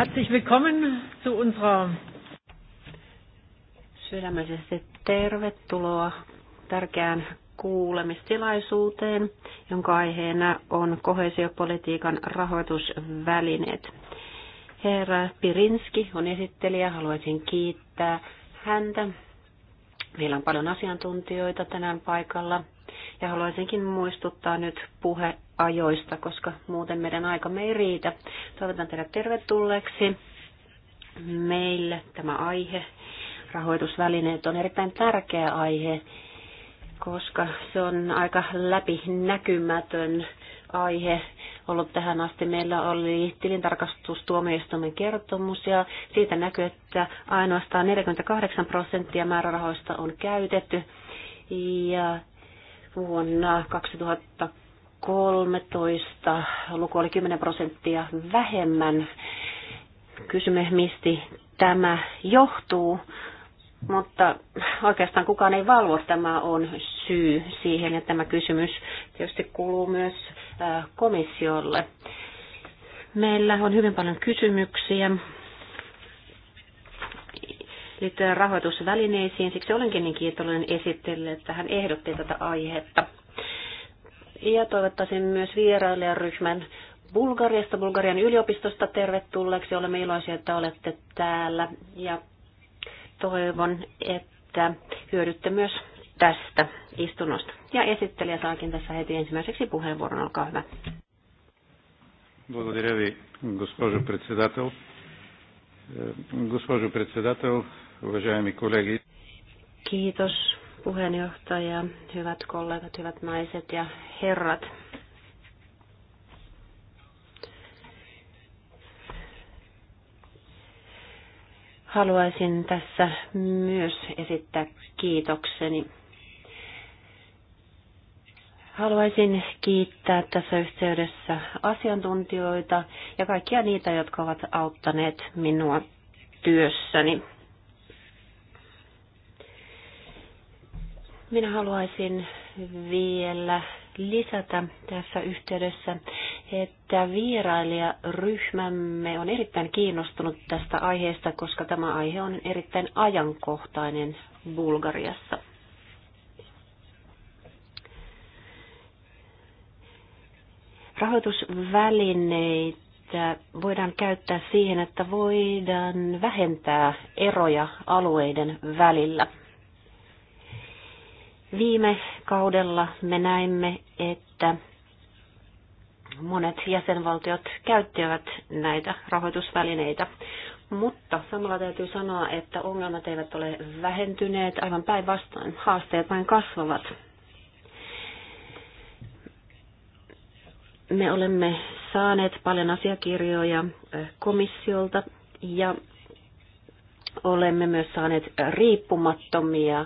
Herzlich willkommen zu unserer Sydämellisesti tervetuloa tärkeään kuulemistilaisuuteen, jonka aiheena on kohesiopolitiikan rahoitusvälineet. Herra Pirinski on esittelijä, haluaisin kiittää häntä. Meillä on paljon asiantuntijoita tänään paikalla. Ja haluaisinkin muistuttaa nyt puheajoista, koska muuten meidän me ei riitä. Toivotan teidät tervetulleeksi meille tämä aihe. Rahoitusvälineet on erittäin tärkeä aihe, koska se on aika läpinäkymätön aihe ollut tähän asti. Meillä oli tilintarkastustuomioistuimen kertomus ja siitä näkyy, että ainoastaan 48 prosenttia määrärahoista on käytetty ja Vuonna 2013 luku oli 10 prosenttia vähemmän. Kysymme, mistä tämä johtuu, mutta oikeastaan kukaan ei valvo. Tämä on syy siihen ja tämä kysymys tietysti kuuluu myös komissiolle. Meillä on hyvin paljon kysymyksiä liittyen rahoitusvälineisiin. Siksi olenkin niin kiitollinen esittelijä, että hän ehdotti tätä aihetta. Ja toivottaisin myös vierailijaryhmän Bulgariasta, Bulgarian yliopistosta tervetulleeksi. Olemme iloisia, että olette täällä ja toivon, että hyödytte myös tästä istunnosta. Ja esittelijä saakin tässä heti ensimmäiseksi puheenvuoron. Olkaa hyvä. Благодаря ви, госпожо председател. Госпожо председател, уважаеми колеги. Kiitos puheenjohtaja, hyvät kollegat, hyvät naiset ja herrat. Haluaisin tässä myös esittää kiitokseni. Haluaisin kiittää tässä yhteydessä asiantuntijoita ja kaikkia niitä, jotka ovat auttaneet minua työssäni. Minä haluaisin vielä lisätä tässä yhteydessä, että vierailijaryhmämme on erittäin kiinnostunut tästä aiheesta, koska tämä aihe on erittäin ajankohtainen Bulgariassa. Rahoitusvälineitä voidaan käyttää siihen, että voidaan vähentää eroja alueiden välillä – Viime kaudella me näimme, että monet jäsenvaltiot käyttivät näitä rahoitusvälineitä. Mutta samalla täytyy sanoa, että ongelmat eivät ole vähentyneet, aivan päinvastoin haasteet vain kasvavat. Me olemme saaneet paljon asiakirjoja eh, komissiolta ja olemme myös saaneet riippumattomia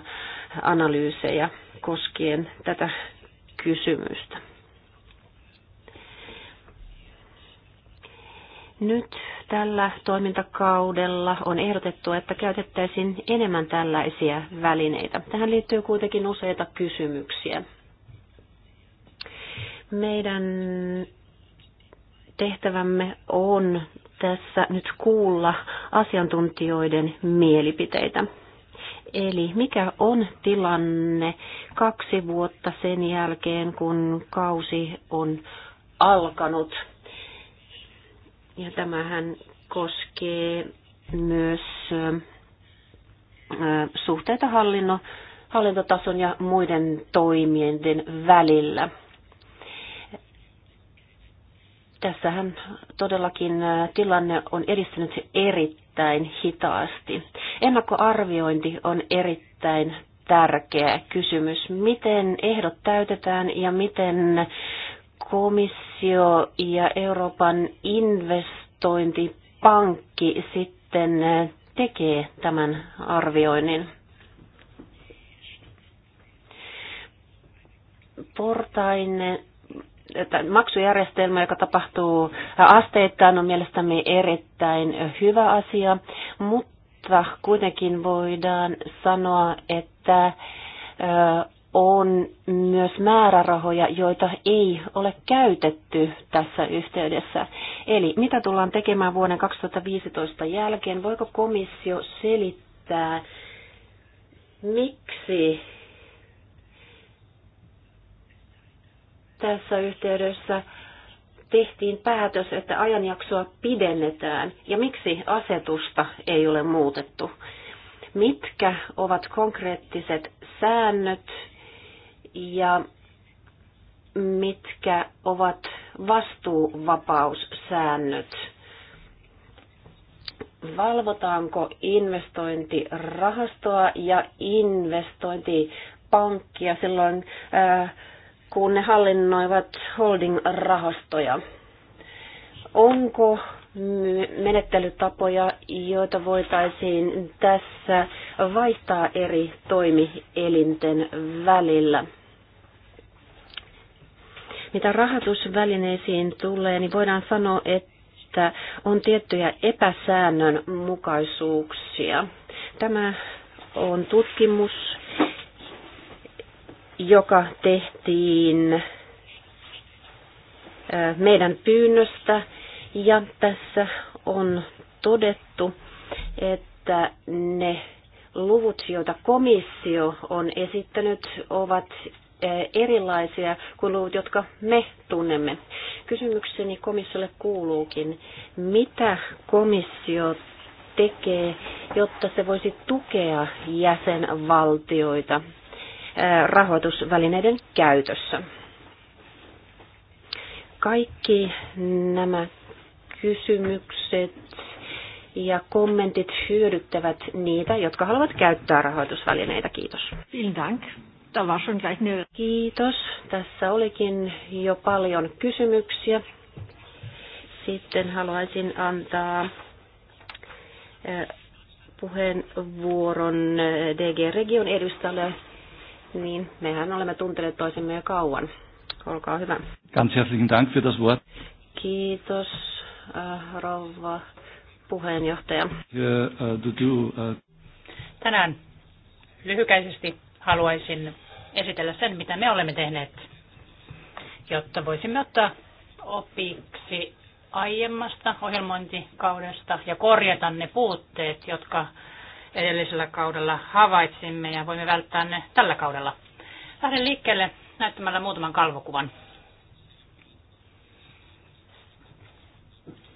analyysejä koskien tätä kysymystä. Nyt tällä toimintakaudella on ehdotettu, että käytettäisiin enemmän tällaisia välineitä. Tähän liittyy kuitenkin useita kysymyksiä. Meidän tehtävämme on tässä nyt kuulla asiantuntijoiden mielipiteitä. Eli mikä on tilanne kaksi vuotta sen jälkeen, kun kausi on alkanut? Ja tämähän koskee myös suhteita hallinno, hallintotason ja muiden toimijoiden välillä. Tässähän todellakin tilanne on edistynyt eri erittäin hitaasti. Ennakkoarviointi on erittäin tärkeä kysymys. Miten ehdot täytetään ja miten komissio ja Euroopan investointipankki sitten tekee tämän arvioinnin? Portainen maksujärjestelmä, joka tapahtuu asteittain, on mielestäni erittäin hyvä asia, mutta kuitenkin voidaan sanoa, että on myös määrärahoja, joita ei ole käytetty tässä yhteydessä. Eli mitä tullaan tekemään vuoden 2015 jälkeen? Voiko komissio selittää, miksi tässä yhteydessä tehtiin päätös, että ajanjaksoa pidennetään. Ja miksi asetusta ei ole muutettu? Mitkä ovat konkreettiset säännöt ja mitkä ovat vastuuvapaussäännöt? Valvotaanko investointirahastoa ja investointipankkia silloin Ää, äh, kun ne hallinnoivat holding-rahastoja. Onko menettelytapoja, joita voitaisiin tässä vaihtaa eri toimielinten välillä? Mitä rahoitusvälineisiin tulee, niin voidaan sanoa, että on tiettyjä epäsäännönmukaisuuksia. Tämä on tutkimus, joka tehtiin meidän pyynnöstä. Ja tässä on todettu, että ne luvut, joita komissio on esittänyt, ovat erilaisia kuin luvut, jotka me tunnemme. Kysymykseni komissiolle kuuluukin, mitä komissio tekee, jotta se voisi tukea jäsenvaltioita rahoitusvälineiden käytössä. Kaikki nämä kysymykset ja kommentit hyödyttävät niitä, jotka haluavat käyttää rahoitusvälineitä. Kiitos. Kiitos. Tässä olikin jo paljon kysymyksiä. Sitten haluaisin antaa puheenvuoron DG Region edustajalle niin mehän olemme tunteneet toisemme jo kauan. Olkaa hyvä. Ganz herzlichen Dank für das Wort. Kiitos, äh, rouva puheenjohtaja. Äh, äh, Tänään lyhykäisesti haluaisin esitellä sen, mitä me olemme tehneet, jotta voisimme ottaa opiksi aiemmasta ohjelmointikaudesta ja korjata ne puutteet, jotka edellisellä kaudella havaitsimme ja voimme välttää ne tällä kaudella. Lähden liikkeelle näyttämällä muutaman kalvokuvan.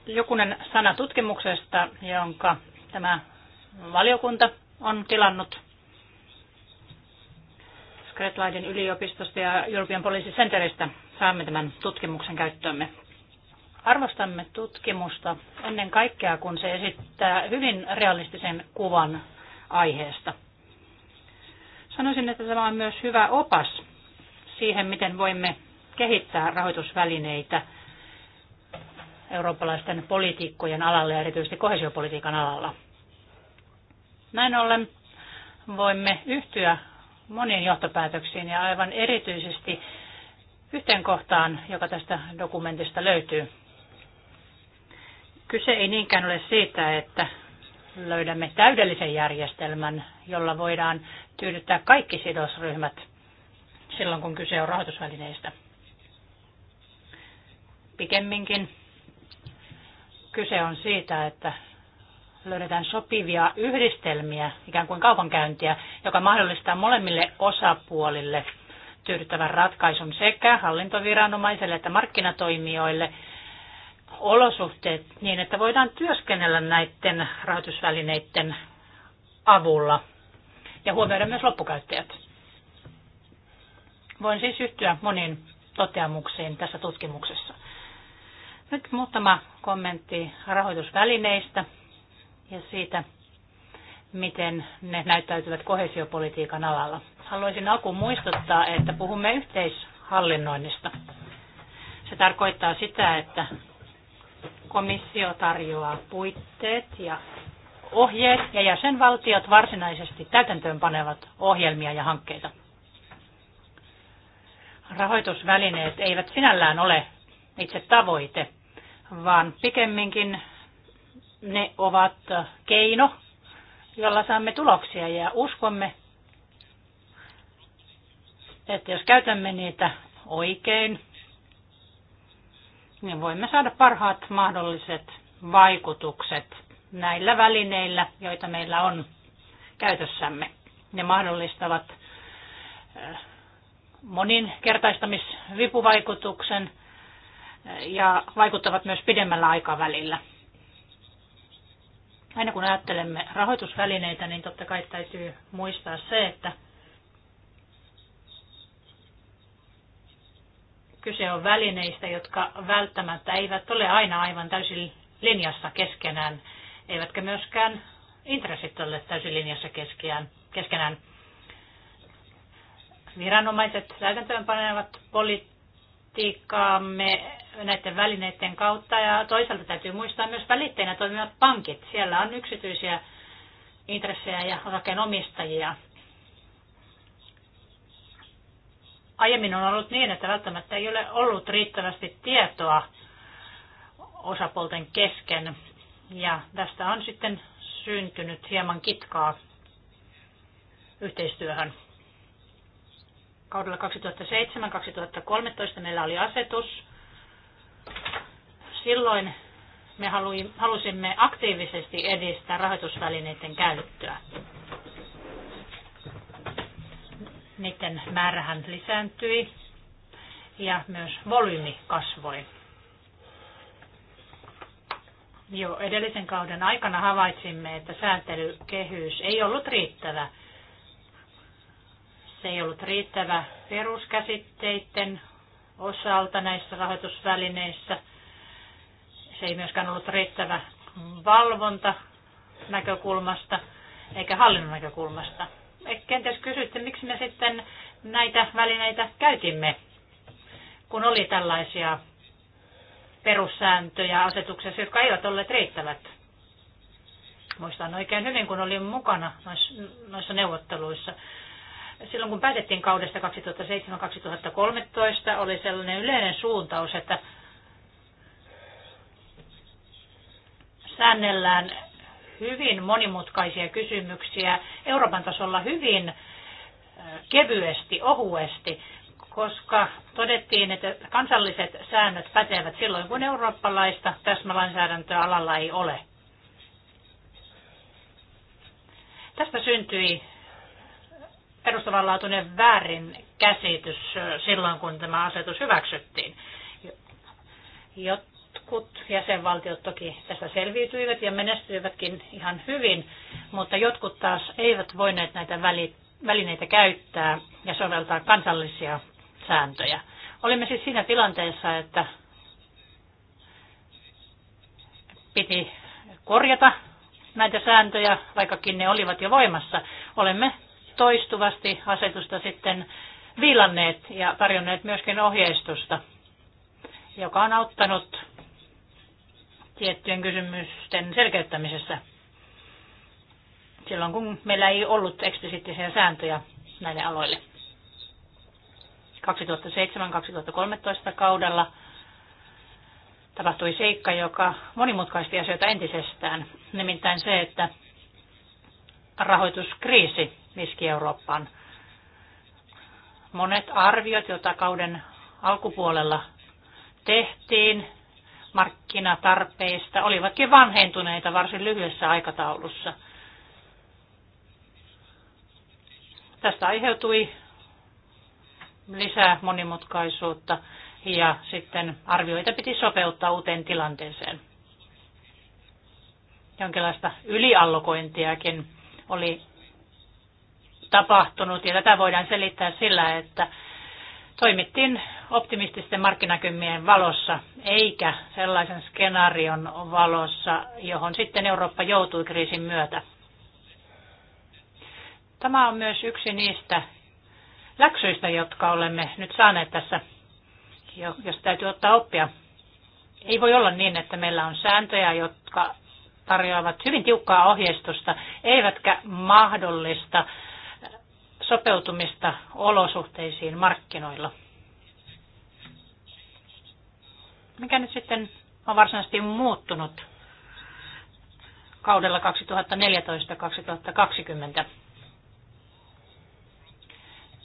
Jokunen sana tutkimuksesta, jonka tämä valiokunta on tilannut Skretlaiden yliopistosta ja European Policy Centeristä. Saamme tämän tutkimuksen käyttöömme. Arvostamme tutkimusta ennen kaikkea, kun se esittää hyvin realistisen kuvan aiheesta. Sanoisin, että tämä on myös hyvä opas siihen, miten voimme kehittää rahoitusvälineitä eurooppalaisten politiikkojen alalla ja erityisesti kohesiopolitiikan alalla. Näin ollen voimme yhtyä moniin johtopäätöksiin ja aivan erityisesti yhteen kohtaan, joka tästä dokumentista löytyy. Kyse ei niinkään ole siitä, että löydämme täydellisen järjestelmän, jolla voidaan tyydyttää kaikki sidosryhmät silloin, kun kyse on rahoitusvälineistä. Pikemminkin kyse on siitä, että löydetään sopivia yhdistelmiä, ikään kuin kaupankäyntiä, joka mahdollistaa molemmille osapuolille tyydyttävän ratkaisun sekä hallintoviranomaiselle että markkinatoimijoille – olosuhteet niin, että voidaan työskennellä näiden rahoitusvälineiden avulla ja huomioida myös loppukäyttäjät. Voin siis yhtyä moniin toteamuksiin tässä tutkimuksessa. Nyt muutama kommentti rahoitusvälineistä ja siitä, miten ne näyttäytyvät kohesiopolitiikan alalla. Haluaisin alkuun muistuttaa, että puhumme yhteishallinnoinnista. Se tarkoittaa sitä, että komissio tarjoaa puitteet ja ohjeet ja jäsenvaltiot varsinaisesti täytäntöönpanevat ohjelmia ja hankkeita. Rahoitusvälineet eivät sinällään ole itse tavoite, vaan pikemminkin ne ovat keino, jolla saamme tuloksia ja uskomme, että jos käytämme niitä oikein, niin voimme saada parhaat mahdolliset vaikutukset näillä välineillä, joita meillä on käytössämme. Ne mahdollistavat äh, moninkertaistamisvipuvaikutuksen äh, ja vaikuttavat myös pidemmällä aikavälillä. Aina kun ajattelemme rahoitusvälineitä, niin totta kai täytyy muistaa se, että Kyse on välineistä, jotka välttämättä eivät ole aina aivan täysin linjassa keskenään, eivätkä myöskään intressit ole täysin linjassa keskenään. Viranomaiset täytäntöönpanevat politiikkaamme näiden välineiden kautta ja toisaalta täytyy muistaa myös välitteinä toimivat pankit. Siellä on yksityisiä intressejä ja osakkeenomistajia. Aiemmin on ollut niin, että välttämättä ei ole ollut riittävästi tietoa osapuolten kesken. Ja tästä on sitten syntynyt hieman kitkaa yhteistyöhön. Kaudella 2007-2013 meillä oli asetus. Silloin me halusimme aktiivisesti edistää rahoitusvälineiden käyttöä. Niiden määrähän lisääntyi ja myös volyymi kasvoi. Jo edellisen kauden aikana havaitsimme, että sääntelykehys ei ollut riittävä. Se ei ollut riittävä peruskäsitteiden osalta näissä rahoitusvälineissä. Se ei myöskään ollut riittävä valvonta näkökulmasta eikä hallinnon näkökulmasta. Eh, kenties kysytte, miksi me sitten näitä välineitä käytimme, kun oli tällaisia perussääntöjä asetuksessa, jotka eivät olleet riittävät. Muistan oikein hyvin, kun olin mukana noissa neuvotteluissa. Silloin kun päätettiin kaudesta 2007-2013, oli sellainen yleinen suuntaus, että säännellään hyvin monimutkaisia kysymyksiä Euroopan tasolla hyvin kevyesti, ohuesti, koska todettiin, että kansalliset säännöt pätevät silloin, kun eurooppalaista täsmälainsäädäntöä alalla ei ole. Tästä syntyi perustavanlaatuinen väärin käsitys silloin, kun tämä asetus hyväksyttiin. Jotkut jäsenvaltiot toki tästä selviytyivät ja menestyivätkin ihan hyvin, mutta jotkut taas eivät voineet näitä välineitä käyttää ja soveltaa kansallisia sääntöjä. Olimme siis siinä tilanteessa, että piti korjata näitä sääntöjä, vaikkakin ne olivat jo voimassa. Olemme toistuvasti asetusta sitten viilanneet ja tarjonneet myöskin ohjeistusta, joka on auttanut tiettyjen kysymysten selkeyttämisessä. Silloin kun meillä ei ollut eksplisiittisiä sääntöjä näille aloille. 2007-2013 kaudella tapahtui seikka, joka monimutkaisti asioita entisestään. Nimittäin se, että rahoituskriisi iski Eurooppaan. Monet arviot, joita kauden alkupuolella tehtiin, markkinatarpeista olivatkin vanhentuneita varsin lyhyessä aikataulussa. Tästä aiheutui lisää monimutkaisuutta ja sitten arvioita piti sopeuttaa uuteen tilanteeseen. Jonkinlaista yliallokointiakin oli tapahtunut ja tätä voidaan selittää sillä, että toimittiin optimististen markkinakymmien valossa, eikä sellaisen skenaarion valossa, johon sitten Eurooppa joutui kriisin myötä. Tämä on myös yksi niistä läksyistä, jotka olemme nyt saaneet tässä, jos täytyy ottaa oppia. Ei voi olla niin, että meillä on sääntöjä, jotka tarjoavat hyvin tiukkaa ohjeistusta, eivätkä mahdollista sopeutumista olosuhteisiin markkinoilla. Mikä nyt sitten on varsinaisesti muuttunut kaudella 2014-2020?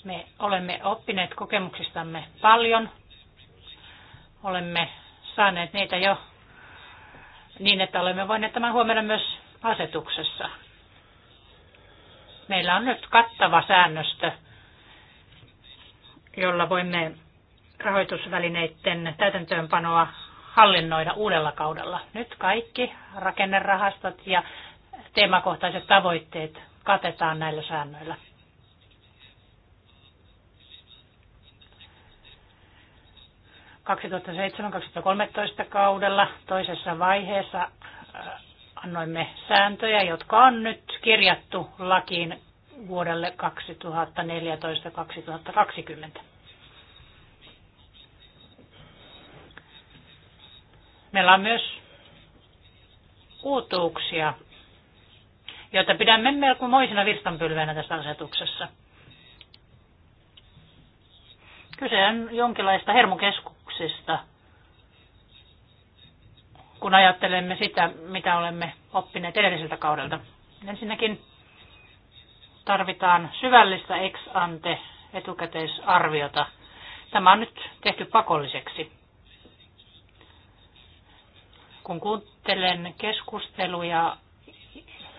Me olemme oppineet kokemuksistamme paljon. Olemme saaneet niitä jo niin, että olemme voineet tämän huomioida myös asetuksessa. Meillä on nyt kattava säännöstö, jolla voimme rahoitusvälineiden täytäntöönpanoa hallinnoida uudella kaudella. Nyt kaikki rakennerahastot ja teemakohtaiset tavoitteet katetaan näillä säännöillä. ...2007-2013 kaudella toisessa vaiheessa äh, annoimme sääntöjä, jotka on nyt kirjattu lakiin vuodelle 2014-2020. Meillä on myös uutuuksia, joita pidämme moisina virstanpylveinä tässä asetuksessa. Kyse on jonkinlaista hermokeskuksista – kun ajattelemme sitä, mitä olemme oppineet edelliseltä kaudelta. Ensinnäkin tarvitaan syvällistä ex ante etukäteisarviota. Tämä on nyt tehty pakolliseksi. Kun kuuntelen keskusteluja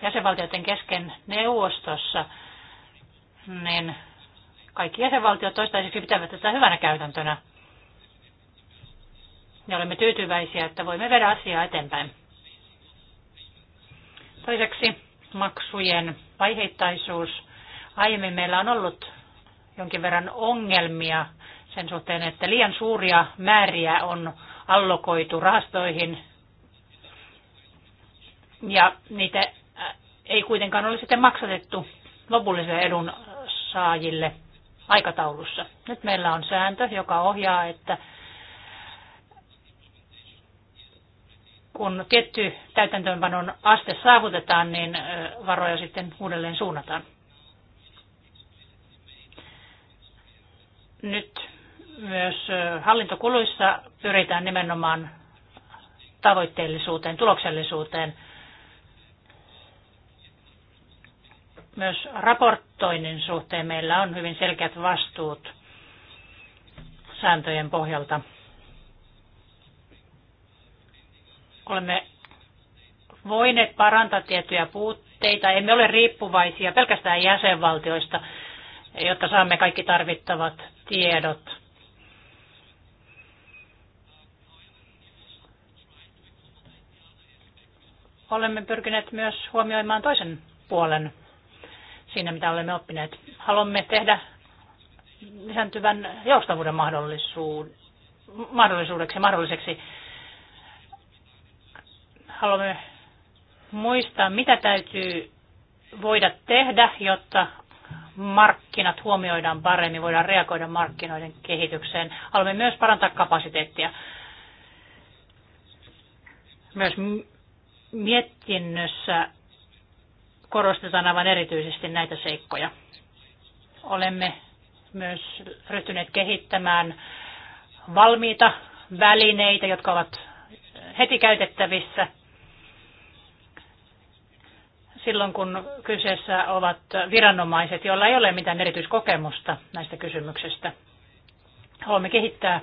jäsenvaltioiden kesken neuvostossa, niin kaikki jäsenvaltiot toistaiseksi pitävät tätä hyvänä käytäntönä ja olemme tyytyväisiä, että voimme viedä asiaa eteenpäin. Toiseksi maksujen vaiheittaisuus. Aiemmin meillä on ollut jonkin verran ongelmia sen suhteen, että liian suuria määriä on allokoitu rahastoihin ja niitä äh, ei kuitenkaan ole sitten maksatettu lopullisille edun saajille aikataulussa. Nyt meillä on sääntö, joka ohjaa, että kun tietty täytäntöönpanon aste saavutetaan, niin varoja sitten uudelleen suunnataan. Nyt myös hallintokuluissa pyritään nimenomaan tavoitteellisuuteen, tuloksellisuuteen. Myös raportoinnin suhteen meillä on hyvin selkeät vastuut sääntöjen pohjalta. Olemme voineet parantaa tiettyjä puutteita. Emme ole riippuvaisia pelkästään jäsenvaltioista, jotta saamme kaikki tarvittavat tiedot. Olemme pyrkineet myös huomioimaan toisen puolen siinä, mitä olemme oppineet. Haluamme tehdä lisääntyvän joustavuuden mahdollisuuden mahdollisuudeksi mahdolliseksi haluamme muistaa, mitä täytyy voida tehdä, jotta markkinat huomioidaan paremmin, voidaan reagoida markkinoiden kehitykseen. Haluamme myös parantaa kapasiteettia. Myös mietinnössä korostetaan aivan erityisesti näitä seikkoja. Olemme myös ryhtyneet kehittämään valmiita välineitä, jotka ovat heti käytettävissä – silloin, kun kyseessä ovat viranomaiset, joilla ei ole mitään erityiskokemusta näistä kysymyksistä. Haluamme kehittää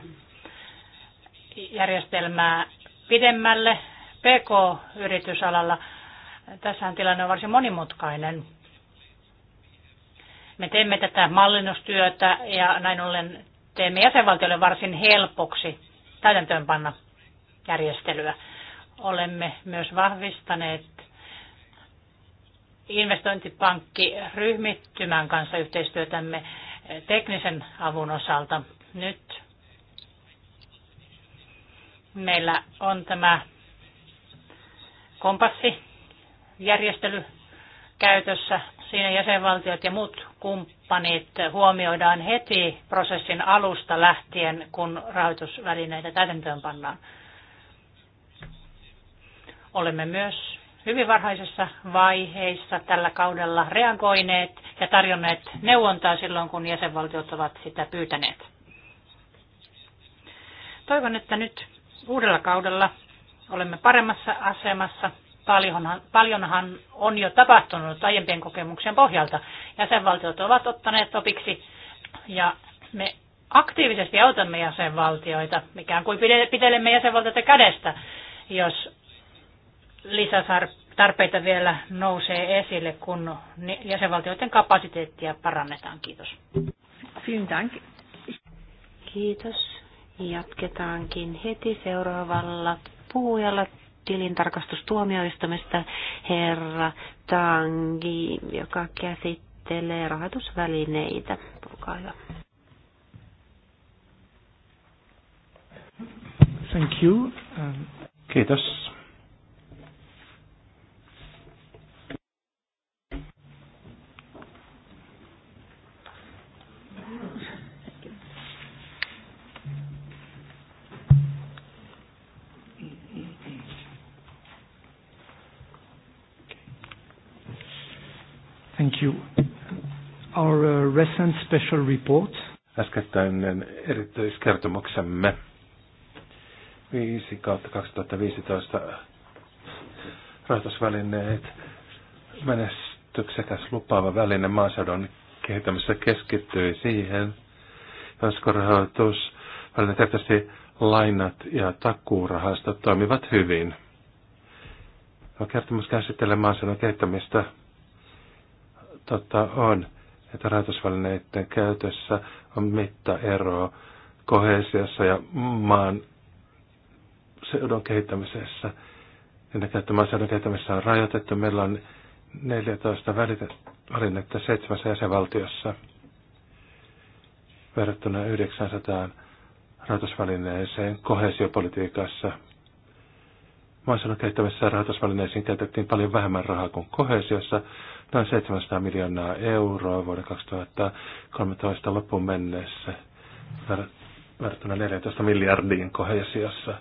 järjestelmää pidemmälle PK-yritysalalla. Tässähän tilanne on varsin monimutkainen. Me teemme tätä mallinnustyötä ja näin ollen teemme jäsenvaltiolle varsin helpoksi täytäntöönpanna järjestelyä. Olemme myös vahvistaneet investointipankkiryhmittymän kanssa yhteistyötämme teknisen avun osalta. Nyt meillä on tämä kompassijärjestely käytössä. Siinä jäsenvaltiot ja muut kumppanit huomioidaan heti prosessin alusta lähtien, kun rahoitusvälineitä täytäntöön pannaan. Olemme myös hyvin varhaisessa vaiheessa tällä kaudella reagoineet ja tarjonneet neuvontaa silloin, kun jäsenvaltiot ovat sitä pyytäneet. Toivon, että nyt uudella kaudella olemme paremmassa asemassa. Paljonhan, paljonhan on jo tapahtunut aiempien kokemuksien pohjalta. Jäsenvaltiot ovat ottaneet opiksi ja me aktiivisesti autamme jäsenvaltioita, ikään kuin pitelemme jäsenvaltioita kädestä, jos lisätarpeita vielä nousee esille, kun jäsenvaltioiden kapasiteettia parannetaan. Kiitos. Kiitos. Jatketaankin heti seuraavalla puhujalla tilintarkastustuomioistumista herra Tangi, joka käsittelee rahoitusvälineitä. Olkaa hyvä. Thank you. Um, Kiitos. Thank you. Our uh, recent special report. Äskettäinen erityiskertomuksemme 5 kautta 2015 rahoitusvälineet menestyksekäs lupaava väline maaseudun kehittämisessä keskittyi siihen, josko rahoitus, lainat ja takuurahastot toimivat hyvin. Kertomus käsittelee maaseudun kehittämistä tota, on, että rahoitusvälineiden käytössä on mittaeroa kohesiossa ja maan seudun kehittämisessä. Ennen ne käyttämään seudun kehittämisessä on rajoitettu. Meillä on 14 välinettä seitsemässä jäsenvaltiossa verrattuna 900 rahoitusvälineeseen kohesiopolitiikassa. Maaseudun kehittämisessä rahoitusvälineisiin käytettiin paljon vähemmän rahaa kuin kohesiossa, noin 700 miljoonaa euroa vuoden 2013 loppuun mennessä verrattuna 14 miljardiin kohesiossa.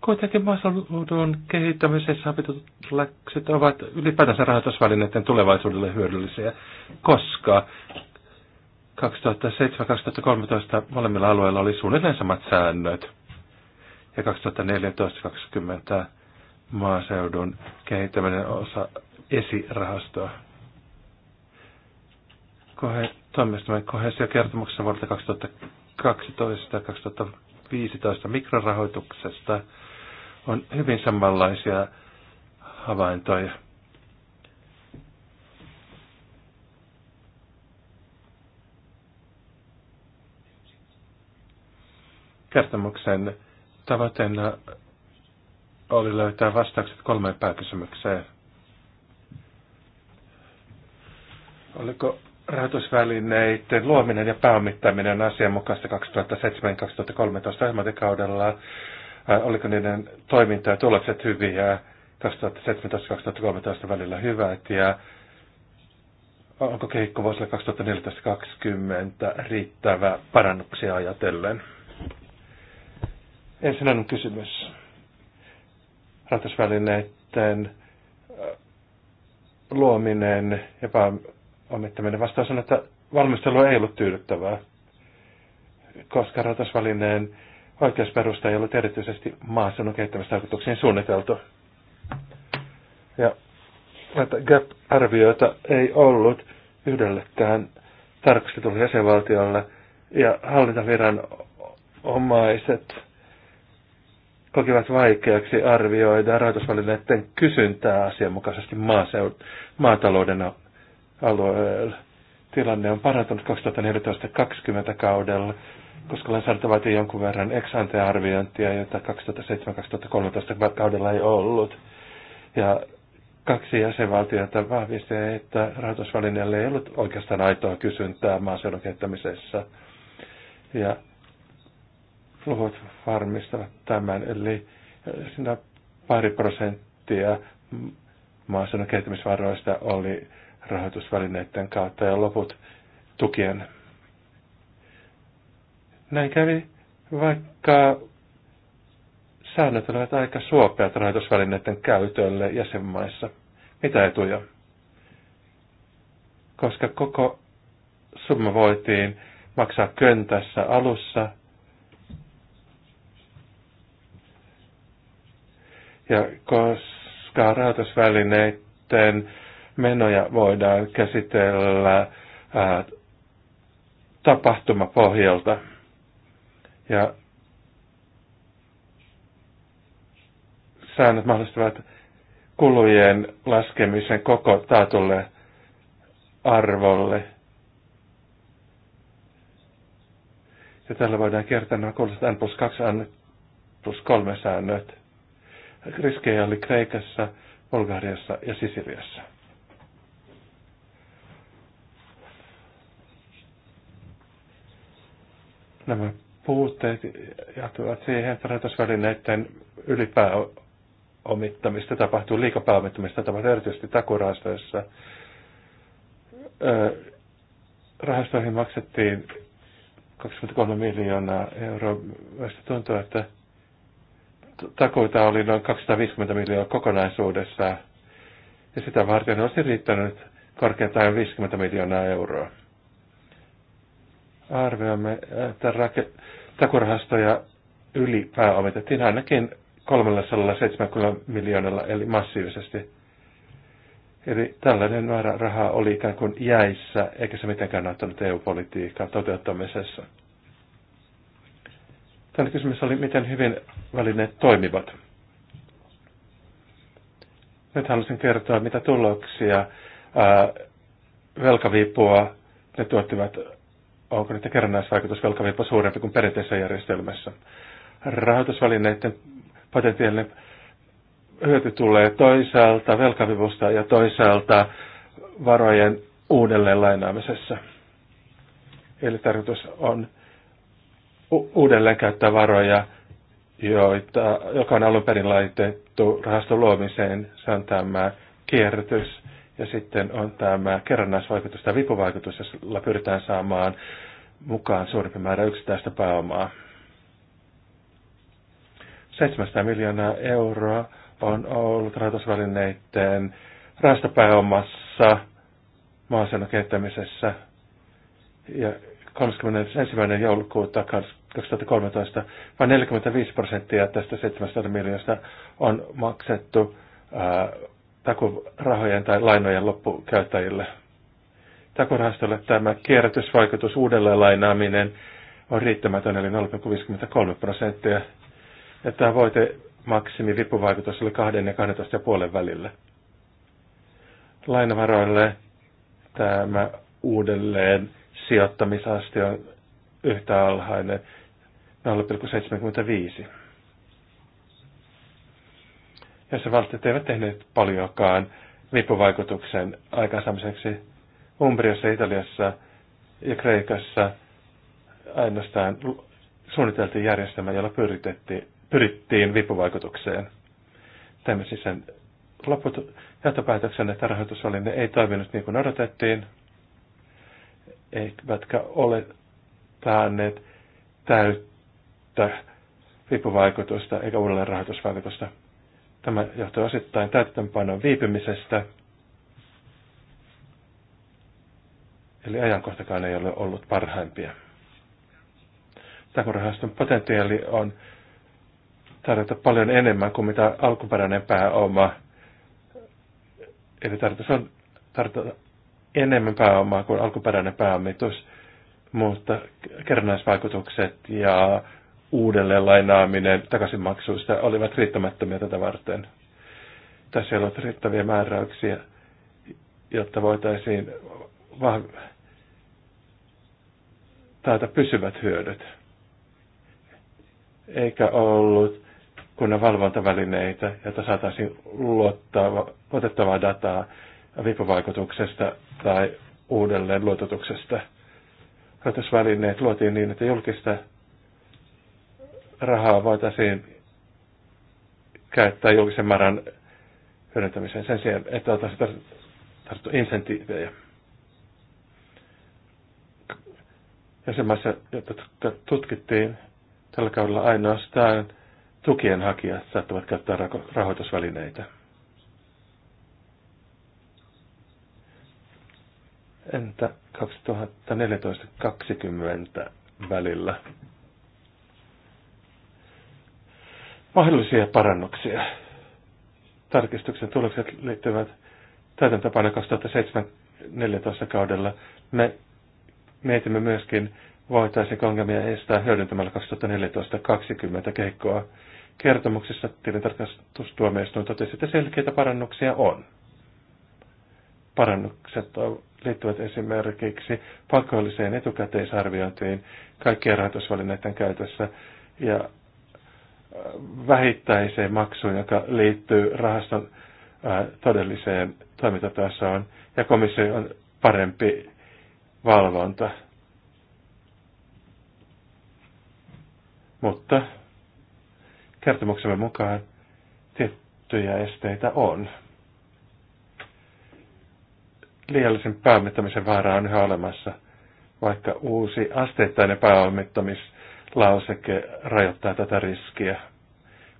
Kuitenkin maaseudun kehittämisessä opitut ovat ylipäätänsä rahoitusvälineiden tulevaisuudelle hyödyllisiä, koska 2007-2013 molemmilla alueilla oli suunnilleen samat säännöt. Ja 2014-2020 maaseudun kehittäminen osa esirahastoa. Kohe, toimistamme kohesio kertomuksessa vuodelta 2012-2015 mikrorahoituksesta on hyvin samanlaisia havaintoja. Kertomuksen tavoitteena oli löytää vastaukset kolmeen pääkysymykseen – Oliko rahoitusvälineiden luominen ja pääomittaminen asianmukaista 2007-2013 ohjelmatikaudella? Äh, oliko niiden toiminta ja tulokset hyviä 2017-2013 välillä hyvät ja onko kehikko vuosille 2014-2020 riittävä parannuksia ajatellen? Ensinnäinen kysymys. Rahoitusvälineiden äh, luominen ja pääomittaminen on, että meidän vastaus on, että valmistelu ei ollut tyydyttävää, koska ratasvälineen oikeusperusta ei ollut erityisesti maaseudun kehittämistarkoituksiin suunniteltu. Ja että gap-arvioita ei ollut yhdellekään tarkastetulle jäsenvaltiolle, ja hallintaviran omaiset kokivat vaikeaksi arvioida rahoitusvälineiden kysyntää asianmukaisesti maatalouden alueella. Tilanne on parantunut 2014-2020 kaudella, koska lainsäädäntö vaatii jonkun verran ex arviointia jota 2007-2013 kaudella ei ollut. Ja kaksi jäsenvaltiota vahvisti, että rahoitusvälineelle ei ollut oikeastaan aitoa kysyntää maaseudun kehittämisessä. Ja luvut varmistavat tämän, eli siinä pari prosenttia maaseudun kehittämisvaroista oli rahoitusvälineiden kautta ja loput tukien. Näin kävi, vaikka säännöt olivat aika suopeat rahoitusvälineiden käytölle jäsenmaissa. Mitä etuja? Koska koko summa voitiin maksaa köntässä alussa – ja koska rahoitusvälineiden menoja voidaan käsitellä ää, tapahtumapohjalta. Ja säännöt mahdollistavat kulujen laskemisen koko taatulle arvolle. Ja tällä voidaan kertoa nämä kuuluisat N plus 2, N plus 3 säännöt. Riskejä oli Kreikassa, Bulgariassa ja Sisiliassa. Nämä puutteet jatkuvat siihen, että rahoitusvälineiden ylipääomittamista tapahtuu, liikapääomittamista tapahtuu erityisesti takurahastoissa. Rahastoihin maksettiin 23 miljoonaa euroa. Mielestäni tuntuu, että takuita oli noin 250 miljoonaa kokonaisuudessaan. Ja sitä varten olisi riittänyt korkeintaan 50 miljoonaa euroa arvioimme, että rake- takurahastoja ylipääomitettiin ainakin 370 miljoonalla, eli massiivisesti. Eli tällainen määrä rahaa oli ikään kuin jäissä, eikä se mitenkään näyttänyt eu politiikkaa toteuttamisessa. Tällainen kysymys oli, miten hyvin välineet toimivat. Nyt haluaisin kertoa, mitä tuloksia ää, velkaviipua ne tuottivat onko niiden kerrannaisvaikutus jopa suurempi kuin perinteisessä järjestelmässä. Rahoitusvälineiden potentiaalinen hyöty tulee toisaalta velkavivusta ja toisaalta varojen uudelleen lainaamisessa. Eli tarkoitus on uudelleen käyttää varoja, joita, joka on alun perin laitettu rahaston luomiseen, se on tämä kierrätys, ja sitten on tämä kerrannaisvaikutus tai vipuvaikutus, jolla pyritään saamaan mukaan suurempi määrä yksittäistä pääomaa. 700 miljoonaa euroa on ollut rahoitusvälineiden rahastopääomassa maaseudun kehittämisessä. Ja 31. joulukuuta 2013 vain 45 prosenttia tästä 700 miljoonasta on maksettu takurahojen tai lainojen loppukäyttäjille. Takurahastolle tämä kierrätysvaikutus uudelleen lainaaminen on riittämätön, eli 0,53 prosenttia. Ja tavoite maksimi vipuvaikutus oli 2 ja puolen välillä. Lainavaroille tämä uudelleen sijoittamisaste on yhtä alhainen 0,75 jossa valtiot eivät tehneet paljonkaan vipuvaikutuksen aikaansaamiseksi Umbriassa, Italiassa ja Kreikassa ainoastaan suunniteltiin järjestelmä, jolla pyrittiin vipuvaikutukseen. Tämä siis sen loput, johtopäätöksen, että rahoitusväline ei toiminut niin kuin odotettiin, eivätkä ole taanneet täyttä vipuvaikutusta eikä uudelleen rahoitusvaikutusta. Tämä johtuu osittain täyttöönpanon viipymisestä, eli ajankohtakaan ei ole ollut parhaimpia. Takurahaston potentiaali on tarjota paljon enemmän kuin mitä alkuperäinen pääoma, eli tarjota, on tarjota enemmän pääomaa kuin alkuperäinen pääomitus, mutta kerrannaisvaikutukset ja uudelleen lainaaminen takaisinmaksuista olivat riittämättömiä tätä varten. Tässä ei ollut riittäviä määräyksiä, jotta voitaisiin vahv- taata pysyvät hyödyt. Eikä ollut kunnan valvontavälineitä, jotta saataisiin luottaa, otettavaa dataa vipuvaikutuksesta tai uudelleen luototuksesta. Rahoitusvälineet luotiin niin, että julkista rahaa voitaisiin käyttää julkisen määrän hyödyntämiseen sen sijaan, että oltaisiin tarttu insentiivejä. Jäsenmaissa, jotta tutkittiin tällä kaudella ainoastaan tukien hakijat saattavat käyttää rahoitusvälineitä. Entä 2014-2020 välillä? mahdollisia parannuksia. Tarkistuksen tulokset liittyvät täytäntöpano 2014 kaudella. Me mietimme myöskin, voitaisiinko ongelmia estää hyödyntämällä 2014-2020 kehikkoa. Kertomuksessa tilintarkastustuomioistuin totesi, että selkeitä parannuksia on. Parannukset liittyvät esimerkiksi pakolliseen etukäteisarviointiin kaikkien rahoitusvälineiden käytössä ja vähittäiseen maksuun, joka liittyy rahaston todelliseen toimintatasoon, ja komissio on parempi valvonta. Mutta kertomuksemme mukaan tiettyjä esteitä on. Liiallisen pääomittamisen vaara on yhä olemassa, vaikka uusi asteittainen pääomittamis- lauseke rajoittaa tätä riskiä.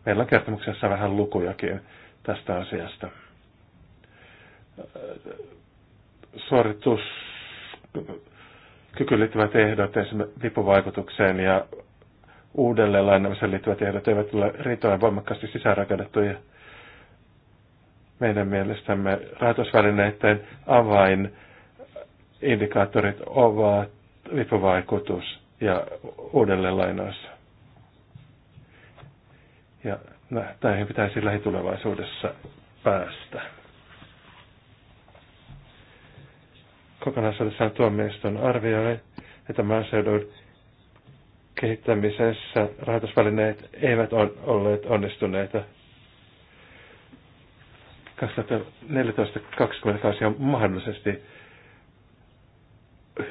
Meillä on kertomuksessa vähän lukujakin tästä asiasta. Suoritus liittyvät ehdot, esimerkiksi vipuvaikutukseen ja uudelleen lainaamiseen liittyvät ehdot eivät ole riittävän voimakkaasti sisäänrakennettuja. Meidän mielestämme rahoitusvälineiden avainindikaattorit ovat vipuvaikutus, ja uudelleen lainoissa. Ja näihin pitäisi lähitulevaisuudessa päästä. Kokonaisuudessaan tuomioistuin arvioi, että maaseudun kehittämisessä rahoitusvälineet eivät ole olleet onnistuneita. 2014-2020 on mahdollisesti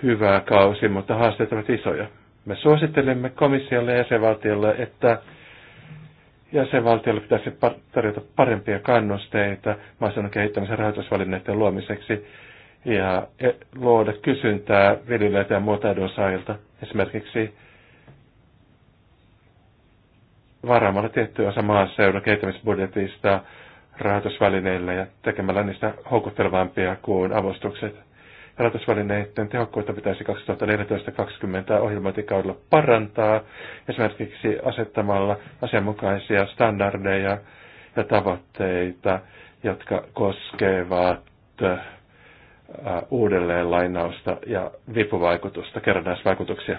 hyvä kausi, mutta haasteet ovat isoja. Me suosittelemme komissiolle ja jäsenvaltiolle, että jäsenvaltiolle pitäisi tarjota parempia kannusteita maaseudun kehittämisen rahoitusvälineiden luomiseksi ja e, luoda kysyntää viljelijöiltä ja muilta edunsaajilta. Esimerkiksi varaamalla tietty osa maaseudun kehittämisbudjetista rahoitusvälineillä ja tekemällä niistä houkuttelevampia kuin avustukset rahoitusvälineiden tehokkuutta pitäisi 2014-2020 ohjelmointikaudella parantaa, esimerkiksi asettamalla asianmukaisia standardeja ja tavoitteita, jotka koskevat äh, uudelleen lainausta ja vipuvaikutusta, kerrannaisvaikutuksia.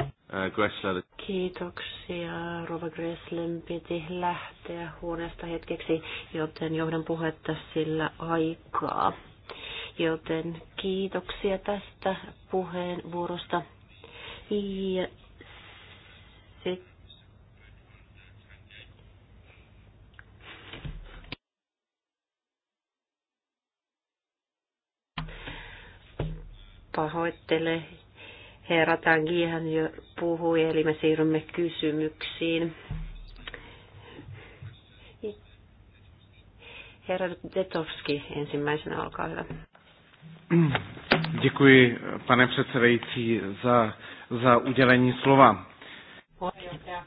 Äh, Gressler. Kiitoksia. Rova Gresslen piti lähteä huoneesta hetkeksi, joten johdan puhetta sillä aikaa joten kiitoksia tästä puheenvuorosta. Ja pahoittele. Herra Tangi hän jo puhui, eli me siirrymme kysymyksiin. Herra Detovski ensimmäisenä, olkaa hyvä. Děkuji, pane předsedající, za, za udělení slova. Puheenjohtaja,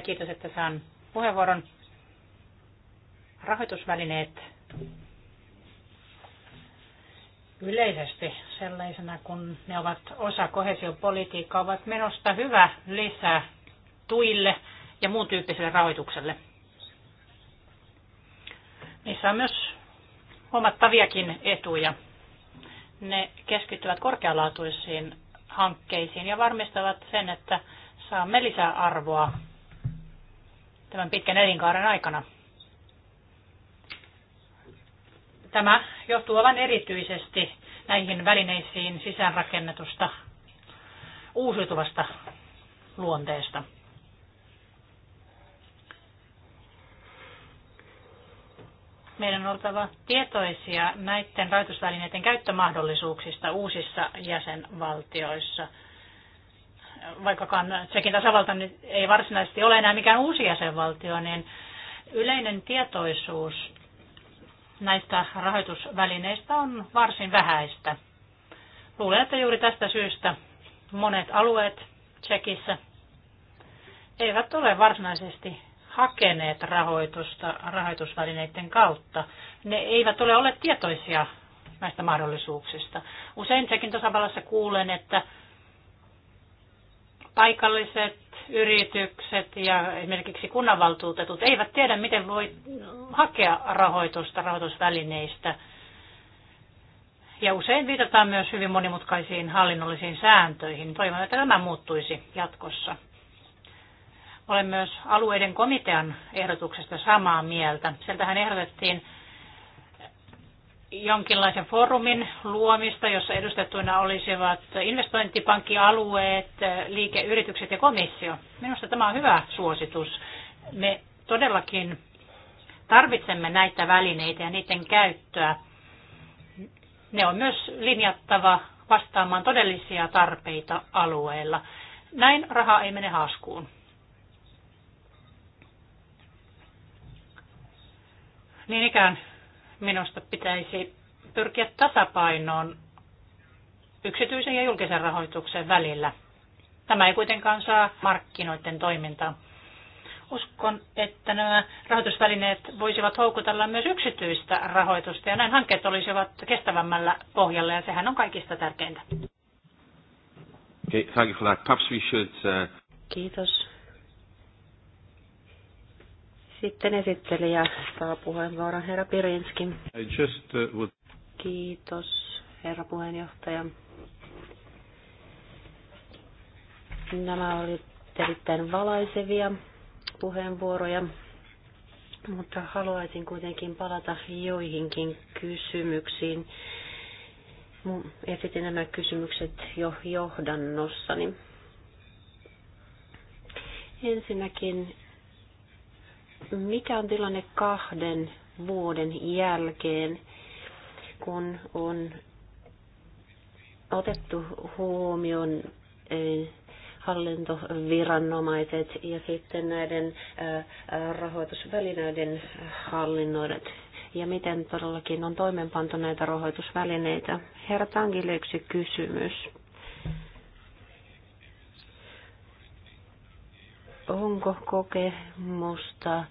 kiitos, että saan puheenvuoron. Rahoitusvälineet yleisesti sellaisena, kun ne ovat osa kohesiopolitiikkaa, ovat menosta hyvä lisää tuille ja muun tyyppiselle rahoitukselle. Niissä on myös huomattaviakin etuja. Ne keskittyvät korkealaatuisiin hankkeisiin ja varmistavat sen, että saamme lisää arvoa tämän pitkän elinkaaren aikana. Tämä johtuu aivan erityisesti näihin välineisiin sisäänrakennetusta uusiutuvasta luonteesta. Meidän on oltava tietoisia näiden rahoitusvälineiden käyttömahdollisuuksista uusissa jäsenvaltioissa. Vaikkakaan Tsekin tasavalta nyt ei varsinaisesti ole enää mikään uusi jäsenvaltio, niin yleinen tietoisuus näistä rahoitusvälineistä on varsin vähäistä. Luulen, että juuri tästä syystä monet alueet Tsekissä eivät ole varsinaisesti hakeneet rahoitusta rahoitusvälineiden kautta, ne eivät ole olleet tietoisia näistä mahdollisuuksista. Usein sekin tasavallassa kuulen, että paikalliset yritykset ja esimerkiksi kunnanvaltuutetut eivät tiedä, miten voi hakea rahoitusta rahoitusvälineistä. Ja usein viitataan myös hyvin monimutkaisiin hallinnollisiin sääntöihin. Toivon, että tämä muuttuisi jatkossa. Olen myös alueiden komitean ehdotuksesta samaa mieltä. Sieltähän ehdotettiin jonkinlaisen foorumin luomista, jossa edustettuina olisivat investointipankkialueet, liikeyritykset ja komissio. Minusta tämä on hyvä suositus. Me todellakin tarvitsemme näitä välineitä ja niiden käyttöä. Ne on myös linjattava vastaamaan todellisia tarpeita alueella. Näin raha ei mene haskuun. Niin ikään minusta pitäisi pyrkiä tasapainoon yksityisen ja julkisen rahoituksen välillä. Tämä ei kuitenkaan saa markkinoiden toimintaa. Uskon, että nämä rahoitusvälineet voisivat houkutella myös yksityistä rahoitusta ja näin hankkeet olisivat kestävämmällä pohjalla ja sehän on kaikista tärkeintä. Okay, thank you for that. Perhaps we should, uh... Kiitos. Sitten esittelijä saa puheenvuoron, herra Pirinski. Just, uh, would... Kiitos, herra puheenjohtaja. Nämä olivat erittäin valaisevia puheenvuoroja, mutta haluaisin kuitenkin palata joihinkin kysymyksiin. Esitin nämä kysymykset jo johdannossani. Ensinnäkin mikä on tilanne kahden vuoden jälkeen, kun on otettu huomioon eh, hallintoviranomaiset ja sitten näiden eh, rahoitusvälineiden hallinnoidet? ja miten todellakin on toimeenpantu näitä rahoitusvälineitä. Herra Tangille yksi kysymys. onko kokemusta,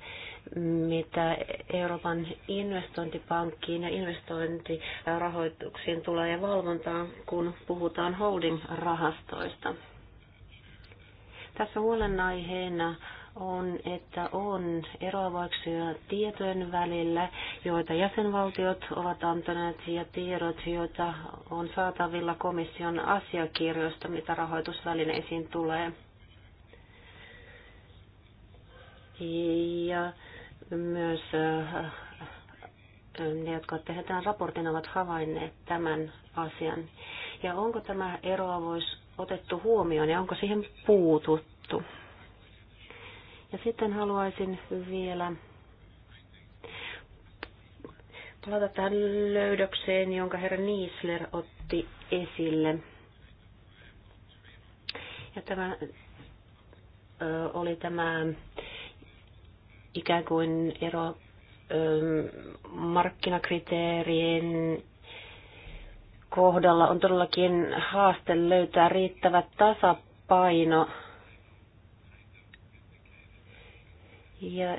mitä Euroopan investointipankkiin ja investointirahoituksiin tulee ja valvontaan, kun puhutaan holding-rahastoista. Tässä huolenaiheena on, että on eroavauksia tietojen välillä, joita jäsenvaltiot ovat antaneet ja tiedot, joita on saatavilla komission asiakirjoista, mitä rahoitusvälineisiin tulee. Ja myös äh, äh, ne, jotka tehdään tämän raportin, ovat havainneet tämän asian. Ja onko tämä eroavuus otettu huomioon ja onko siihen puututtu? Ja sitten haluaisin vielä palata tähän löydökseen, jonka herra Niisler otti esille. Ja tämä ö, oli tämä ikään kuin ero markkinakriteerien kohdalla on todellakin haaste löytää riittävä tasapaino. Ja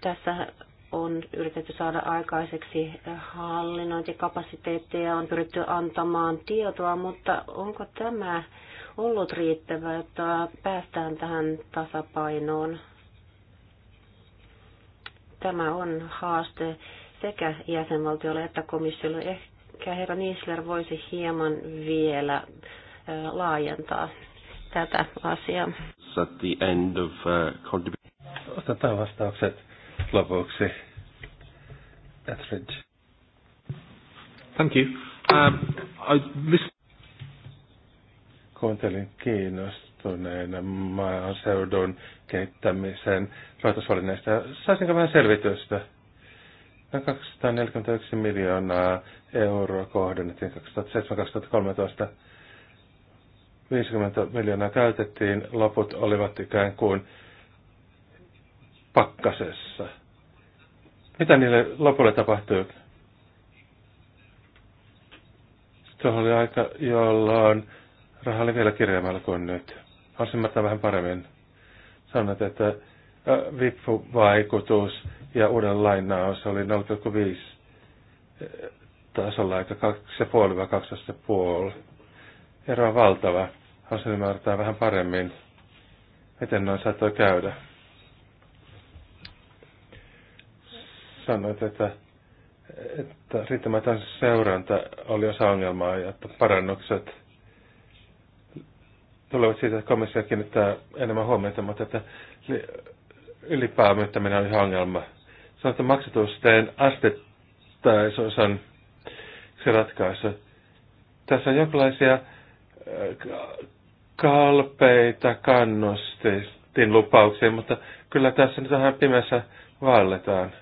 tässä on yritetty saada aikaiseksi hallinnointikapasiteettia, on pyritty antamaan tietoa, mutta onko tämä ollut riittävä, että päästään tähän tasapainoon? Tämä on haaste sekä jäsenvaltiolle että komissiolle. Ehkä herra Niisler voisi hieman vielä laajentaa tätä asiaa. Uh, Otetaan vastaukset lopuksi. Etheridge. Thank you. Um, I missed... Kuuntelin kiinnostuneena maaseudun kehittämisen rahoitusvälineistä. Saisinko vähän selvitystä? 241 miljoonaa euroa kohdennettiin 2007-2013. 50 miljoonaa käytettiin, loput olivat ikään kuin pakkasessa. Mitä niille lopulle tapahtui? Se oli aika, jolloin raha oli vielä kirjaimella kuin nyt. Olisin vähän paremmin sanonut, että vippuvaikutus ja uuden lainaus oli 0,5 tasolla, eikä 2,5 vai 2,5. Ero on valtava. Haluaisin ymmärtää vähän paremmin, miten noin saattoi käydä. Sanoit, että, että riittämätön seuranta oli osa ongelmaa ja että parannukset tulevat siitä, että komissio kiinnittää enemmän huomiota, mutta että ylipäämyyttäminen on ihan ongelma. että maksatusten astettaisuusan se ratkaisu. Tässä on jonkinlaisia äh, kalpeita kannustin lupauksia, mutta kyllä tässä nyt vähän pimeässä valletaan.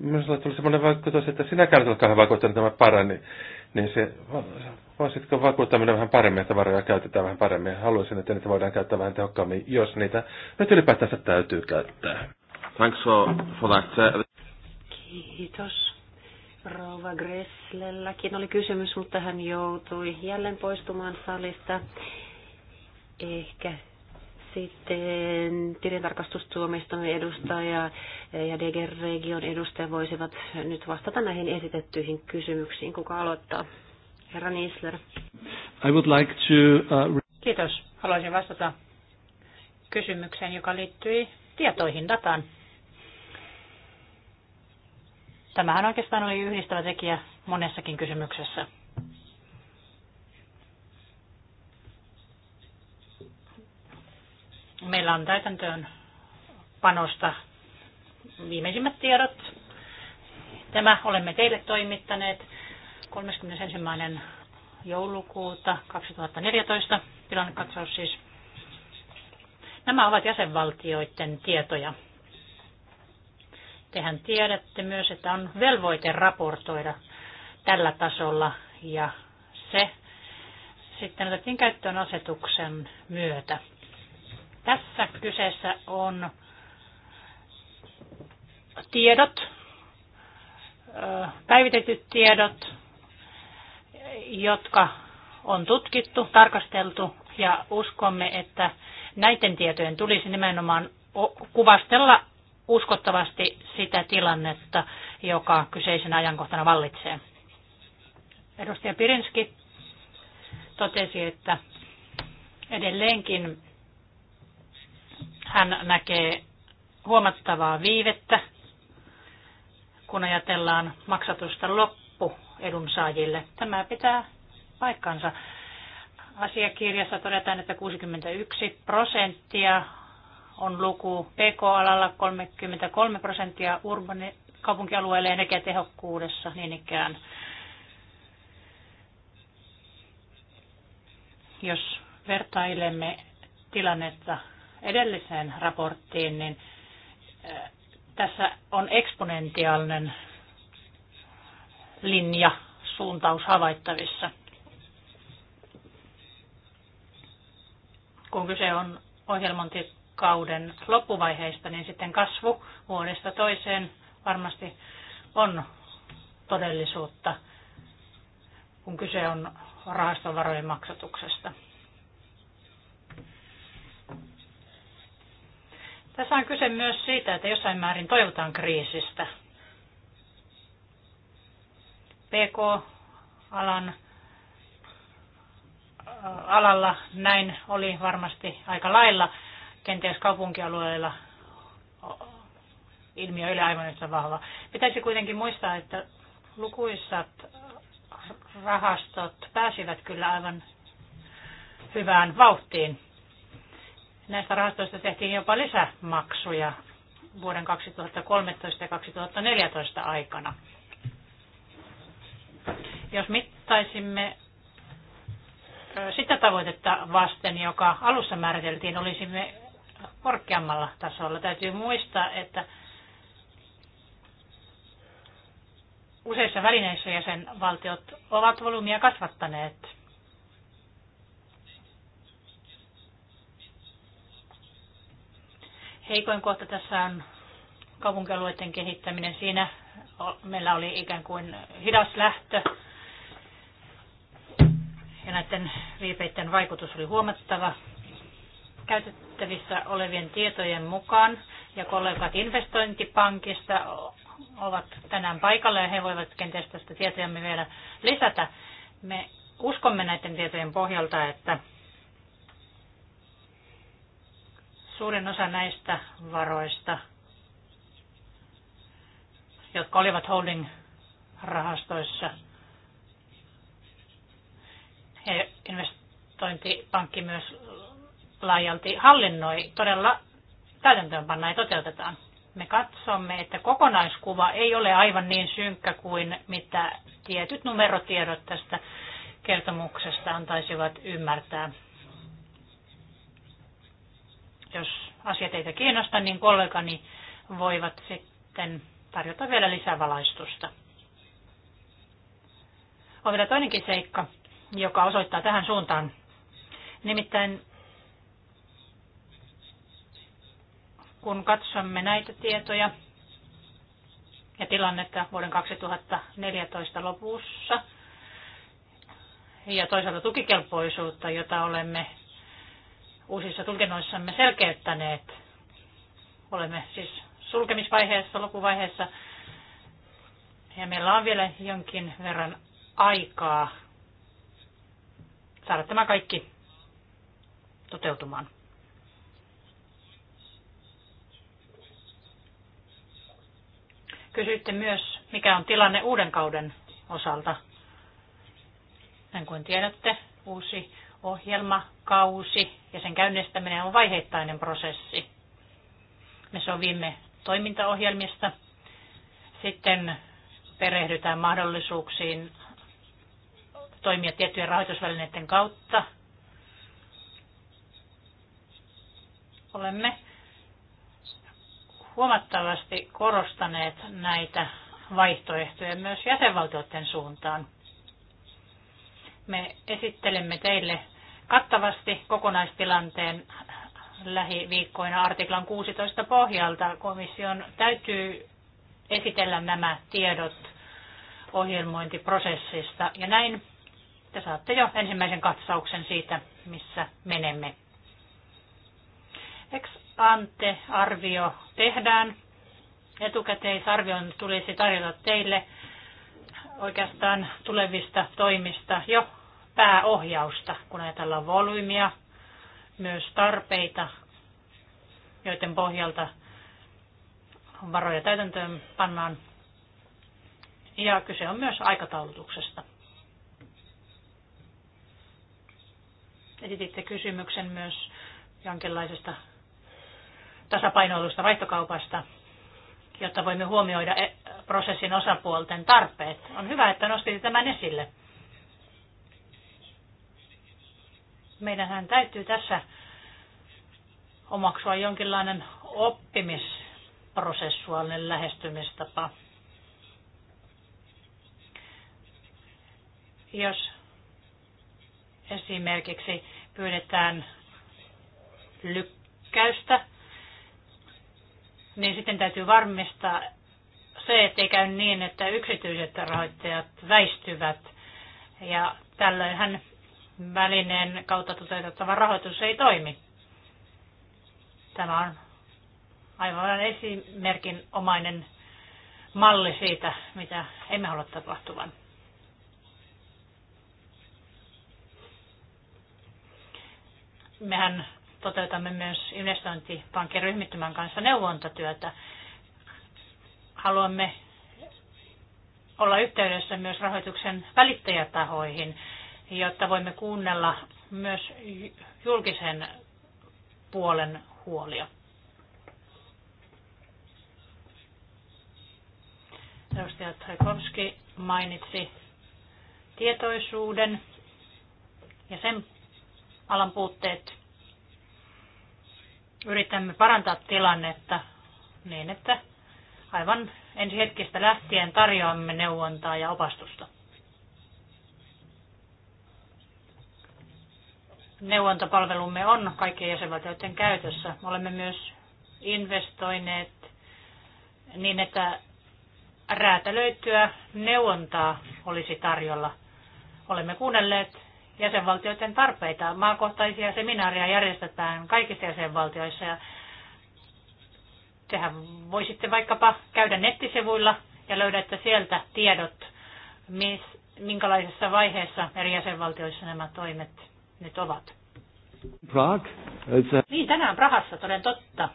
Minusta tuli sellainen vaikutus, että sinäkään et ole tämä parani niin se, voisitko vakuuttaa minä vähän paremmin, että varoja käytetään vähän paremmin. Haluaisin, että niitä voidaan käyttää vähän tehokkaammin, jos niitä nyt ylipäätänsä täytyy käyttää. Thanks for, for that. Uh, Kiitos. Rouva Gresslelläkin oli kysymys, mutta hän joutui jälleen poistumaan salista. Ehkä sitten tilintarkastustuomioistuimen edustaja ja DG-region edustaja voisivat nyt vastata näihin esitettyihin kysymyksiin. Kuka aloittaa? Herra Niisler. I would like to, uh... Kiitos. Haluaisin vastata kysymykseen, joka liittyi tietoihin, dataan. Tämähän oikeastaan oli yhdistävä tekijä monessakin kysymyksessä. Meillä on täytäntöön panosta viimeisimmät tiedot. Tämä olemme teille toimittaneet 31. joulukuuta 2014, tilannekatsaus siis. Nämä ovat jäsenvaltioiden tietoja. Tehän tiedätte myös, että on velvoite raportoida tällä tasolla ja se sitten otettiin käyttöön asetuksen myötä. Tässä kyseessä on tiedot, päivitetyt tiedot, jotka on tutkittu, tarkasteltu ja uskomme, että näiden tietojen tulisi nimenomaan kuvastella uskottavasti sitä tilannetta, joka kyseisen ajankohtana vallitsee. Edustaja Pirinski totesi, että edelleenkin hän näkee huomattavaa viivettä, kun ajatellaan maksatusta loppu edunsaajille. Tämä pitää paikkansa. Asiakirjassa todetaan, että 61 prosenttia on luku PK-alalla, 33 prosenttia urbani, kaupunkialueelle energiatehokkuudessa niin ikään. Jos vertailemme tilannetta edelliseen raporttiin, niin tässä on eksponentiaalinen linja suuntaus havaittavissa. Kun kyse on ohjelmointikauden loppuvaiheista, niin sitten kasvu vuodesta toiseen varmasti on todellisuutta, kun kyse on rahastovarojen maksatuksesta. Tässä on kyse myös siitä, että jossain määrin toivotaan kriisistä. PK-alan äh, alalla näin oli varmasti aika lailla. Kenties kaupunkialueilla ilmiö oli aivan yhtä vahva. Pitäisi kuitenkin muistaa, että lukuisat rahastot pääsivät kyllä aivan hyvään vauhtiin näistä rahastoista tehtiin jopa lisämaksuja vuoden 2013 ja 2014 aikana. Jos mittaisimme sitä tavoitetta vasten, joka alussa määriteltiin, olisimme korkeammalla tasolla. Täytyy muistaa, että useissa välineissä jäsenvaltiot ovat volyymia kasvattaneet Heikoin kohta tässä on kaupunkialueiden kehittäminen. Siinä meillä oli ikään kuin hidas lähtö ja näiden viipeiden vaikutus oli huomattava. Käytettävissä olevien tietojen mukaan ja kollegat investointipankista ovat tänään paikalla ja he voivat kenties tästä tietojamme vielä lisätä. Me uskomme näiden tietojen pohjalta, että Suurin osa näistä varoista, jotka olivat holding-rahastoissa, he investointipankki myös laajalti hallinnoi, todella täytäntöönpanna ja toteutetaan. Me katsomme, että kokonaiskuva ei ole aivan niin synkkä kuin mitä tietyt numerotiedot tästä kertomuksesta antaisivat ymmärtää. Jos asia teitä kiinnostaa, niin kollegani voivat sitten tarjota vielä lisävalaistusta. On vielä toinenkin seikka, joka osoittaa tähän suuntaan. Nimittäin kun katsomme näitä tietoja ja tilannetta vuoden 2014 lopussa ja toisaalta tukikelpoisuutta, jota olemme uusissa tulkinnoissamme selkeyttäneet. Olemme siis sulkemisvaiheessa, lopuvaiheessa. Ja meillä on vielä jonkin verran aikaa saada tämä kaikki toteutumaan. Kysyitte myös, mikä on tilanne uuden kauden osalta. Niin kuin tiedätte, uusi ohjelmakausi ja sen käynnistäminen on vaiheittainen prosessi. Me sovimme toimintaohjelmista, sitten perehdytään mahdollisuuksiin toimia tiettyjen rahoitusvälineiden kautta. Olemme huomattavasti korostaneet näitä vaihtoehtoja myös jäsenvaltioiden suuntaan. Me esittelemme teille kattavasti kokonaistilanteen lähiviikkoina artiklan 16 pohjalta. Komission täytyy esitellä nämä tiedot ohjelmointiprosessista ja näin te saatte jo ensimmäisen katsauksen siitä, missä menemme. Ex ante arvio tehdään. Etukäteisarvion tulisi tarjota teille oikeastaan tulevista toimista jo pääohjausta, kun ajatellaan volyymia, myös tarpeita, joiden pohjalta varoja täytäntöön pannaan. Ja kyse on myös aikataulutuksesta. Esititte kysymyksen myös jonkinlaisesta tasapainoilusta vaihtokaupasta, jotta voimme huomioida e- prosessin osapuolten tarpeet. On hyvä, että nostitte tämän esille. meidän täytyy tässä omaksua jonkinlainen oppimisprosessuaalinen lähestymistapa. Jos esimerkiksi pyydetään lykkäystä, niin sitten täytyy varmistaa se, ettei käy niin, että yksityiset rahoittajat väistyvät. Ja tällöinhän välineen kautta toteutettava rahoitus ei toimi. Tämä on aivan esimerkin omainen malli siitä, mitä emme halua tapahtuvan. Mehän toteutamme myös investointipankin ryhmittymän kanssa neuvontatyötä. Haluamme olla yhteydessä myös rahoituksen välittäjätahoihin jotta voimme kuunnella myös julkisen puolen huolia. Edustaja Tchaikovsky mainitsi tietoisuuden ja sen alan puutteet. Yritämme parantaa tilannetta niin, että aivan ensi hetkestä lähtien tarjoamme neuvontaa ja opastusta. neuvontapalvelumme on kaikkien jäsenvaltioiden käytössä. Me olemme myös investoineet niin, että räätälöityä neuvontaa olisi tarjolla. Olemme kuunnelleet jäsenvaltioiden tarpeita. Maakohtaisia seminaareja järjestetään kaikissa jäsenvaltioissa ja tehän voisitte vaikkapa käydä nettisivuilla ja löydätte sieltä tiedot, minkälaisessa vaiheessa eri jäsenvaltioissa nämä toimet nyt ovat. Prag? A... Niin, tänään Prahassa, toden totta.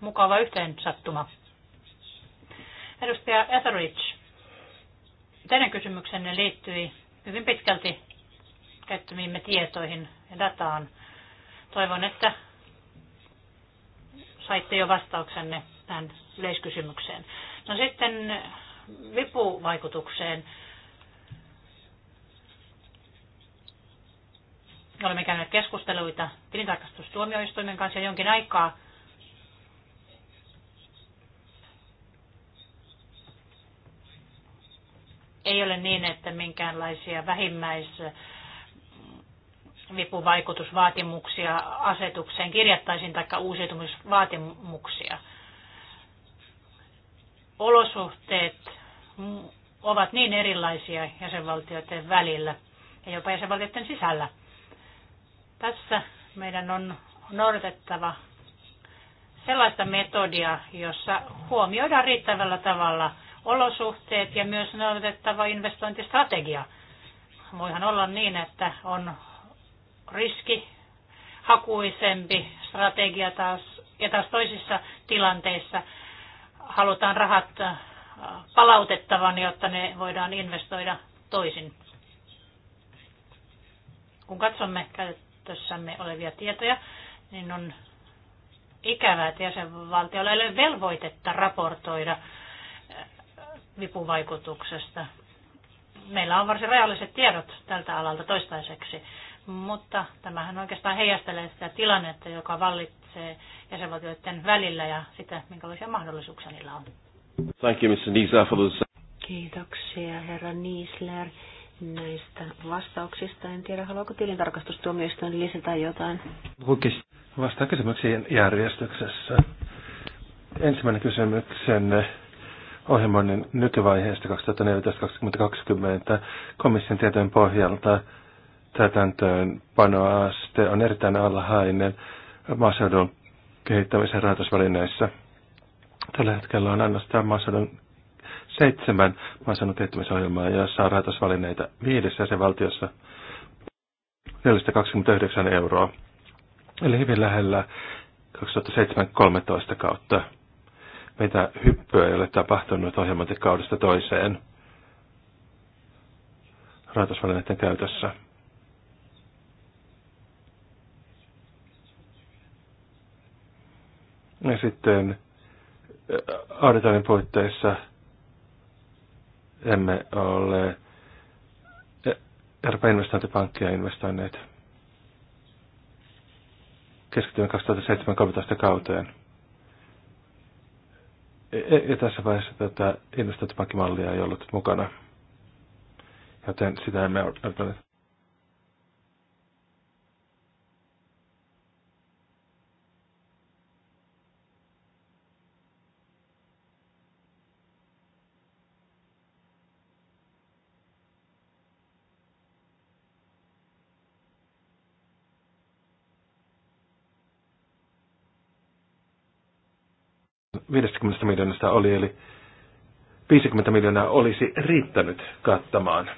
Mukava yhteen sattuma. Edustaja Etheridge, teidän kysymyksenne liittyi hyvin pitkälti käyttämiimme tietoihin ja dataan. Toivon, että saitte jo vastauksenne tähän yleiskysymykseen. No sitten vipuvaikutukseen. Olemme käyneet keskusteluita tilintarkastustuomioistuimen kanssa jo jonkin aikaa. Ei ole niin, että minkäänlaisia vähimmäis vipuvaikutusvaatimuksia asetukseen kirjattaisiin tai uusiutumisvaatimuksia. Olosuhteet ovat niin erilaisia jäsenvaltioiden välillä ja jopa jäsenvaltioiden sisällä. Tässä meidän on noudatettava sellaista metodia, jossa huomioidaan riittävällä tavalla olosuhteet ja myös noudatettava investointistrategia. Voihan olla niin, että on riski hakuisempi strategia taas, ja taas toisissa tilanteissa halutaan rahat äh, palautettavan, jotta ne voidaan investoida toisin. Kun katsomme käytettyä käytössämme olevia tietoja, niin on ikävää, että jäsenvaltiolla ei ole velvoitetta raportoida äh, vipuvaikutuksesta. Meillä on varsin rajalliset tiedot tältä alalta toistaiseksi, mutta tämähän oikeastaan heijastelee sitä tilannetta, joka vallitsee jäsenvaltioiden välillä ja sitä, minkälaisia mahdollisuuksia niillä on. Thank you, Mr. Kiitoksia, herra Niisler näistä vastauksista. En tiedä, haluaako tilintarkastustuomioistuin lisätä jotain. Lukis vastaa kysymyksiin järjestyksessä. Ensimmäinen kysymyksen ohjelmoinnin nykyvaiheesta 2014-2020 komission tietojen pohjalta panoaste on erittäin alhainen maaseudun kehittämisen rahoitusvälineissä. Tällä hetkellä on ainoastaan maaseudun seitsemän maaseudun kehittämisohjelmaa, jossa on rahoitusvalinneita viidessä jäsenvaltiossa 429 euroa. Eli hyvin lähellä 2007-2013 kautta. Mitä hyppyä ei ole tapahtunut ohjelmointikaudesta toiseen rahoitusvalinneiden käytössä. Ja sitten auditoinnin puitteissa – emme ole Euroopan investointipankkia investoineet. Keskitymme 2007-2013 kauteen. E, e, ja tässä vaiheessa tätä investointipankkimallia ei ollut mukana, joten sitä emme ole 50 miljoonasta oli, eli 50 miljoonaa olisi riittänyt kattamaan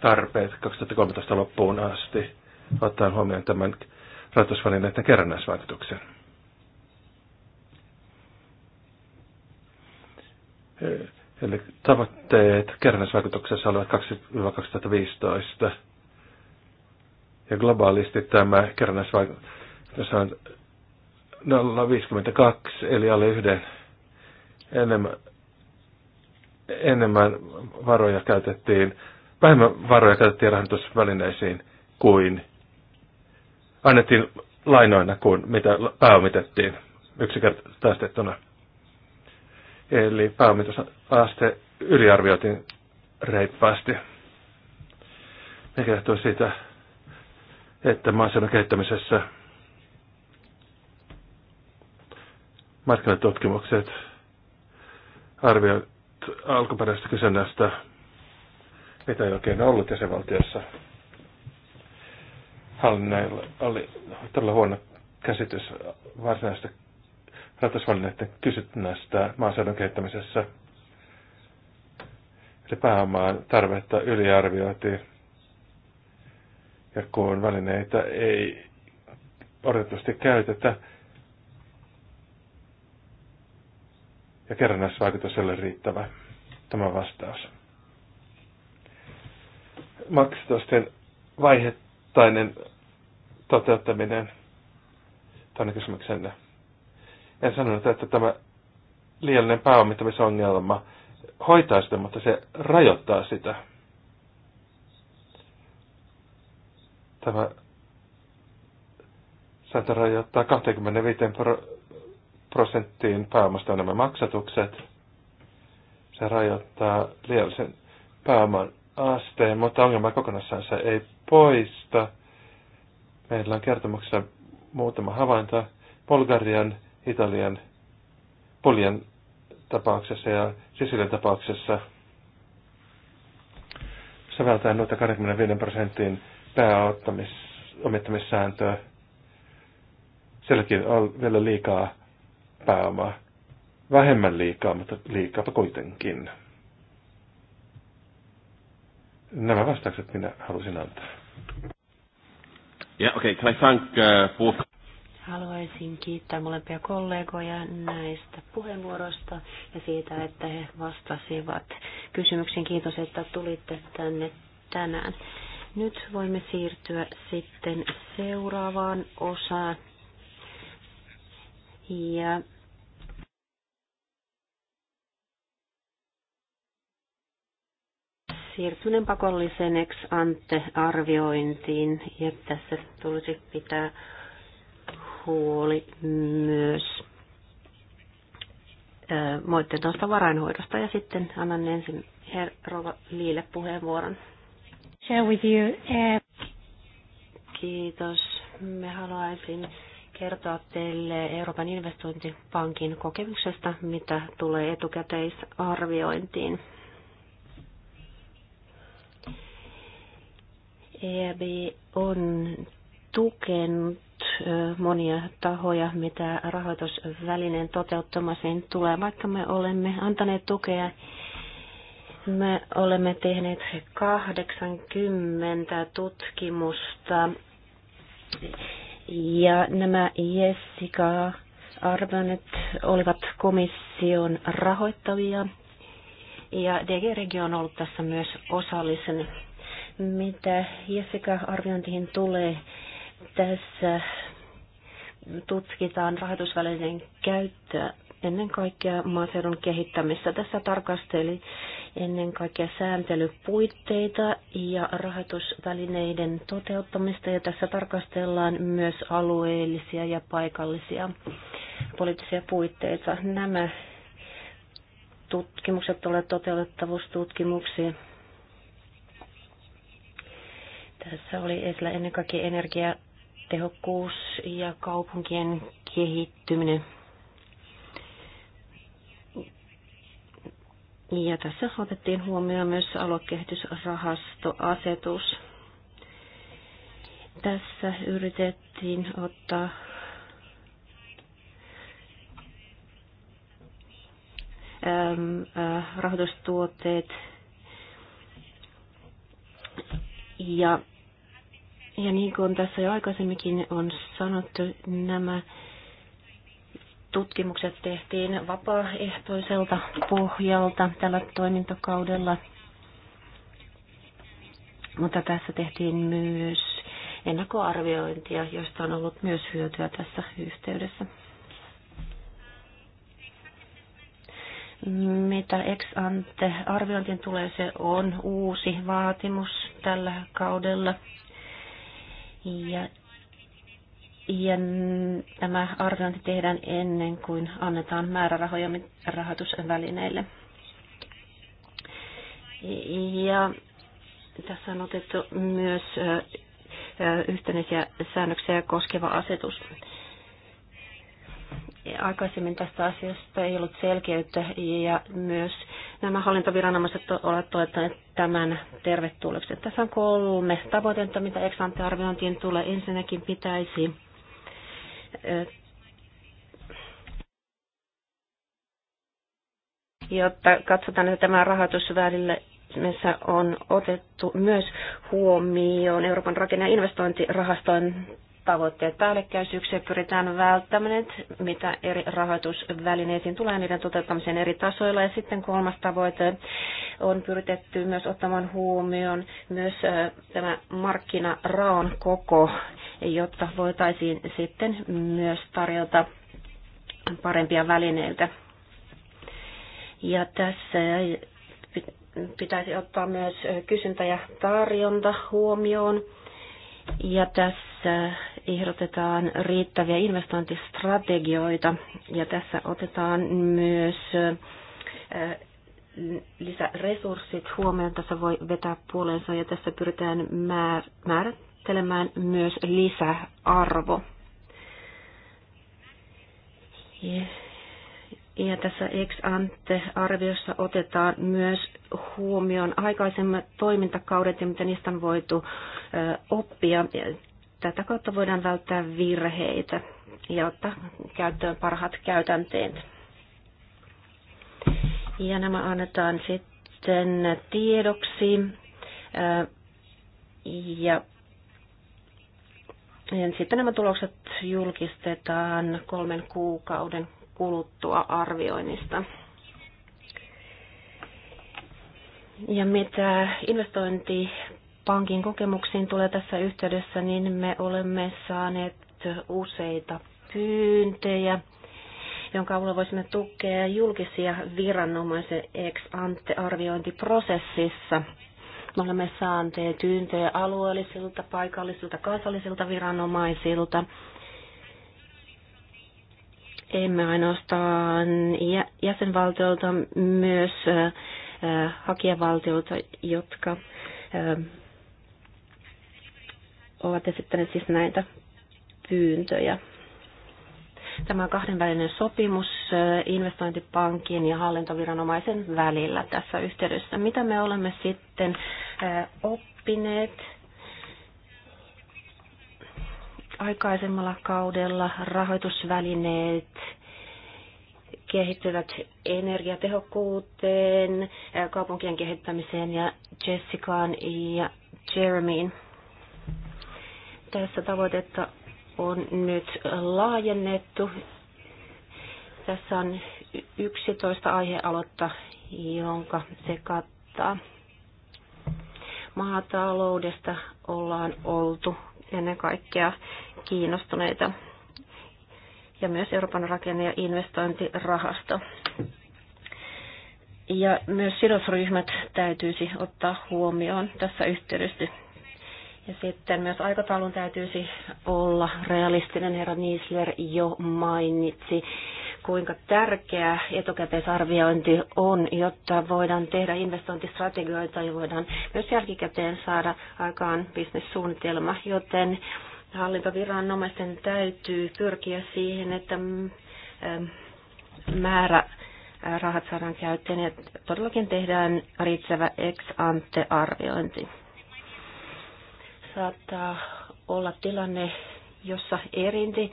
tarpeet 2013 loppuun asti, ottaen huomioon tämän rahoitusvälineiden kerrannaisvaikutuksen. Eli tavoitteet kerrannaisvaikutuksessa olivat 2015. Ja globaalisti tämä kerrannaisvaikutus on 0,52 eli alle yhden enemmän, enemmän varoja käytettiin, vähemmän varoja käytettiin rahoitusvälineisiin kuin annettiin lainoina kuin mitä pääomitettiin yksinkertaistettuna. Eli pääomitusaste yliarvioitiin reippaasti. Mikä johtuu siitä, että maaseudun kehittämisessä markkinatutkimukset, arvioivat alkuperäisestä kysynnästä, mitä ei oikein ollut jäsenvaltiossa. Hallinneilla oli todella huono käsitys varsinaista ratasvälineiden kysynnästä maaseudun kehittämisessä. Eli pääomaan tarvetta yliarvioitiin. Ja kun välineitä ei odotusti käytetä, ja kerrannaisvaikutus ei ole riittävä. Tämä vastaus. Maksatusten vaihettainen toteuttaminen. Toinen kysymyksenne. En sanonut, että tämä liiallinen pääomittamisongelma hoitaa sitä, mutta se rajoittaa sitä. Tämä sääntö rajoittaa 25 prosenttiin pääomasta nämä maksatukset. Se rajoittaa liiallisen pääoman asteen, mutta ongelma kokonaissaan se ei poista. Meillä on kertomuksessa muutama havainto Bulgarian, Italian, Puljan tapauksessa ja Sisilian tapauksessa soveltaen noita 25 prosentin pääomittamissääntöä. Sielläkin on vielä liikaa pääoma. Vähemmän liikaa, mutta liikaa kuitenkin. Nämä vastaukset minä halusin antaa. Yeah, okay. Can I thank, uh, Haluaisin kiittää molempia kollegoja näistä puheenvuoroista ja siitä, että he vastasivat kysymyksiin. Kiitos, että tulitte tänne tänään. Nyt voimme siirtyä sitten seuraavaan osaan ja siirtyneen pakollisen ex ante arviointiin ja tässä tulisi pitää huoli myös tuosta varainhoidosta ja sitten annan ensin Her Liille puheenvuoron. Share with you. Eh, Kiitos. Me haluaisin kertoa teille Euroopan investointipankin kokemuksesta, mitä tulee etukäteisarviointiin. EIB on tukenut monia tahoja, mitä rahoitusvälineen toteuttamiseen tulee. Vaikka me olemme antaneet tukea, me olemme tehneet 80 tutkimusta ja nämä Jessica Arbonet olivat komission rahoittavia ja DG-regio on ollut tässä myös osallisen. Mitä Jessica arviointiin tulee, tässä tutkitaan rahoitusvälineiden käyttöä ennen kaikkea maaseudun kehittämistä. Tässä tarkasteli ennen kaikkea sääntelypuitteita ja rahoitusvälineiden toteuttamista. Ja tässä tarkastellaan myös alueellisia ja paikallisia poliittisia puitteita. Nämä tutkimukset tulee toteutettavuustutkimuksiin. Tässä oli esillä ennen kaikkea energiatehokkuus ja kaupunkien kehittyminen. Niin, ja tässä otettiin huomioon myös aluekehitysrahastoasetus. Tässä yritettiin ottaa äh, rahoitustuotteet ja, ja niin kuin tässä jo aikaisemminkin on sanottu, nämä tutkimukset tehtiin vapaaehtoiselta pohjalta tällä toimintakaudella, mutta tässä tehtiin myös ennakkoarviointia, josta on ollut myös hyötyä tässä yhteydessä. Mitä ex ante arviointiin tulee, se on uusi vaatimus tällä kaudella. Ja ja tämä arviointi tehdään ennen kuin annetaan määrärahoja rahoitusvälineille. Ja tässä on otettu myös yhtenäisiä säännöksiä koskeva asetus. Aikaisemmin tästä asiasta ei ollut selkeyttä ja myös nämä hallintoviranomaiset ovat toivottaneet tämän tervetulleeksi. Tässä on kolme tavoitetta, mitä eksante-arviointiin tulee. Ensinnäkin pitäisi jotta katsotaan, että tämä välillä missä on otettu myös huomioon Euroopan rakenne- ja investointirahaston tavoitteet päällekkäisyyksiä pyritään välttämään, mitä eri rahoitusvälineisiin tulee niiden toteuttamiseen eri tasoilla. Ja sitten kolmas tavoite on pyritetty myös ottamaan huomioon myös äh, tämä markkinaraon koko jotta voitaisiin sitten myös tarjota parempia välineitä. Ja tässä pitäisi ottaa myös kysyntä ja tarjonta huomioon. Ja tässä ehdotetaan riittäviä investointistrategioita ja tässä otetaan myös lisäresurssit huomioon. Tässä voi vetää puolensa ja tässä pyritään määr- määrät määrittelemään myös lisäarvo. Ja tässä ex ante arviossa otetaan myös huomioon aikaisemmat toimintakaudet ja mitä niistä on voitu oppia. Tätä kautta voidaan välttää virheitä ja ottaa käyttöön parhaat käytänteet. Ja nämä annetaan sitten tiedoksi ja ja sitten nämä tulokset julkistetaan kolmen kuukauden kuluttua arvioinnista. Ja mitä investointipankin kokemuksiin tulee tässä yhteydessä, niin me olemme saaneet useita pyyntöjä, jonka avulla voisimme tukea julkisia viranomaisen ex ante arviointiprosessissa. Me olemme saaneet tyyntöjä alueellisilta, paikallisilta, kansallisilta viranomaisilta. Emme ainoastaan jäsenvaltioilta, myös hakijavaltioilta, jotka ovat esittäneet siis näitä pyyntöjä. Tämä on kahdenvälinen sopimus eh, investointipankin ja hallintoviranomaisen välillä tässä yhteydessä. Mitä me olemme sitten eh, oppineet? Aikaisemmalla kaudella rahoitusvälineet kehittyvät energiatehokkuuteen, eh, kaupunkien kehittämiseen ja Jessicaan ja Jeremyin. Tässä tavoitetta on nyt laajennettu. Tässä on 11 aihealotta, jonka se kattaa. Maataloudesta ollaan oltu ennen kaikkea kiinnostuneita ja myös Euroopan rakenne- ja investointirahasto. Ja myös sidosryhmät täytyisi ottaa huomioon tässä yhteydessä ja sitten myös aikataulun täytyisi olla realistinen. Herra Niisler jo mainitsi, kuinka tärkeä etukäteisarviointi on, jotta voidaan tehdä investointistrategioita ja voidaan myös jälkikäteen saada aikaan bisnessuunnitelma, joten hallintoviranomaisten täytyy pyrkiä siihen, että mm, ähm, määrä äh, rahat saadaan käyttöön ja todellakin tehdään riittävä ex ante arviointi saattaa olla tilanne, jossa erinti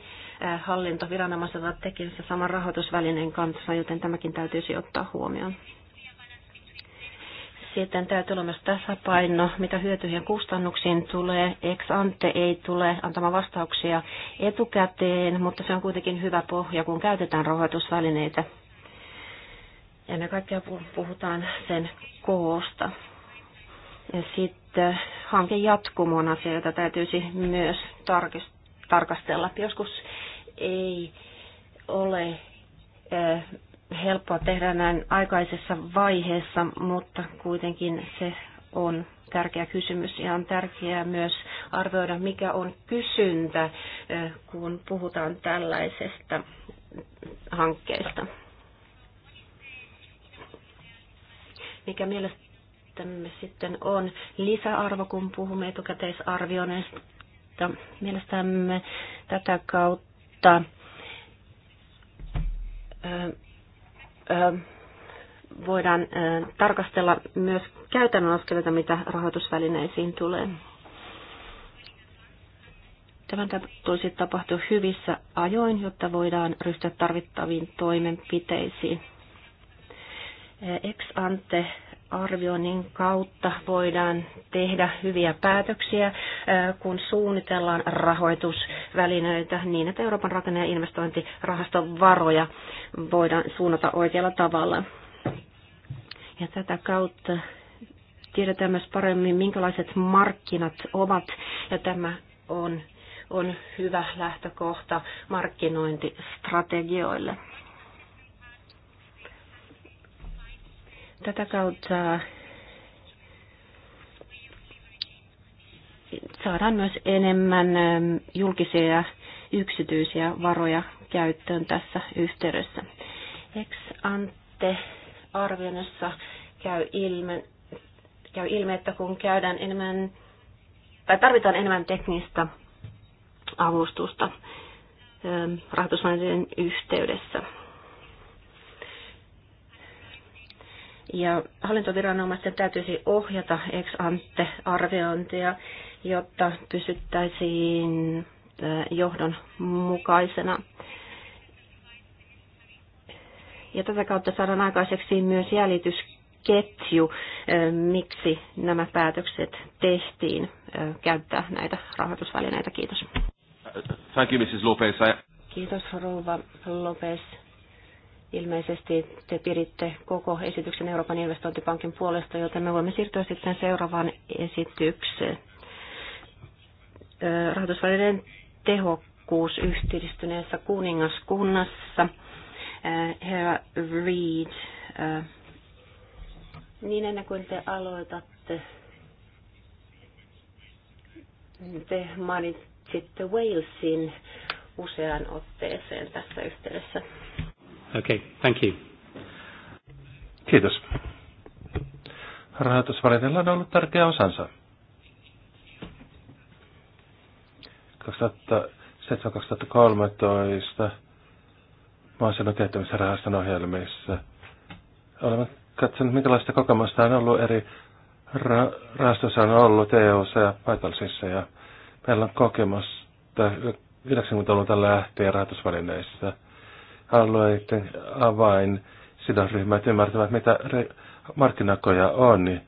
hallintoviranomaiset ovat tekemässä saman rahoitusvälineen kanssa, joten tämäkin täytyisi ottaa huomioon. Sitten täytyy olla myös tasapaino, mitä hyötyihin kustannuksiin tulee. Ex ante ei tule antamaan vastauksia etukäteen, mutta se on kuitenkin hyvä pohja, kun käytetään rahoitusvälineitä. Ja me puhutaan sen koosta. Ja sit hanke jatkumo on asia, jota täytyisi myös tarkastella. Joskus ei ole helppoa tehdä näin aikaisessa vaiheessa, mutta kuitenkin se on tärkeä kysymys ja on tärkeää myös arvioida, mikä on kysyntä, kun puhutaan tällaisesta hankkeesta. Mikä mielestä mielestämme sitten on lisäarvo, kun puhumme etukäteisarvioinnista. Mielestämme tätä kautta voidaan tarkastella myös käytännön askeleita, mitä rahoitusvälineisiin tulee. Tämän tulisi tapahtua hyvissä ajoin, jotta voidaan ryhtyä tarvittaviin toimenpiteisiin. Ex ante arvioinnin kautta voidaan tehdä hyviä päätöksiä, kun suunnitellaan rahoitusvälineitä niin, että Euroopan rakenne- ja investointirahaston varoja voidaan suunnata oikealla tavalla. Ja tätä kautta tiedetään myös paremmin, minkälaiset markkinat ovat, ja tämä on, on hyvä lähtökohta markkinointistrategioille. Tätä kautta saadaan myös enemmän ähm, julkisia ja yksityisiä varoja käyttöön tässä yhteydessä. Ex ante arvioinnissa käy ilme, käy ilme, että kun käydään enemmän tai tarvitaan enemmän teknistä avustusta ähm, rahoitusvälineiden yhteydessä. Ja hallintoviranomaisten täytyisi ohjata ex ante arviointia, jotta pysyttäisiin äh, johdon mukaisena. Ja tätä kautta saadaan aikaiseksi myös jäljitysketju, äh, miksi nämä päätökset tehtiin äh, käyttää näitä rahoitusvälineitä. Kiitos. Thank you, Mrs. Lopez. Kiitos, rouva Lopez. Ilmeisesti te piditte koko esityksen Euroopan investointipankin puolesta, joten me voimme siirtyä sitten seuraavaan esitykseen. Rahoitusvälineiden tehokkuus yhdistyneessä kuningaskunnassa. Herra Reed, niin ennen kuin te aloitatte, te mainitsitte Walesin useaan otteeseen tässä yhteydessä. Okay, thank you. Kiitos. Rahoitusvalinnoilla on ollut tärkeä osansa. 2007-2013 maaseudun kehittämisen ohjelmissa. Olemme katsoneet minkälaista kokemusta on ollut eri ra- rahastossa on ollut eu ja paikallisissa. Ja meillä on kokemusta 90-luvulta lähtien rahoitusvälineissä – alueiden avain sidosryhmät ymmärtävät, mitä re- markkinakoja on, niin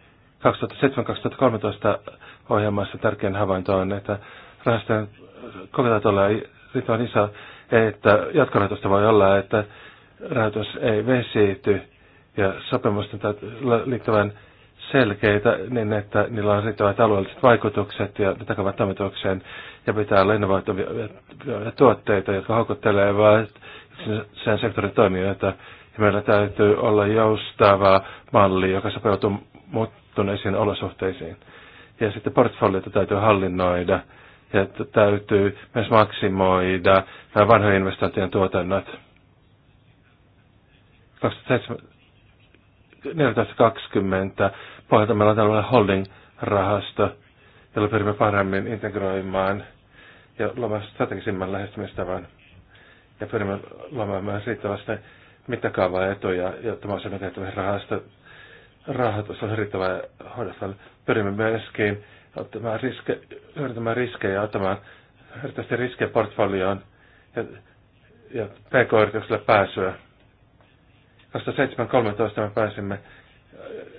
2007-2013 ohjelmassa tärkein havainto on, että rahastojen kokeilat olla riittävän iso, että jatkorahoitusta voi olla, että rahoitus ei vesiity ja sopimusten liittyvän selkeitä niin, että niillä on riittävät alueelliset vaikutukset ja ne takavat toimitukseen ja pitää olla innovoitavia tuotteita, jotka houkuttelevat sen sektorin toimijoita. Ja meillä täytyy olla joustava malli, joka sopeutuu muuttuneisiin olosuhteisiin. Ja sitten portfoliota täytyy hallinnoida ja että täytyy myös maksimoida nämä vanhojen investointien tuotannot. 2020 pohjalta meillä on tällainen holding-rahasto, jolla pyrimme paremmin integroimaan ja luomaan strategisimman lähestymistavan ja pyrimme luomaan myös riittävästi mittakaavaa etuja, jotta mahdollisimman tehtävä rahasta rahoitus on riittävää hoidossa. Pyrimme myöskin ottamaan riske, hyödyntämään riskejä ja ottamaan riittävästi riskejä portfolioon ja, ja pk-yritykselle pääsyä. 2007-2013 me pääsimme,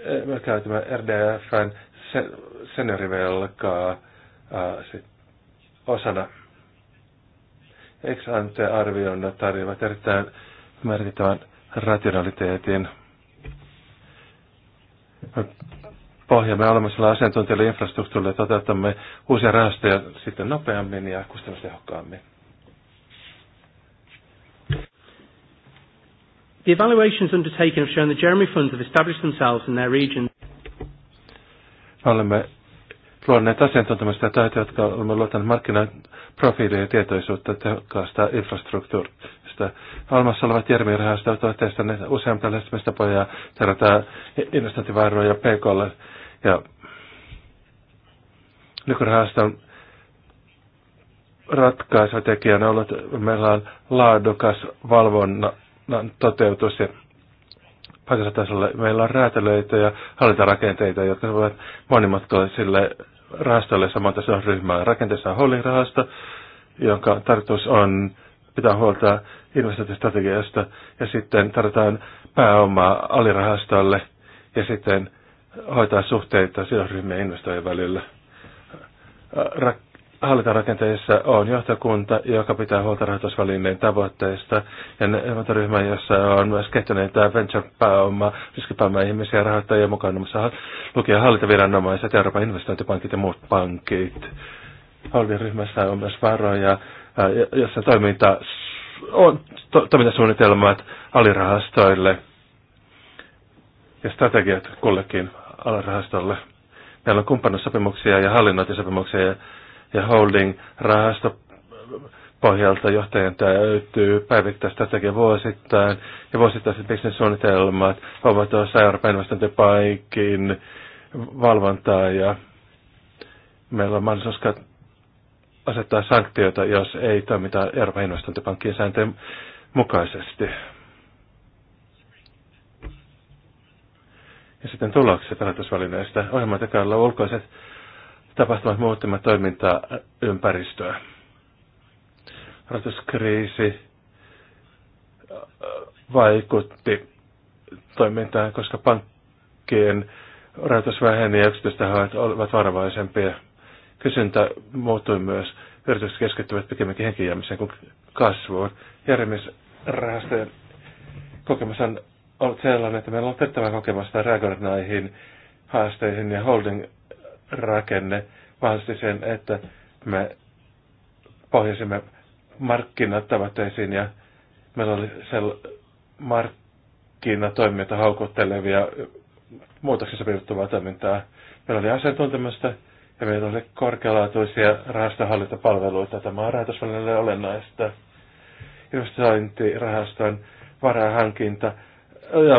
eh, me käytimme RDFn seniorivelkaa eh, osana ex-ante-arvioinnot tarjoavat erittäin merkittävän rationaliteetin. Pohjamme olemassa asiantuntijoille infrastruktuurille toteutamme uusia rahastoja sitten nopeammin ja kustannustehokkaammin. The evaluations undertaken have shown the Jeremy funds have established themselves in their region. Olemme luonneet asiantuntemusta ja taitoja, jotka ovat luottaneet markkinaprofiilia ja tietoisuutta tehokkaasta infrastruktuurista. Olemassa olevat järvirahastot ovat testanneet useampia lähestymistapoja ja tarjotaan investointivaroja PKlle. Ja nykyrahaston ratkaisutekijänä on, että meillä on laadukas valvonnan toteutus ja paikallisella tasolla meillä on räätälöitä ja hallintarakenteita, jotka ovat monimutkaisille rahastolle saman tason ryhmää. Rakenteessa on rahasto, jonka tarkoitus on pitää huolta investointistrategiasta ja sitten tarvitaan pääomaa alirahastolle ja sitten hoitaa suhteita sidosryhmien investoijien välillä. Rak- hallintarakenteessa on johtokunta, joka pitää huolta rahoitusvälineen tavoitteista, ja ryhmä, jossa on myös kehittyneitä venture-pääoma, riskipääoma ihmisiä ja rahoittajia mukana, missä lukee hallintaviranomaiset, Euroopan investointipankit ja muut pankit. Holding-ryhmässä on myös varoja, äh, jossa toiminta on to, toimintasuunnitelmat alirahastoille ja strategiat kullekin alirahastolle. Meillä on kumppanussopimuksia ja hallinnointisopimuksia ja ja holding rahasto pohjalta johtajan täytyy päivittää strategia vuosittain ja vuosittaiset bisnessuunnitelmat ovat osa Euroopan investointipaikin valvontaa ja meillä on mahdollisuus asettaa sanktioita, jos ei toimita Euroopan investointipankkien sääntöjen mukaisesti. Ja sitten tulokset rahoitusvälineistä. Ohjelmatekalla ulkoiset tapahtumat muuttivat toimintaa ympäristöä. Rahoituskriisi äh, vaikutti toimintaan, koska pankkien rahoitus väheni ja yksityistahoit olivat varovaisempia. Kysyntä muuttui myös. Yritykset keskittyvät pikemminkin henkijäämiseen kuin kasvuun. Järjemisrahastojen kokemus on ollut sellainen, että meillä on tehtävä kokemusta reagoida näihin haasteisiin ja holding rakenne vahvisti sen, että me pohjasimme markkinat ja meillä oli sel- markkinatoimijoita haukottelevia muutoksessa sopivuttavaa toimintaa. Meillä oli asiantuntemusta ja meillä oli korkealaatuisia rahastohallintapalveluita. Tämä on rahoitusvälineelle olennaista. Investointirahaston varahankinta ja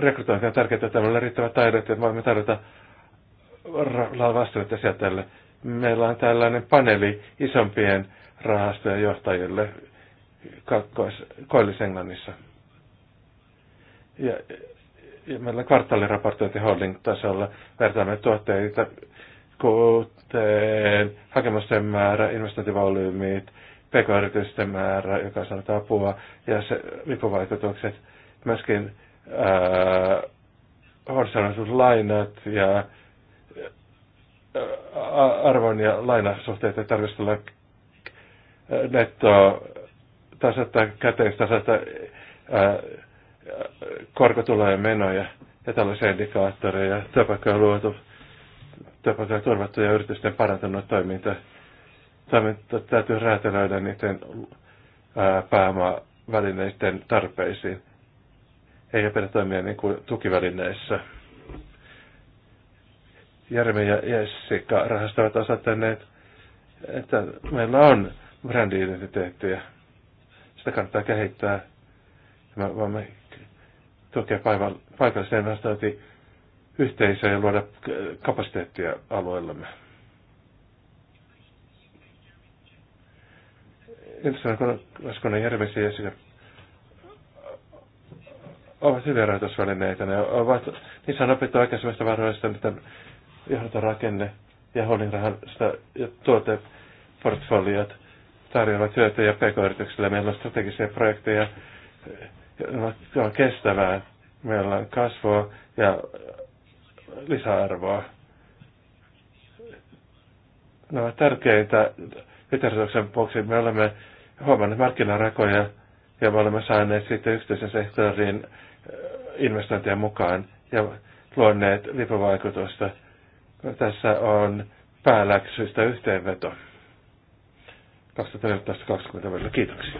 rekrytointi on tärkeää, että meillä on riittävät taidot, että voimme tarjota vastuullisia tälle. Meillä on tällainen paneeli isompien rahastojen johtajille Koillis-Englannissa. Ja, ja meillä kvartaaliraportointi holding-tasolla vertaamme tuotteita, kuten hakemusten määrä, investointivolyymit, pk-yritysten määrä, joka saa apua, ja se vipuvaikutukset, myöskin horisontaaliset lainat ja arvon ja lainasuhteita tarkastella äh, netto tasetta, käteistasetta, äh, korkotulojen menoja ja tällaisia indikaattoreja, työpaikkoja luotu, työpaikkoja turvattu ja yritysten parantanut toiminta. Toiminta täytyy räätälöidä niiden äh, pääomavälineiden tarpeisiin. Ei pidä toimia niin kuin tukivälineissä. Jeremy ja Jessica rahastavat osoittaneet, että meillä on brändi-identiteettiä. Sitä kannattaa kehittää. Me voimme tukea paikallisten investointi yhteisöä ja luoda kapasiteettia alueellamme. Ilsana Koskonen Järvesi ja Jessica ovat hyviä rahoitusvälineitä. Ne ovat, niissä on opittu aikaisemmista varoista, mitä rakenne ja holdingrahasta ja tuoteportfoliot tarjoavat työtä ja pk yrityksille Meillä on strategisia projekteja, jotka on kestävää. Meillä on kasvua ja lisäarvoa. Ne ovat tärkeitä yhteisöksen vuoksi. Me olemme huomanneet markkinarakoja ja me olemme saaneet sitten yksityisen sektorin investointeja mukaan ja luonneet lipovaikutusta tässä on pääläksyistä yhteenveto 2020 välillä. Kiitoksia.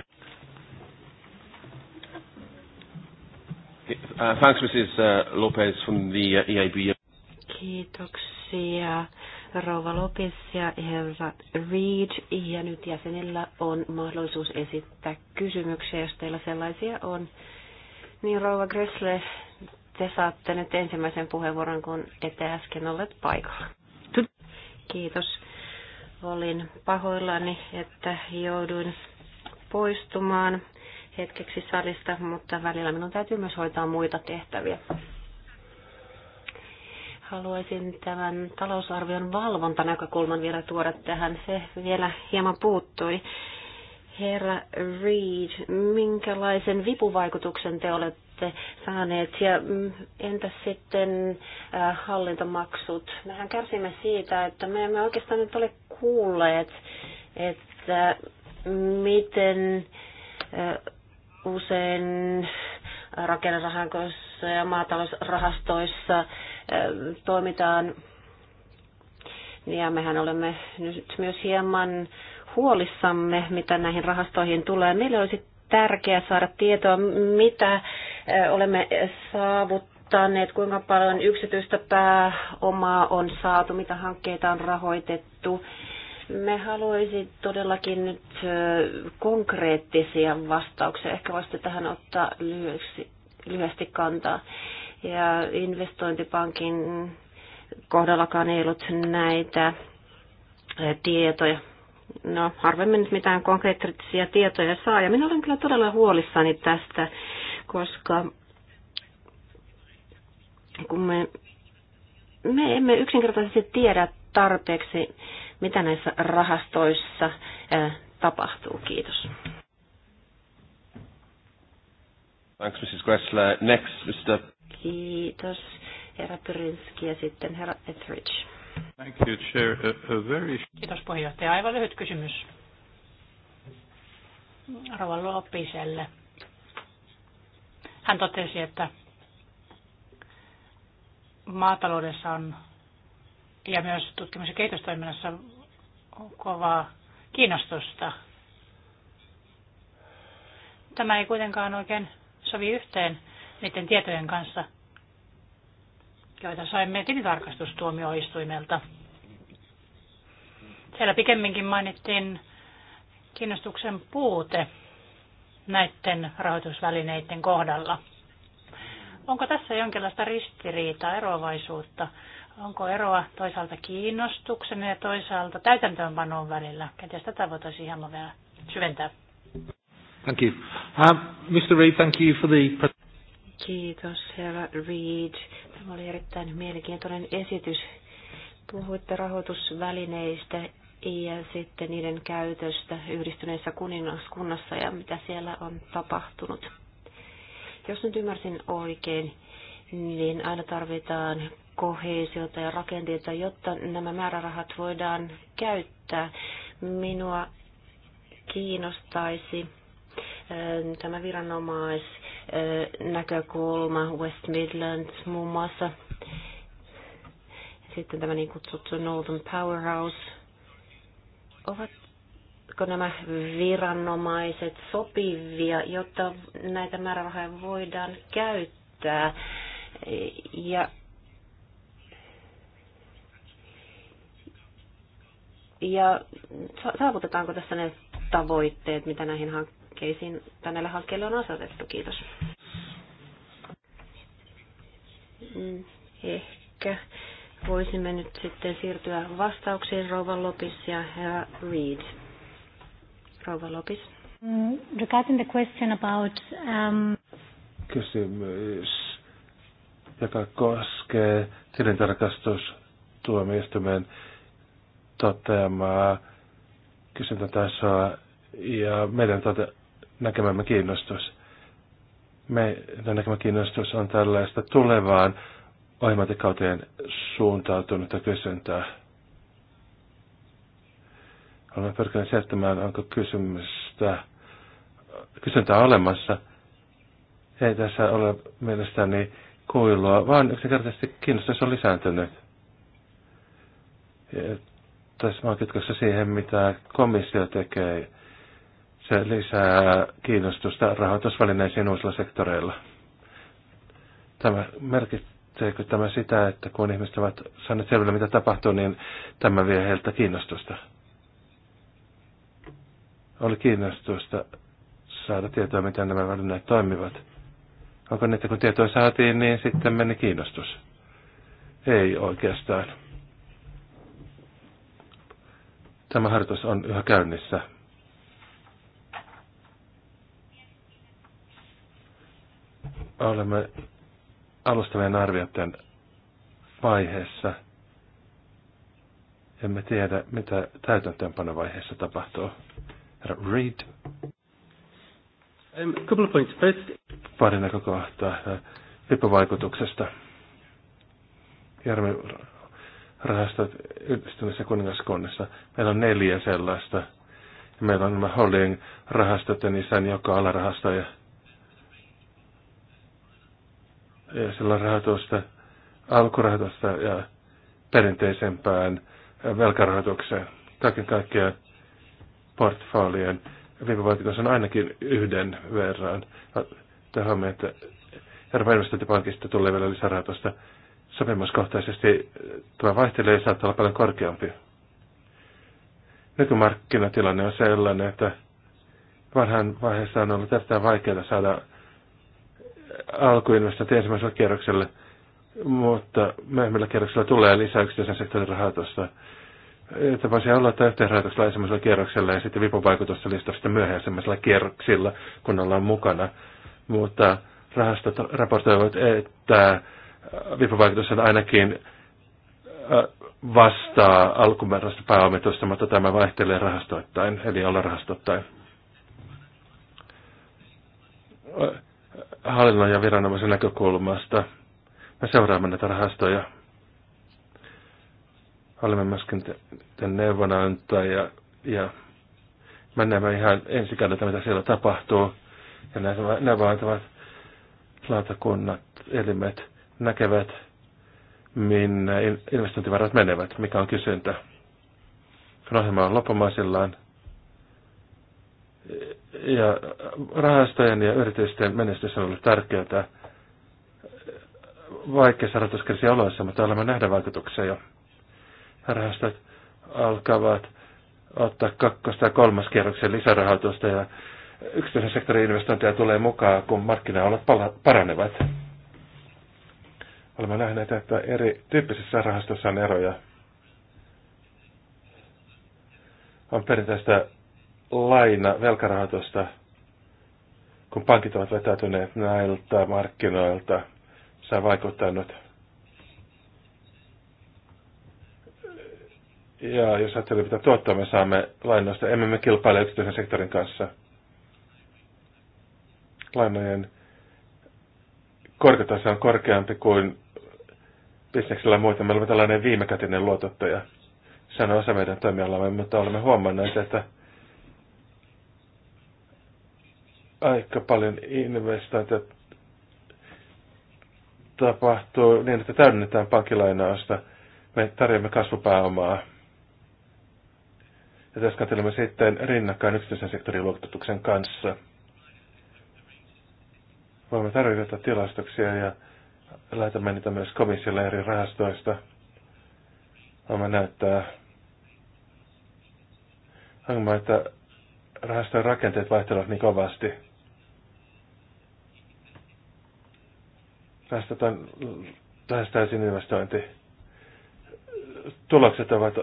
Uh, thanks, Mrs. Uh, Lopez from the uh, EIB. Kiitoksia, rouva Lopez ja herra Reed. Ja nyt jäsenillä on mahdollisuus esittää kysymyksiä, jos teillä sellaisia on. Niin, rouva Gressle, te saatte nyt ensimmäisen puheenvuoron, kun ette äsken olleet paikalla. Kiitos. Olin pahoillani, että jouduin poistumaan hetkeksi salista, mutta välillä minun täytyy myös hoitaa muita tehtäviä. Haluaisin tämän talousarvion valvontanäkökulman vielä tuoda tähän. Se vielä hieman puuttui. Herra Reid, minkälaisen vipuvaikutuksen te olette olette saaneet. Ja mm, entäs sitten äh, hallintomaksut? Mehän kärsimme siitä, että me emme oikeastaan nyt ole kuulleet, että miten äh, usein rakennerahastoissa ja maatalousrahastoissa äh, toimitaan. Ja mehän olemme nyt myös hieman huolissamme, mitä näihin rahastoihin tulee. Meillä olisi tärkeää saada tietoa, mitä olemme saavuttaneet, kuinka paljon yksityistä pääomaa on saatu, mitä hankkeita on rahoitettu. Me haluaisin todellakin nyt konkreettisia vastauksia. Ehkä voisitte tähän ottaa lyhyesti, lyhyesti kantaa. Ja investointipankin kohdallakaan ei ollut näitä tietoja no harvemmin nyt mitään konkreettisia tietoja saa. Ja minä olen kyllä todella huolissani tästä, koska kun me, me emme yksinkertaisesti tiedä tarpeeksi, mitä näissä rahastoissa tapahtuu. Kiitos. Thanks, Mrs. Gressler. Next, Mr. Kiitos, herra Pyrinski ja sitten herra Etheridge. Thank you, Chair. A, a very... Kiitos puheenjohtaja. Aivan lyhyt kysymys. Rova Loppiselle. Hän totesi, että maataloudessa on ja myös tutkimus- ja kehitystoiminnassa on kovaa kiinnostusta. Tämä ei kuitenkaan oikein sovi yhteen niiden tietojen kanssa, joita saimme tilitarkastustuomioistuimelta. Siellä pikemminkin mainittiin kiinnostuksen puute näiden rahoitusvälineiden kohdalla. Onko tässä jonkinlaista ristiriitaa, eroavaisuutta? Onko eroa toisaalta kiinnostuksen ja toisaalta täytäntöönpanon välillä? Kenties tätä voitaisiin hieman vielä syventää. Thank you. Uh, Mr. Reid, thank you for the... Kiitos, herra Reid. Tämä oli erittäin mielenkiintoinen esitys. Puhuitte rahoitusvälineistä ja sitten niiden käytöstä yhdistyneessä kuningaskunnassa ja mitä siellä on tapahtunut. Jos nyt ymmärsin oikein, niin aina tarvitaan kohesiota ja rakenteita, jotta nämä määrärahat voidaan käyttää. Minua kiinnostaisi tämä viranomais näkökulma, West Midlands muun muassa. Sitten tämä niin kutsuttu Northern Powerhouse. Ovatko nämä viranomaiset sopivia, jotta näitä määrärahoja voidaan käyttää? Ja ja saavutetaanko tässä ne tavoitteet, mitä näihin hank- hankkeisiin tänne hankkeelle on asetettu. Kiitos. Mm, ehkä voisimme nyt sitten siirtyä vastauksiin Rouva Lopis ja herra Reed. Rouva Lopis. Mm, regarding the question about... Um... Kysymys, joka koskee tilintarkastustuomioistuimen toteamaa kysyntätasoa ja meidän tote- näkemämme kiinnostus. Meidän näkemä kiinnostus on tällaista tulevaan ohjelmatikauteen suuntautunutta kysyntää. Olemme pyrkineet selittämään, onko kysymystä, kysyntää olemassa. Ei tässä ole mielestäni kuilua, vaan yksinkertaisesti kiinnostus on lisääntynyt. Ja tässä on kytkössä siihen, mitä komissio tekee se lisää kiinnostusta rahoitusvälineisiin uusilla sektoreilla. Tämä merkitseekö tämä sitä, että kun ihmiset ovat saaneet selville, mitä tapahtuu, niin tämä vie heiltä kiinnostusta? Oli kiinnostusta saada tietoa, miten nämä välineet toimivat. Onko niitä, kun tietoa saatiin, niin sitten meni kiinnostus? Ei oikeastaan. Tämä harjoitus on yhä käynnissä. olemme alustavien arvioiden vaiheessa. Emme tiedä, mitä täytäntöönpanovaiheessa tapahtuu. Herra Reid. Um, couple of points. First... Pari näkökohtaa äh, vipuvaikutuksesta. Järven rahastot yhdistyneessä kuningaskunnassa. Meillä on neljä sellaista. meillä on nämä Hollin rahastot ja niissä on joka alarahastoja. ja sillä rahoitusta, alkurahoitusta ja perinteisempään velkarahoitukseen. Kaiken kaikkiaan portfolien viime on ainakin yhden verran. Tähän että Euroopan investointipankista tulee vielä lisärahoitusta. Sopimuskohtaisesti tämä vaihtelee ja saattaa olla paljon korkeampi. Nykymarkkinatilanne on sellainen, että vanhan vaiheessa on ollut erittäin vaikeaa saada alkuinvestointi ensimmäisellä kierroksella, mutta myöhemmällä kierroksella tulee lisää yksityisen sektorin rahoitusta. Että voisi olla, että yhteenrahoituksella ensimmäisellä kierroksella ja sitten vaikutusta listasta sitten myöhäisemmäisellä kierroksilla, kun ollaan mukana. Mutta rahastot raportoivat, että vaikutus on ainakin vastaa alkumäärästä pääomitusta, mutta tämä vaihtelee rahastoittain, eli olla rahastoittain hallinnon ja viranomaisen näkökulmasta. Me seuraamme näitä rahastoja. Olemme myöskin tämän neuvonantaja ja me näemme ihan ensi kädeltä, mitä siellä tapahtuu. Ja neuvonantavat lautakunnat, elimet näkevät, minne investointivarat menevät, mikä on kysyntä. Kun ohjelma on loppumaisillaan, ja rahastojen ja yritysten menestys on ollut tärkeää vaikeissa rahoituskriisin oloissa, mutta olemme nähdä vaikutuksia jo. Rahastot alkavat ottaa kakkosta ja kolmas kierroksen lisärahoitusta ja yksityisen sektorin investointeja tulee mukaan, kun markkinaolot paranevat. Olemme nähneet, että eri tyyppisissä rahastossa on eroja. On perinteistä laina velkarahoitusta, kun pankit ovat vetäytyneet näiltä markkinoilta, se on vaikuttanut. Ja jos ajattelee, mitä tuottoa me saamme lainoista, emme me kilpaile yksityisen sektorin kanssa. Lainojen korkotaso on korkeampi kuin bisneksellä muita. Me olemme tällainen viimekätinen luotottaja. Se on osa meidän toimialamme, mutta olemme huomanneet, että aika paljon investointeja tapahtuu niin, että täydennetään pankkilainausta. Me tarjoamme kasvupääomaa. Ja tässä katselemme sitten rinnakkain yksityisen sektorin luokituksen kanssa. Voimme tarjota tilastuksia ja lähetämme niitä myös komissiolle eri rahastoista. Voimme näyttää että rahastojen rakenteet vaihtelevat niin kovasti. tästä on lähes täysin investointi. Tulokset ovat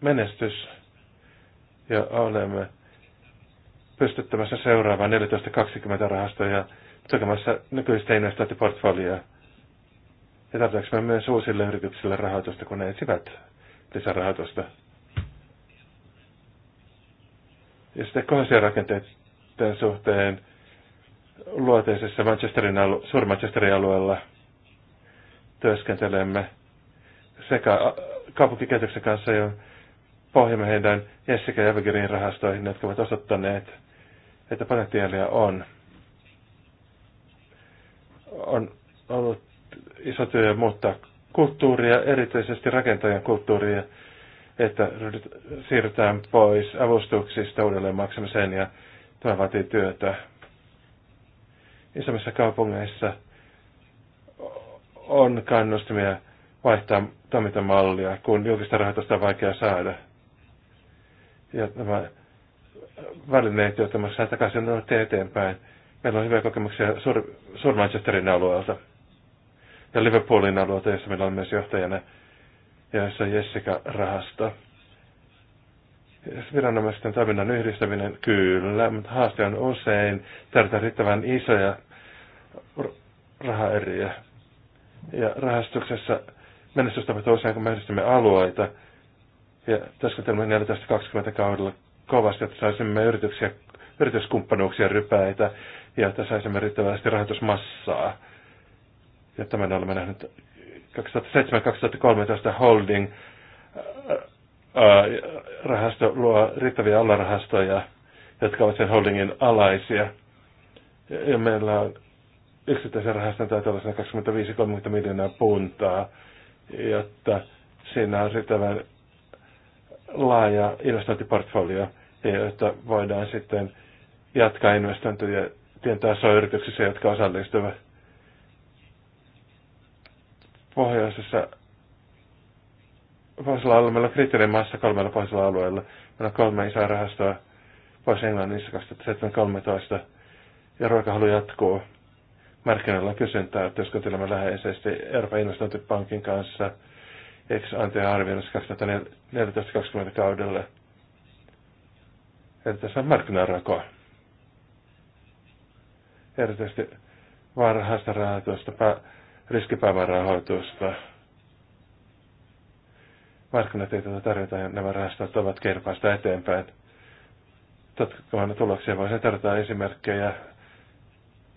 menestys ja olemme pystyttämässä seuraavaan 14-20 rahastoja tekemässä nykyistä investointiportfolioa. Ja tarvitaanko me myös uusille yrityksille rahoitusta, kun ne etsivät lisärahoitusta? Ja sitten kohesiorakenteiden suhteen luoteisessa Manchesterin alu, suur Manchesterin alueella työskentelemme sekä kaupunkikäytöksen kanssa, jo pohjamme heidän Jessica ja Evergreen rahastoihin, jotka ovat osoittaneet, että potentiaalia on. On ollut iso työ muuttaa kulttuuria, erityisesti rakentajan kulttuuria, että siirrytään pois avustuksista uudelleen maksamiseen ja tämä vaatii työtä. Isommissa kaupungeissa on kannustimia vaihtaa toimintamallia, kun julkista rahoitusta on vaikea saada. Ja nämä välineet, joita maksaa takaisin, on eteenpäin. Meillä on hyviä kokemuksia Sur- Manchesterin alueelta ja Liverpoolin alueelta, jossa meillä on myös johtajana – ja joissa Jessica-rahasta. Viranomaisten toiminnan yhdistäminen, kyllä, mutta haaste on usein tarvitaan riittävän isoja rahaeriä. Ja rahastuksessa menestys tapahtuu usein, kun me yhdistämme alueita. Ja työskentelemme 14-20 kaudella kovasti, että saisimme yrityksiä, yrityskumppanuuksia rypäitä ja että saisimme riittävästi rahoitusmassaa. Ja tämän olemme nähneet 2007-2013 holding rahasto luo riittäviä alarahastoja, jotka ovat sen holdingin alaisia. Ja meillä on yksittäisen rahaston tai tällaisena 25-30 miljoonaa puntaa, jotta siinä on riittävän laaja investointiportfolio, jotta voidaan sitten jatkaa investointeja tien tasoa yrityksissä, jotka osallistuvat pohjoisessa pohjoisella alueella, meillä on kriteerien maassa kolmella pohjoisella alueella. Meillä on kolme isoa rahastoa pois Englannissa 2013 ja ruokahalu jatkuu. Markkinoilla kysyntää, että jos työskentelemme läheisesti Euroopan investointipankin kanssa ex ante arvioinnissa 2014-2020 kaudelle. Eli tässä on markkinarakoa. Erityisesti varhaista rahoitusta, riskipääomarahoitusta. Markkinatietoja tarjotaan ja nämä rahastot ovat kerpaista eteenpäin. Tutkimaan tuloksia voisi tarjota esimerkkejä,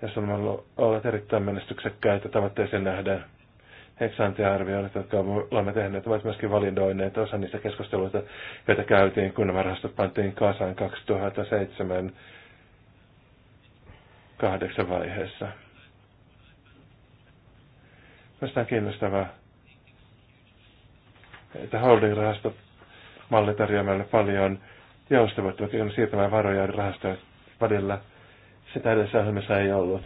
jos on ollut erittäin menestyksekkäitä tavoitteeseen nähden. Heksantiarvioinnit, jotka olemme tehneet, ovat myöskin validoineet osa niistä keskusteluista, joita käytiin, kun nämä rahastot pantiin kasaan 2007 kahdeksan vaiheessa. Minusta on kiinnostavaa, että holding-rahasto malli tarjoaa meille paljon joustavuutta, kun siirtämään varoja rahastojen välillä. Sitä edessä ohjelmassa ei ollut.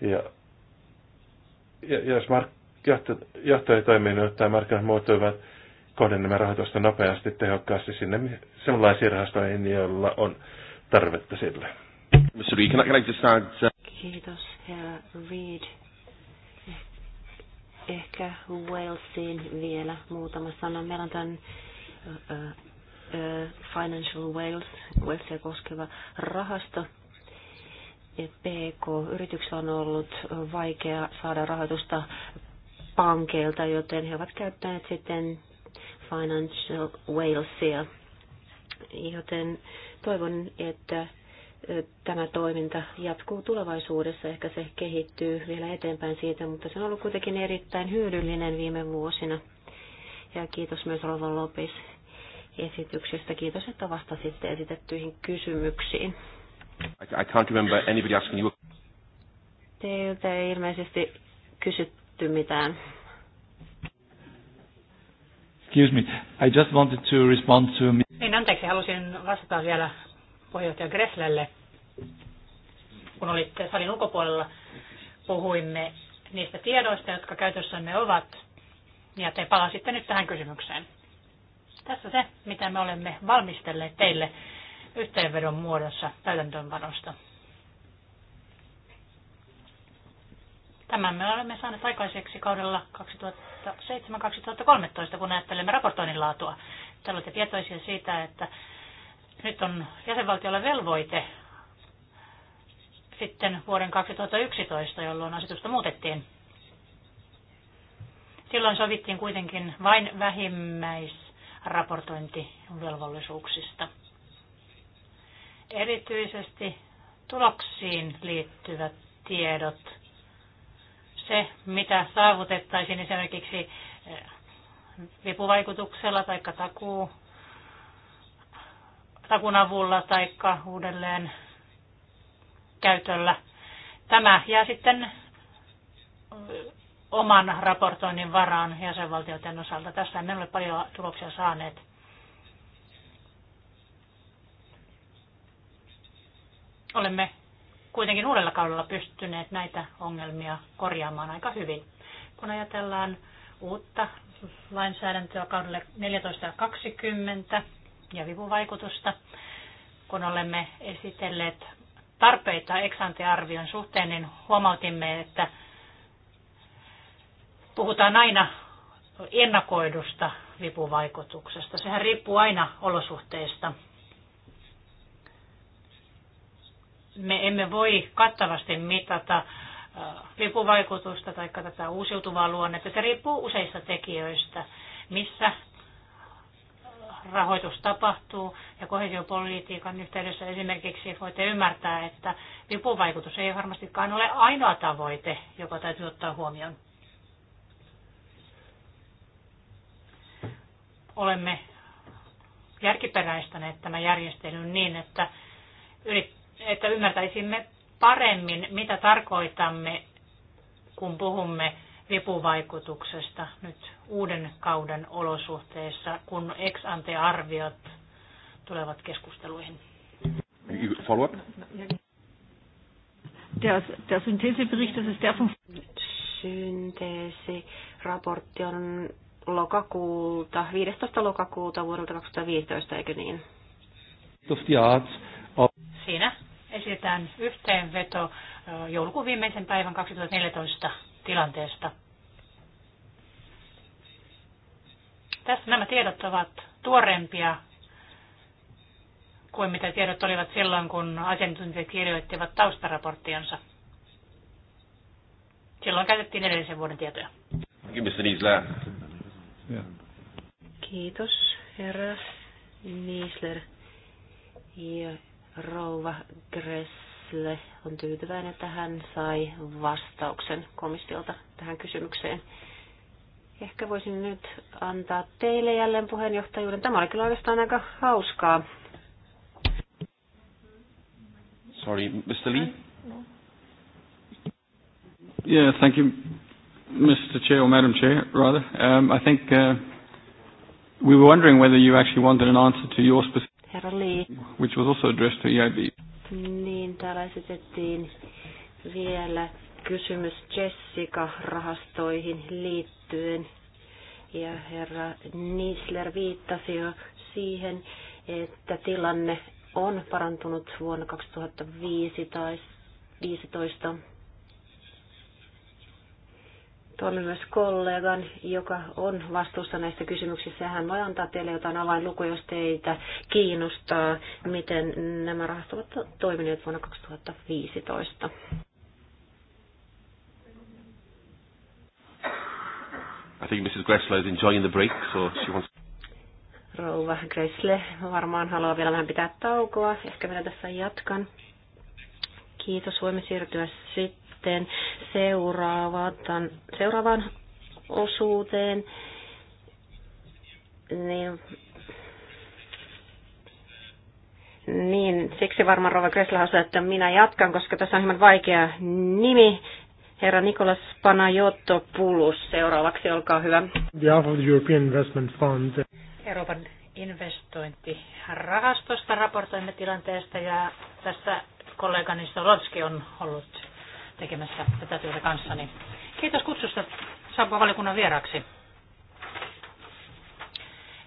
Ja, ja jos mark, johto, johto ei toiminut niin tai markkinat muuttuivat, kohdennamme rahoitusta nopeasti, tehokkaasti sinne sellaisiin rahastoihin, joilla on tarvetta sille. Uh, Kiitos, herra Reed ehkä Walesiin vielä muutama sana. Meillä on tämän Financial Wales, Walesia koskeva rahasto. PK-yrityksillä on ollut vaikea saada rahoitusta pankeilta, joten he ovat käyttäneet sitten Financial Walesia. Joten toivon, että tämä toiminta jatkuu tulevaisuudessa. Ehkä se kehittyy vielä eteenpäin siitä, mutta se on ollut kuitenkin erittäin hyödyllinen viime vuosina. Ja kiitos myös Rova Lopis esityksestä. Kiitos, että vastasitte esitettyihin kysymyksiin. I can't remember anybody asking you. Teiltä ei ilmeisesti kysytty mitään. Excuse me, I just wanted to respond to... Niin, anteeksi, halusin vastata vielä puheenjohtaja Gresslälle, kun olitte salin ulkopuolella. Puhuimme niistä tiedoista, jotka käytössämme ovat, ja te palasitte nyt tähän kysymykseen. Tässä se, mitä me olemme valmistelleet teille yhteenvedon muodossa täytäntöönpanosta. Tämän me olemme saaneet aikaiseksi kaudella 2007-2013, kun ajattelemme raportoinnin laatua. Te olette tietoisia siitä, että nyt on jäsenvaltiolla velvoite sitten vuoden 2011, jolloin asetusta muutettiin. Silloin sovittiin kuitenkin vain vähimmäisraportointivelvollisuuksista. Erityisesti tuloksiin liittyvät tiedot, se mitä saavutettaisiin esimerkiksi eh, vipuvaikutuksella tai takuu takun avulla tai uudelleen käytöllä. Tämä jää sitten oman raportoinnin varaan jäsenvaltioiden osalta. Tästä emme ole paljon tuloksia saaneet. Olemme kuitenkin uudella kaudella pystyneet näitä ongelmia korjaamaan aika hyvin. Kun ajatellaan uutta lainsäädäntöä kaudelle 14.20, ja vipuvaikutusta, kun olemme esitelleet tarpeita eksantearvion suhteen, niin huomautimme, että puhutaan aina ennakoidusta vipuvaikutuksesta. Sehän riippuu aina olosuhteista. Me emme voi kattavasti mitata äh, vipuvaikutusta tai tätä uusiutuvaa luonnetta. Se riippuu useista tekijöistä, missä rahoitus tapahtuu ja kohesiopolitiikan yhteydessä esimerkiksi voitte ymmärtää, että vipuvaikutus ei varmastikaan ole ainoa tavoite, joka täytyy ottaa huomioon. Olemme järkiperäistäneet tämän järjestelyn niin, että, että ymmärtäisimme paremmin, mitä tarkoitamme, kun puhumme vipuvaikutuksesta nyt uuden kauden olosuhteissa, kun ex ante arviot tulevat keskusteluihin. Follow-up? Synteesiraportti on lokakuulta, 15. lokakuuta vuodelta 2015, eikö niin? Siinä esitetään yhteenveto joulukuun viimeisen päivän 2014 tilanteesta. Tässä nämä tiedot ovat tuorempia kuin mitä tiedot olivat silloin, kun asiantuntijat kirjoittivat taustaraporttiansa. Silloin käytettiin edellisen vuoden tietoja. Kiitos, herra Niisler ja rouva Gress. Gressle on tyytyväinen, että hän sai vastauksen komissiolta tähän kysymykseen. Ehkä voisin nyt antaa teille jälleen puheenjohtajuuden. Tämä oli kyllä oikeastaan aika hauskaa. Sorry, Mr. Lee? Yeah, thank you, Mr. Chair, or Madam Chair, rather. Um, I think uh, we were wondering whether you actually wanted an answer to your specific, which was also addressed to EIB. Niin, täällä esitettiin vielä kysymys Jessica-rahastoihin liittyen. Ja herra Niisler viittasi jo siihen, että tilanne on parantunut vuonna 2015. Tuomme myös kollegan, joka on vastuussa näistä kysymyksistä. Hän voi antaa teille jotain avainlukuja, jos teitä kiinnostaa, miten nämä rahastot ovat toimineet vuonna 2015. I think Mrs. Gressler is enjoying the break, so she wants... Rouva Gressle varmaan haluaa vielä vähän pitää taukoa. Ehkä minä tässä jatkan. Kiitos, voimme siirtyä sitten sitten seuraavaan, seuraavaan osuuteen, niin, niin siksi varmaan Rova Kresla osaa, että minä jatkan, koska tässä on hieman vaikea nimi. Herra Nikolas Panajottopoulos seuraavaksi, olkaa hyvä. European Investment Fund. Euroopan investointirahastosta raportoimme tilanteesta ja tässä kollegani Solotski on ollut tekemässä tätä työtä kanssani. Kiitos kutsusta saapua valiokunnan vieraksi.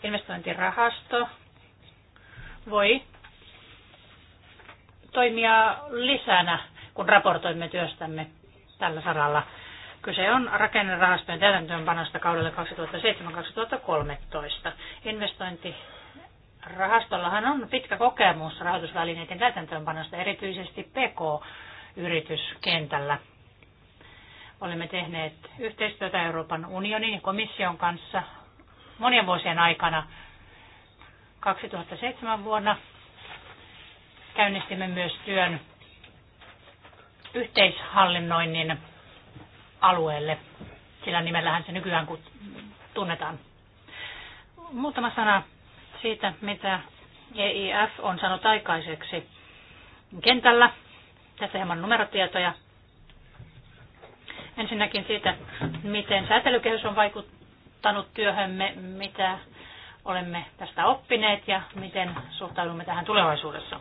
Investointirahasto voi toimia lisänä, kun raportoimme työstämme tällä saralla. Kyse on rakennerahastojen täytäntöönpanosta kaudelle 2007-2013. Investointirahastollahan on pitkä kokemus rahoitusvälineiden täytäntöönpanosta, erityisesti PK yrityskentällä. Olemme tehneet yhteistyötä Euroopan unionin ja komission kanssa monien vuosien aikana. 2007 vuonna käynnistimme myös työn yhteishallinnoinnin alueelle. Sillä nimellähän se nykyään tunnetaan. Muutama sana siitä, mitä EIF on saanut aikaiseksi kentällä tässä hieman numerotietoja. Ensinnäkin siitä, miten säätelykehys on vaikuttanut työhömme, mitä olemme tästä oppineet ja miten suhtaudumme tähän tulevaisuudessa.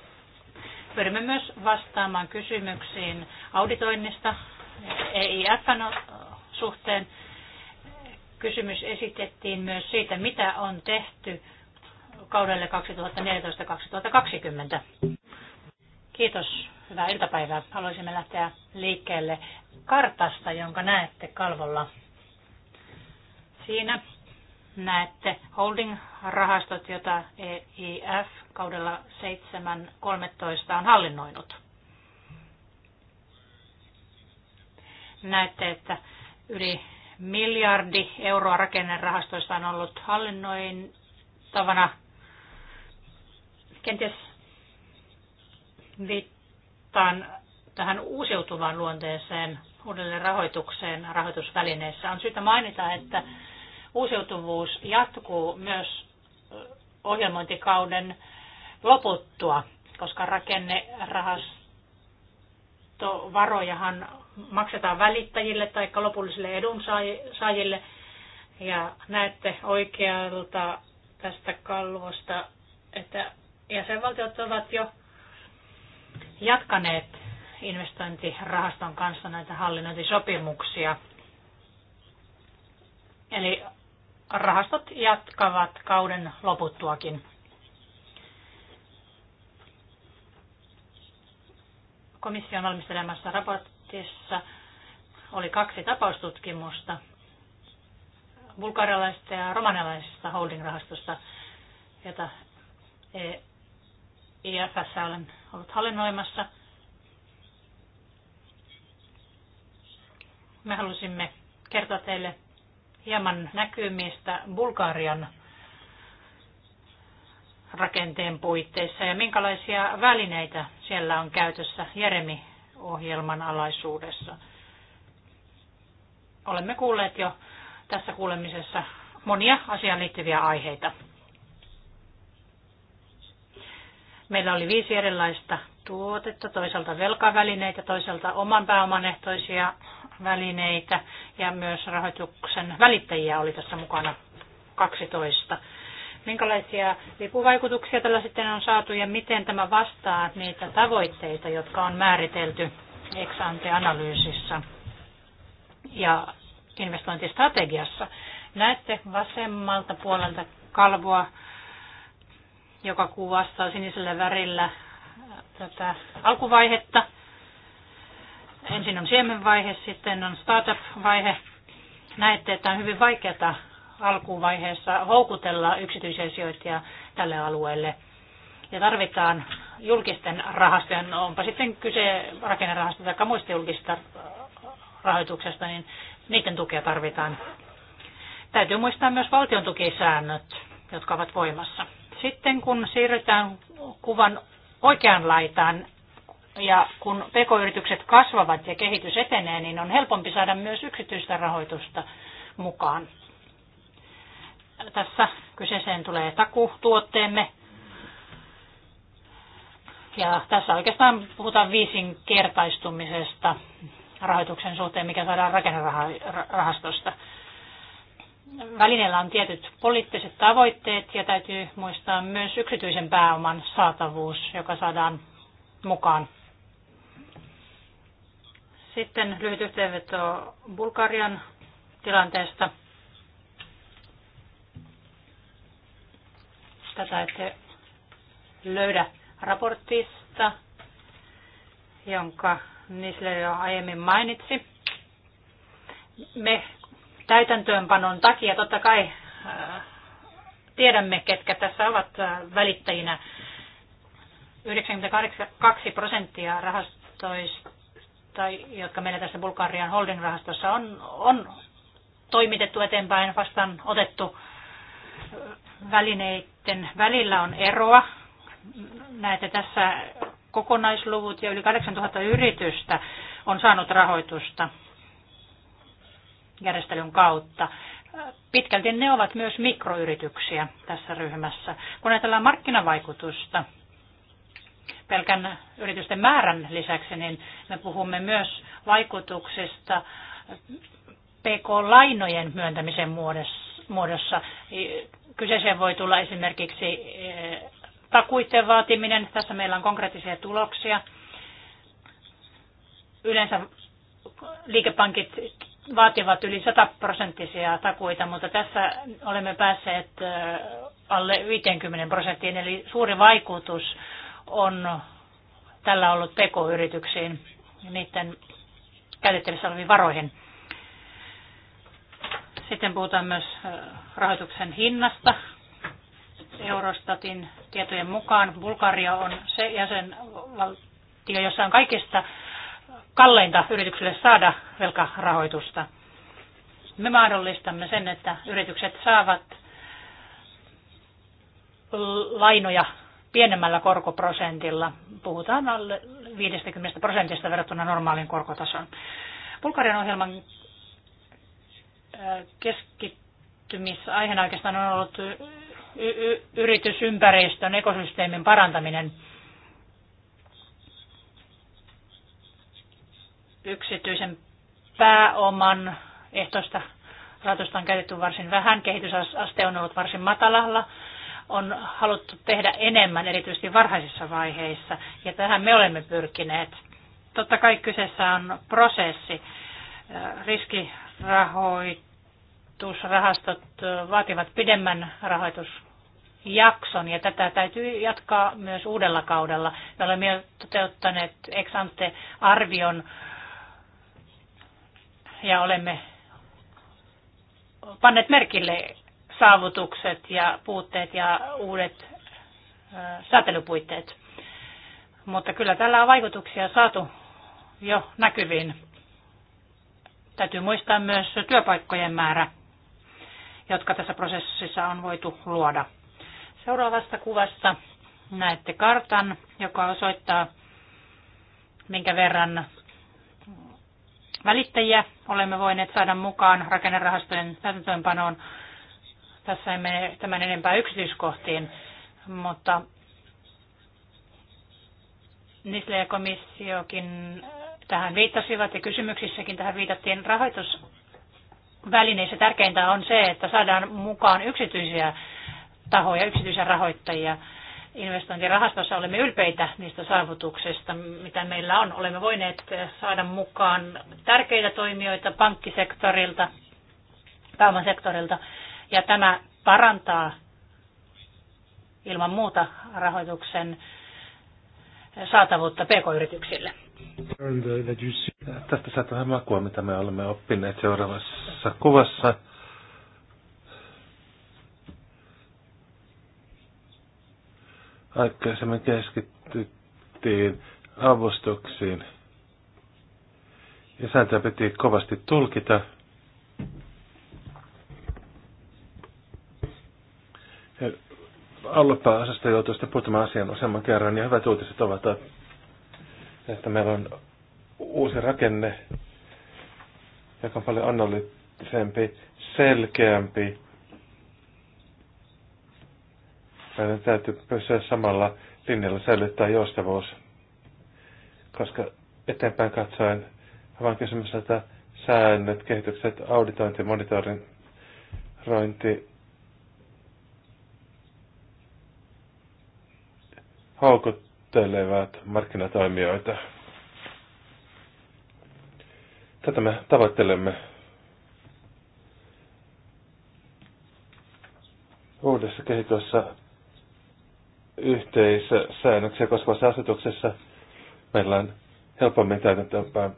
Pyrimme myös vastaamaan kysymyksiin auditoinnista EIFn suhteen. Kysymys esitettiin myös siitä, mitä on tehty kaudelle 2014-2020. Kiitos. Hyvää iltapäivää. Haluaisimme lähteä liikkeelle kartasta, jonka näette kalvolla. Siinä näette holding-rahastot, jota EIF kaudella 7.13 on hallinnoinut. Näette, että yli miljardi euroa rakennerahastoista on ollut tavana. Kenties Viittaan tähän uusiutuvaan luonteeseen uudelleen rahoitukseen rahoitusvälineissä. On syytä mainita, että uusiutuvuus jatkuu myös ohjelmointikauden loputtua, koska rakennerahastovarojahan maksetaan välittäjille tai lopullisille edunsaajille. Ja näette oikealta tästä kalvosta, että jäsenvaltiot ovat jo jatkaneet investointirahaston kanssa näitä hallinnointisopimuksia. Eli rahastot jatkavat kauden loputtuakin. Komission valmistelemassa raportissa oli kaksi tapaustutkimusta bulgarialaisesta ja romanialaisesta holdingrahastosta, jota e IFS olen ollut hallinnoimassa. Me halusimme kertoa teille hieman näkymistä Bulgarian rakenteen puitteissa ja minkälaisia välineitä siellä on käytössä Jeremi-ohjelman alaisuudessa. Olemme kuulleet jo tässä kuulemisessa monia asiaan liittyviä aiheita. Meillä oli viisi erilaista tuotetta, toisaalta velkavälineitä, toisaalta oman pääoman ehtoisia välineitä ja myös rahoituksen välittäjiä oli tässä mukana 12. Minkälaisia lipuvaikutuksia tällä sitten on saatu ja miten tämä vastaa niitä tavoitteita, jotka on määritelty ex ante analyysissä ja investointistrategiassa? Näette vasemmalta puolelta kalvoa joka kuvastaa sinisellä värillä tätä alkuvaihetta. Ensin on siemenvaihe, sitten on startup-vaihe. Näette, että on hyvin vaikeata alkuvaiheessa houkutella yksityisiä sijoittajia tälle alueelle. Ja tarvitaan julkisten rahastojen, onpa sitten kyse rakennerahastosta tai muista julkista rahoituksesta, niin niiden tukea tarvitaan. Täytyy muistaa myös valtion tukisäännöt, jotka ovat voimassa. Sitten kun siirrytään kuvan oikean laitaan ja kun pk-yritykset kasvavat ja kehitys etenee, niin on helpompi saada myös yksityistä rahoitusta mukaan. Tässä kyseeseen tulee takutuotteemme. Ja tässä oikeastaan puhutaan viisinkertaistumisesta rahoituksen suhteen, mikä saadaan rakennerahastosta välineellä on tietyt poliittiset tavoitteet ja täytyy muistaa myös yksityisen pääoman saatavuus, joka saadaan mukaan. Sitten lyhyt yhteenveto Bulgarian tilanteesta. Tätä ette löydä raportista, jonka Nisler jo aiemmin mainitsi. Me täytäntöönpanon takia totta kai äh, tiedämme, ketkä tässä ovat äh, välittäjinä. 92 prosenttia rahastoista, jotka meillä tässä Bulgarian holding-rahastossa on, on toimitettu eteenpäin, vastaan otettu välineiden välillä on eroa. Näette tässä kokonaisluvut ja yli 8000 yritystä on saanut rahoitusta järjestelyn kautta. Pitkälti ne ovat myös mikroyrityksiä tässä ryhmässä. Kun ajatellaan markkinavaikutusta pelkän yritysten määrän lisäksi, niin me puhumme myös vaikutuksista PK-lainojen myöntämisen muodossa. Kyseeseen voi tulla esimerkiksi eh, takuiden vaatiminen. Tässä meillä on konkreettisia tuloksia. Yleensä liikepankit vaativat yli 100 prosenttisia takuita, mutta tässä olemme päässeet alle 50 prosenttiin, eli suuri vaikutus on tällä ollut pk-yrityksiin ja niiden käytettävissä oleviin varoihin. Sitten puhutaan myös rahoituksen hinnasta. Eurostatin tietojen mukaan Bulgaria on se jäsenvaltio, jossa on kaikista kalleinta yrityksille saada velkarahoitusta. Me mahdollistamme sen, että yritykset saavat lainoja pienemmällä korkoprosentilla. Puhutaan alle 50 prosentista verrattuna normaaliin korkotasoon. Bulgarian ohjelman äh, keskittymisaiheena oikeastaan on ollut yritysympäristön ekosysteemin parantaminen – yksityisen pääoman ehtoista rahoitusta on käytetty varsin vähän, kehitysaste on ollut varsin matalalla, on haluttu tehdä enemmän erityisesti varhaisissa vaiheissa ja tähän me olemme pyrkineet. Totta kai kyseessä on prosessi. Äh, riskirahoitusrahastot äh, vaativat pidemmän jakson ja tätä täytyy jatkaa myös uudella kaudella. Me olemme jo toteuttaneet ex ante arvion ja olemme panneet merkille saavutukset ja puutteet ja uudet säätelypuitteet. Mutta kyllä tällä on vaikutuksia saatu jo näkyviin. Täytyy muistaa myös työpaikkojen määrä, jotka tässä prosessissa on voitu luoda. Seuraavasta kuvasta näette kartan, joka osoittaa, minkä verran välittäjiä olemme voineet saada mukaan rakennerahastojen täytäntöönpanoon. Tässä ei mene tämän enempää yksityiskohtiin, mutta Nisle ja komissiokin tähän viittasivat ja kysymyksissäkin tähän viitattiin rahoitusvälineissä. Tärkeintä on se, että saadaan mukaan yksityisiä tahoja, yksityisiä rahoittajia – investointirahastossa olemme ylpeitä niistä saavutuksista, mitä meillä on. Olemme voineet saada mukaan tärkeitä toimijoita pankkisektorilta, pääomasektorilta, ja tämä parantaa ilman muuta rahoituksen saatavuutta pk-yrityksille. Tästä saattaa makua, mitä me olemme oppineet seuraavassa kuvassa. Aikaisemmin keskityttiin avustuksiin ja sääntöä piti kovasti tulkita. Allopa-osasta joutuu sitten puuttumaan asian useamman kerran, ja hyvät uutiset ovat, että meillä on uusi rakenne, joka on paljon annollisempi, selkeämpi Meidän täytyy pysyä samalla linjalla säilyttää joustavuus, koska eteenpäin katsoen vaan kysymys, että säännöt, kehitykset, auditointi, monitorointi, houkuttelevat markkinatoimijoita. Tätä me tavoittelemme uudessa kehityssä yhteissäännöksiä koskevassa asetuksessa meillä on helpommin täytäntöönpäin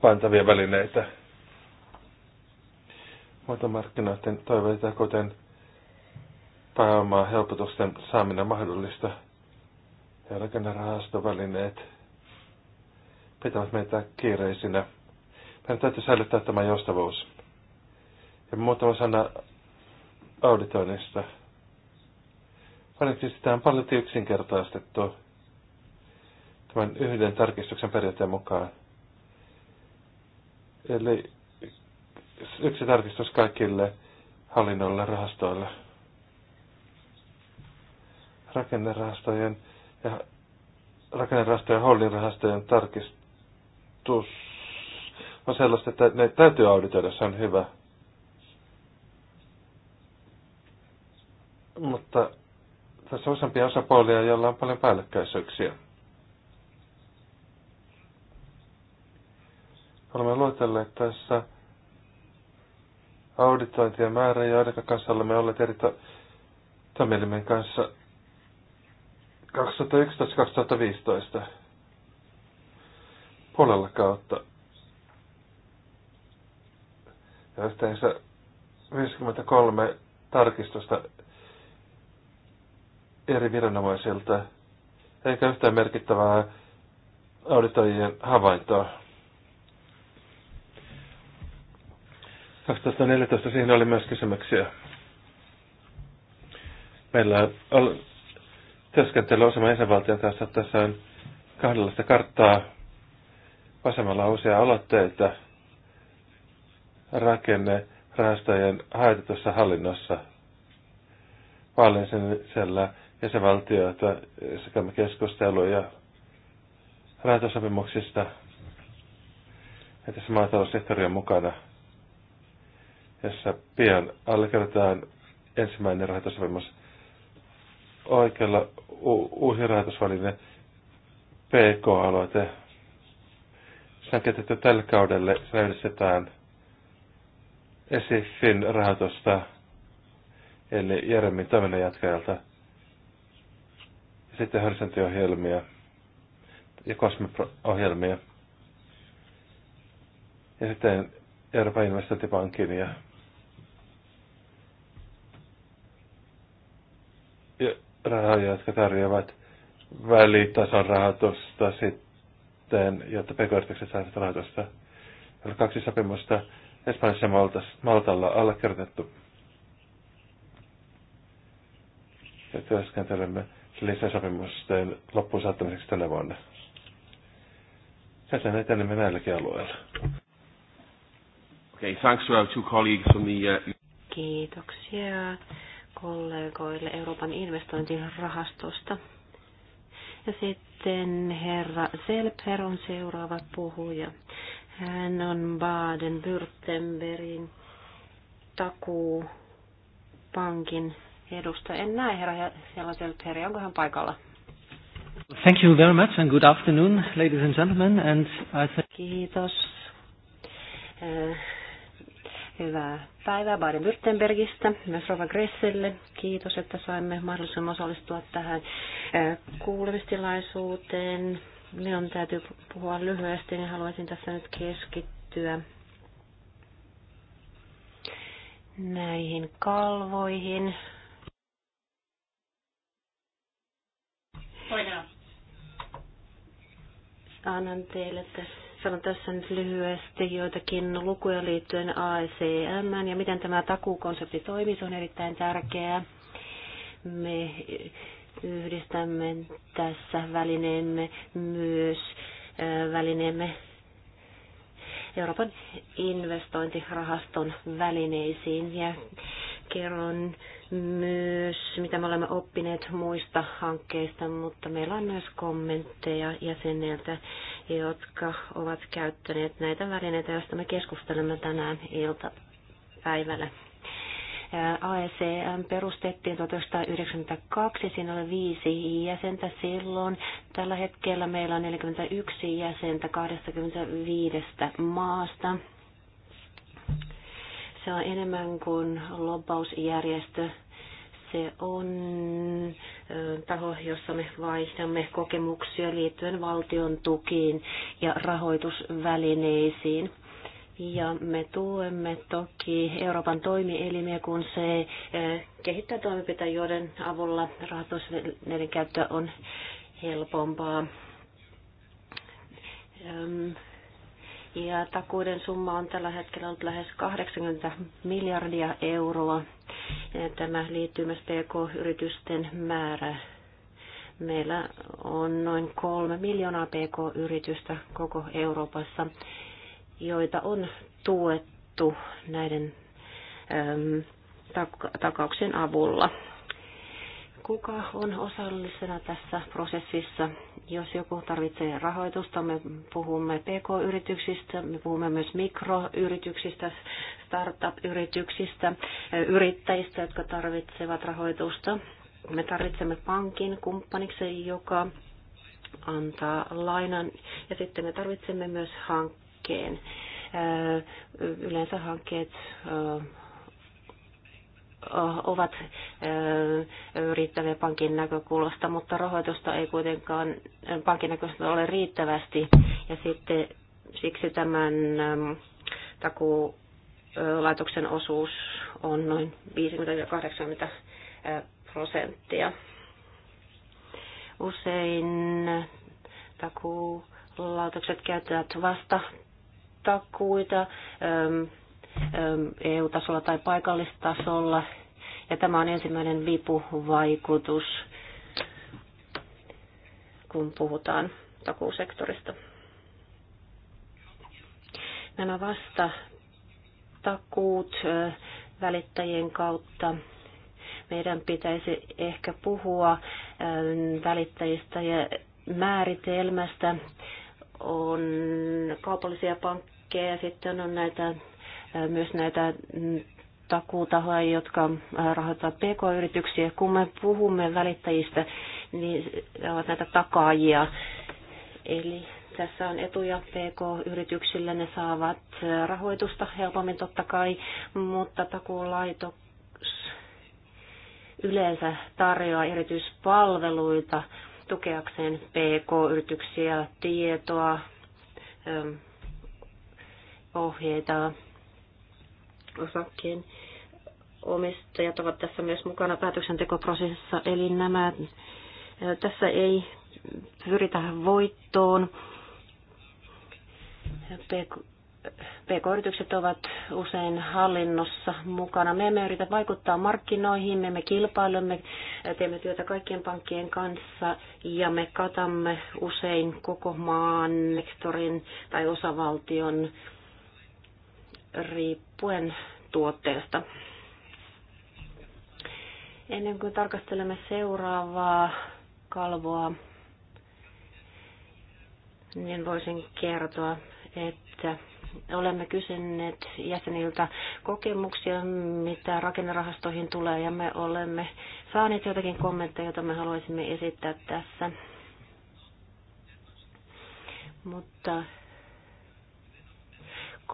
pantavia välineitä. Muita markkinoiden toiveita, kuten pääomaa helpotusten saaminen mahdollista ja rakennerahastovälineet pitävät meitä kiireisinä. Meidän täytyy säilyttää tämä joustavuus. Ja muutama sana auditoinnista. Panettista on paljon yksinkertaistettu tämän yhden tarkistuksen periaatteen mukaan. Eli yksi tarkistus kaikille hallinnoille rahastoille. Rakennerahastojen ja rakennerahastojen ja holdingrahastojen tarkistus on sellaista, että ne täytyy auditoida, se on hyvä. Mutta tässä on useampia osapuolia, joilla on paljon päällekkäisyyksiä. Olemme luotelleet tässä auditointien määrä ja aika kanssa olemme olleet eri toimielimen kanssa 2011-2015 puolella kautta. Ja yhteensä 53 tarkistusta eri viranomaisilta, eikä yhtään merkittävää auditoijien havaintoa. 2014 siihen oli myös kysymyksiä. Meillä on työskentely osama jäsenvaltion kanssa. Tässä on kahdenlaista karttaa. Vasemmalla on uusia aloitteita rakenne rahastojen haetetussa hallinnossa. siellä jäsenvaltioita, sekä käymme keskusteluja rahoitusopimuksista. Ja tässä maataloussektori on mukana, jossa pian allekirjoitetaan ensimmäinen rahoitusopimus oikealla u- uusi rahoitusväline PK-aloite. Se on kehitetty tällä kaudelle, se yhdistetään ESIFin rahoitusta, eli Jeremin toiminnan jatkajalta – sitten horisonttiohjelmia ja kosmiohjelmia. Ja sitten Euroopan investointipankin ja, ja rahoja, jotka tarjoavat välitason rahoitusta sitten, jotta pk saavat rahoitusta. on kaksi sopimusta Espanjassa Maltalla allekirjoitettu. Ja työskentelemme lisäsopimusten loppuun saattamiseksi tälle vuonna. Tässä etenemme näilläkin alueella. Okay, thanks to our two colleagues from the, uh... Kiitoksia kollegoille Euroopan investointirahastosta. Ja sitten herra Selper on seuraava puhuja. Hän on Baden-Württembergin takuupankin edustaja. En näe herra siellä herra, onko hän paikalla? Thank you very much and good afternoon, ladies and gentlemen. And I think... Kiitos. Eh, hyvää päivää Baden-Württembergistä, myös Rova Gresselle. Kiitos, että saimme mahdollisuuden osallistua tähän eh, kuulemistilaisuuteen. Minun täytyy puhua lyhyesti, niin haluaisin tässä nyt keskittyä näihin kalvoihin, Annan teille tässä, sanon tässä nyt lyhyesti joitakin lukuja liittyen ASEM ja miten tämä takuukonsepti toimii. Se on erittäin tärkeää. Me yhdistämme tässä välineemme myös äh, välineemme Euroopan investointirahaston välineisiin ja kerron myös, mitä me olemme oppineet muista hankkeista, mutta meillä on myös kommentteja jäseniltä, jotka ovat käyttäneet näitä välineitä, joista me keskustelemme tänään iltapäivällä. AECM perustettiin 1992, siinä oli viisi jäsentä silloin. Tällä hetkellä meillä on 41 jäsentä 25 maasta. Se on enemmän kuin lobbausjärjestö se on taho, jossa me vaihdamme kokemuksia liittyen valtion tukiin ja rahoitusvälineisiin. Ja me tuemme toki Euroopan toimielimiä, kun se kehittää toimenpiteitä, joiden avulla rahoitusvälineiden käyttö on helpompaa ja takuuden summa on tällä hetkellä ollut lähes 80 miljardia euroa. ja Tämä liittyy myös PK-yritysten määrä. Meillä on noin kolme miljoonaa PK-yritystä koko Euroopassa, joita on tuettu näiden äm, takauksen avulla. Kuka on osallisena tässä prosessissa? Jos joku tarvitsee rahoitusta, me puhumme PK-yrityksistä, me puhumme myös mikroyrityksistä, startup-yrityksistä, yrittäjistä, jotka tarvitsevat rahoitusta. Me tarvitsemme pankin kumppaniksi, joka antaa lainan ja sitten me tarvitsemme myös hankkeen. Yleensä hankkeet ovat riittäviä pankin näkökulmasta, mutta rahoitusta ei kuitenkaan pankin näkökulmasta ole riittävästi. Ja sitten siksi tämän takuulaitoksen osuus on noin 50-80 prosenttia. Usein takuulaitokset käyttävät vasta takuita Ähm, EU-tasolla tai paikallistasolla. Ja tämä on ensimmäinen vipuvaikutus, kun puhutaan takuusektorista. Nämä vasta takuut välittäjien kautta meidän pitäisi ehkä puhua välittäjistä ja määritelmästä. On kaupallisia pankkeja, sitten on näitä Äh, myös näitä mm, takuutahoja, jotka äh, rahoittavat pk-yrityksiä. Kun me puhumme välittäjistä, niin ovat näitä takaajia. Eli tässä on etuja PK-yrityksille, ne saavat äh, rahoitusta helpommin totta kai, mutta takuulaitos yleensä tarjoaa erityispalveluita tukeakseen PK-yrityksiä, tietoa, ähm, ohjeita osakkeen omistajat ovat tässä myös mukana päätöksentekoprosessissa, eli nämä, tässä ei pyritä voittoon. PK-yritykset ovat usein hallinnossa mukana. Me emme yritä vaikuttaa markkinoihin, me, me kilpailemme, teemme työtä kaikkien pankkien kanssa ja me katamme usein koko maan sektorin tai osavaltion riippuen tuotteesta. Ennen kuin tarkastelemme seuraavaa kalvoa, niin voisin kertoa, että olemme kysyneet jäseniltä kokemuksia, mitä rakennerahastoihin tulee, ja me olemme saaneet jotakin kommentteja, joita me haluaisimme esittää tässä. Mutta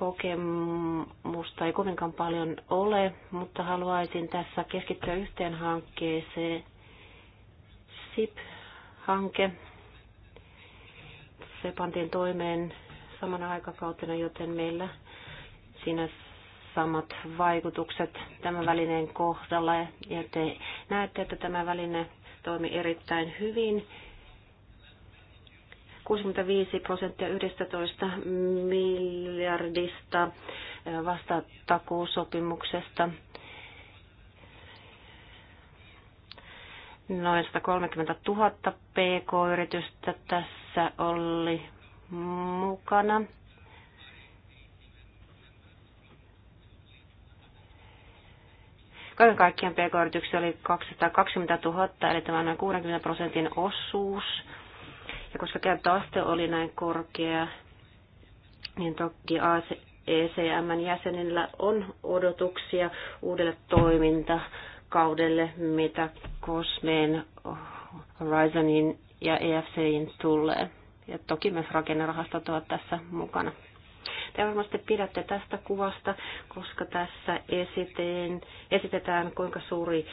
kokemusta ei kovinkaan paljon ole, mutta haluaisin tässä keskittyä yhteen hankkeeseen. SIP-hanke. Se pantiin toimeen samana aikakautena, joten meillä siinä samat vaikutukset tämän välineen kohdalla. Ja te näette, että tämä väline toimi erittäin hyvin 65 prosenttia 11 miljardista vastatakuusopimuksesta. Noin 130 000 pk-yritystä tässä oli mukana. Kaiken kaikkiaan pk-yrityksiä oli 220 000, eli tämä on noin 60 prosentin osuus ja koska käyttöaste oli näin korkea, niin toki ECMn jäsenillä on odotuksia uudelle toimintakaudelle, mitä Cosmeen, Horizonin ja EFCin tulee. Ja toki myös rakennerahastot ovat tässä mukana. Ja varmasti pidätte tästä kuvasta, koska tässä esiteen, esitetään, kuinka suuri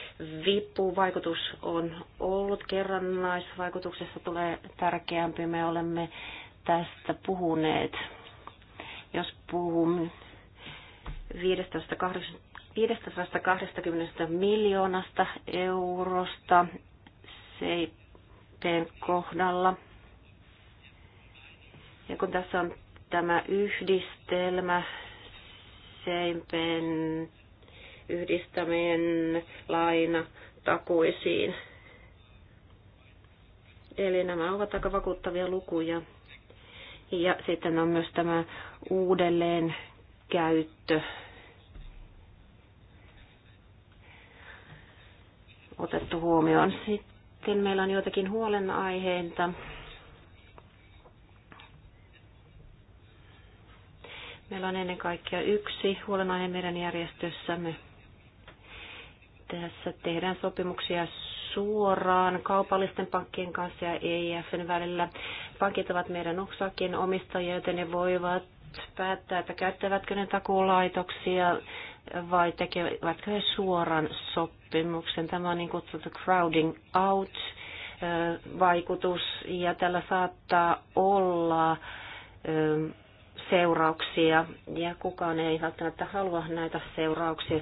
vipuvaikutus on ollut. Kerrannaisvaikutuksessa tulee tärkeämpi. Me olemme tästä puhuneet. Jos puhun 520 miljoonasta eurosta CPn kohdalla. Ja kun tässä on tämä yhdistelmä, seimpen yhdistäminen laina takuisiin. Eli nämä ovat aika vakuuttavia lukuja. Ja sitten on myös tämä uudelleen käyttö. Otettu huomioon. Sitten meillä on joitakin huolenaiheita. Meillä on ennen kaikkea yksi huolenaihe meidän järjestössämme. Tässä tehdään sopimuksia suoraan kaupallisten pankkien kanssa ja EIFn välillä. Pankit ovat meidän uksakin omistajia, joten ne voivat päättää, että käyttävätkö ne takuulaitoksia vai tekevätkö he suoran sopimuksen. Tämä on niin kutsuttu crowding out vaikutus ja tällä saattaa olla seurauksia ja kukaan ei välttämättä halua näitä seurauksia.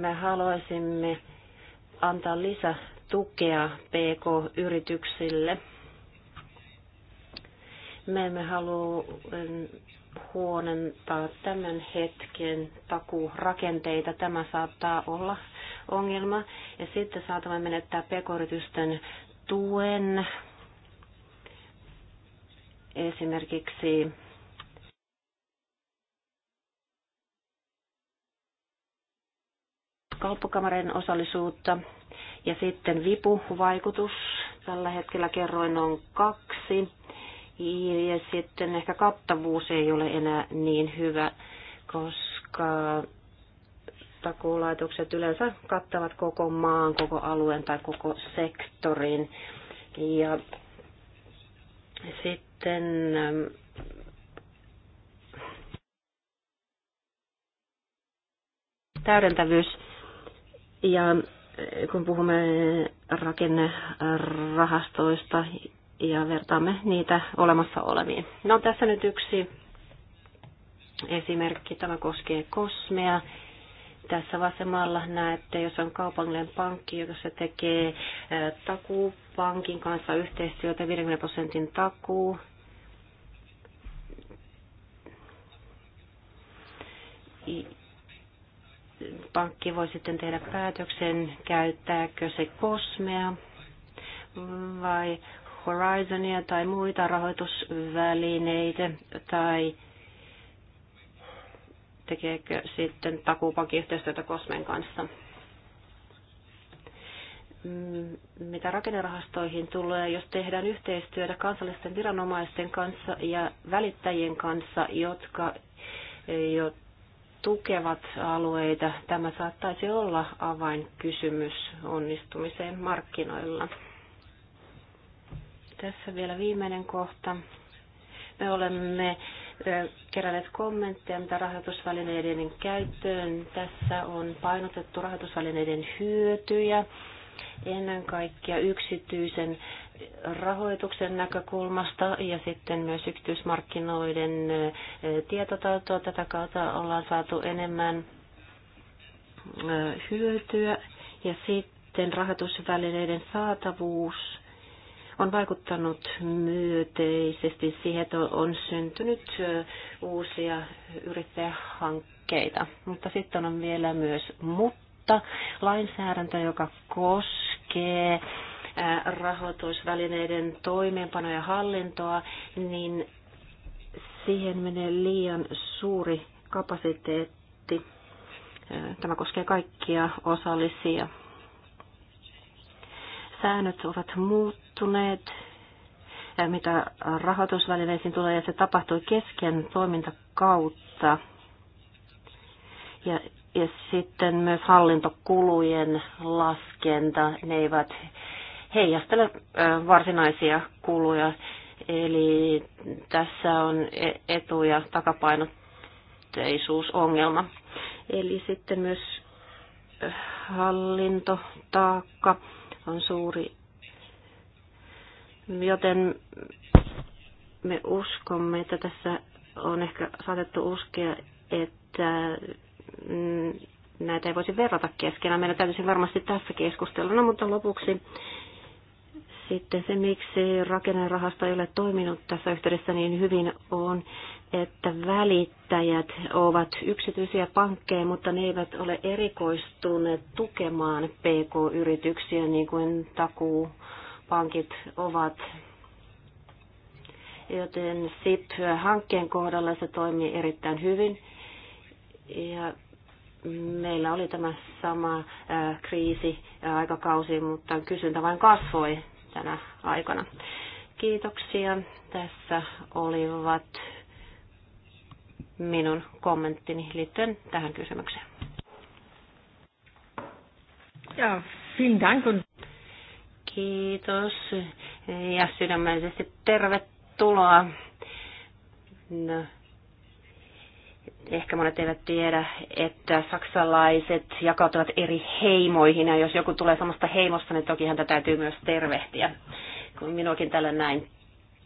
Me haluaisimme antaa lisätukea PK-yrityksille. Me emme halua huonentaa tämän hetken takurakenteita. Tämä saattaa olla ongelma. Ja sitten saatamme menettää pk yritysten tuen Esimerkiksi kauppakamarin osallisuutta ja sitten vipuvaikutus. Tällä hetkellä kerroin on kaksi. Ja sitten ehkä kattavuus ei ole enää niin hyvä, koska takuulaitokset yleensä kattavat koko maan, koko alueen tai koko sektorin. Ja sitten sitten ähm, täydentävyys ja äh, kun puhumme rakennerahastoista ja vertaamme niitä olemassa oleviin. No tässä nyt yksi esimerkki, tämä koskee kosmea. Tässä vasemmalla näette, jos on kaupallinen pankki, joka se tekee äh, takuupankin kanssa yhteistyötä 50 prosentin takuu, pankki voi sitten tehdä päätöksen, käyttääkö se Kosmea vai Horizonia tai muita rahoitusvälineitä tai tekeekö sitten takuupankin yhteistyötä Kosmen kanssa. Mm, mitä rakennerahastoihin tulee, jos tehdään yhteistyötä kansallisten viranomaisten kanssa ja välittäjien kanssa, jotka jo tukevat alueita. Tämä saattaisi olla avainkysymys onnistumiseen markkinoilla. Tässä vielä viimeinen kohta. Me olemme keränneet kommentteja, mitä rahoitusvälineiden käyttöön. Tässä on painotettu rahoitusvälineiden hyötyjä, ennen kaikkea yksityisen rahoituksen näkökulmasta ja sitten myös yksityismarkkinoiden tietotaitoa. Tätä kautta ollaan saatu enemmän hyötyä ja sitten rahoitusvälineiden saatavuus on vaikuttanut myönteisesti siihen, että on syntynyt uusia yrittäjähankkeita. Mutta sitten on vielä myös mutta lainsäädäntö, joka koskee rahoitusvälineiden toimeenpanoa ja hallintoa, niin siihen menee liian suuri kapasiteetti. Tämä koskee kaikkia osallisia. Säännöt ovat muuttuneet, mitä rahoitusvälineisiin tulee, ja se tapahtui kesken toimintakautta. Ja, ja sitten myös hallintokulujen laskenta, ne eivät heijastele varsinaisia kuluja. Eli tässä on e-, etu- ja takapainotteisuusongelma. Eli sitten myös hallintotaakka on suuri, joten me uskomme, että tässä on ehkä saatettu uskea, että mm, näitä ei voisi verrata keskenään. Meidän täytyisi varmasti tässä keskustella, no, mutta lopuksi sitten se, miksi rakennerahasto ei ole toiminut tässä yhteydessä niin hyvin, on, että välittäjät ovat yksityisiä pankkeja, mutta ne eivät ole erikoistuneet tukemaan PK-yrityksiä niin kuin takuupankit ovat. Joten SIP-hankkeen kohdalla se toimii erittäin hyvin. Ja meillä oli tämä sama kriisi aikakausi, mutta kysyntä vain kasvoi tänä aikana. Kiitoksia. Tässä olivat minun kommenttini liittyen tähän kysymykseen. Ja, vielen Dank. Kiitos ja sydämellisesti tervetuloa. No, ehkä monet eivät tiedä, että saksalaiset jakautuvat eri heimoihin, ja jos joku tulee samasta heimosta, niin toki häntä täytyy myös tervehtiä, kun minuakin tällä näin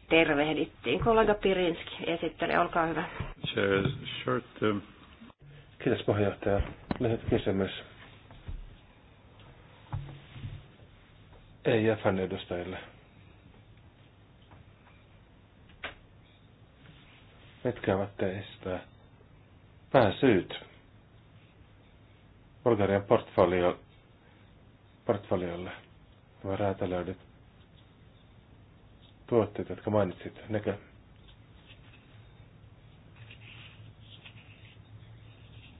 tervehdittiin. Kollega Pirinski esittelee, olkaa hyvä. Kiitos puheenjohtaja. Lyhyt kysymys. Ei jäfän edustajille. Mitkä ovat teistä? pääsyyt Bulgarian portfolio, portfoliolle. Nämä räätälöidyt tuotteet, jotka mainitsit, nekö?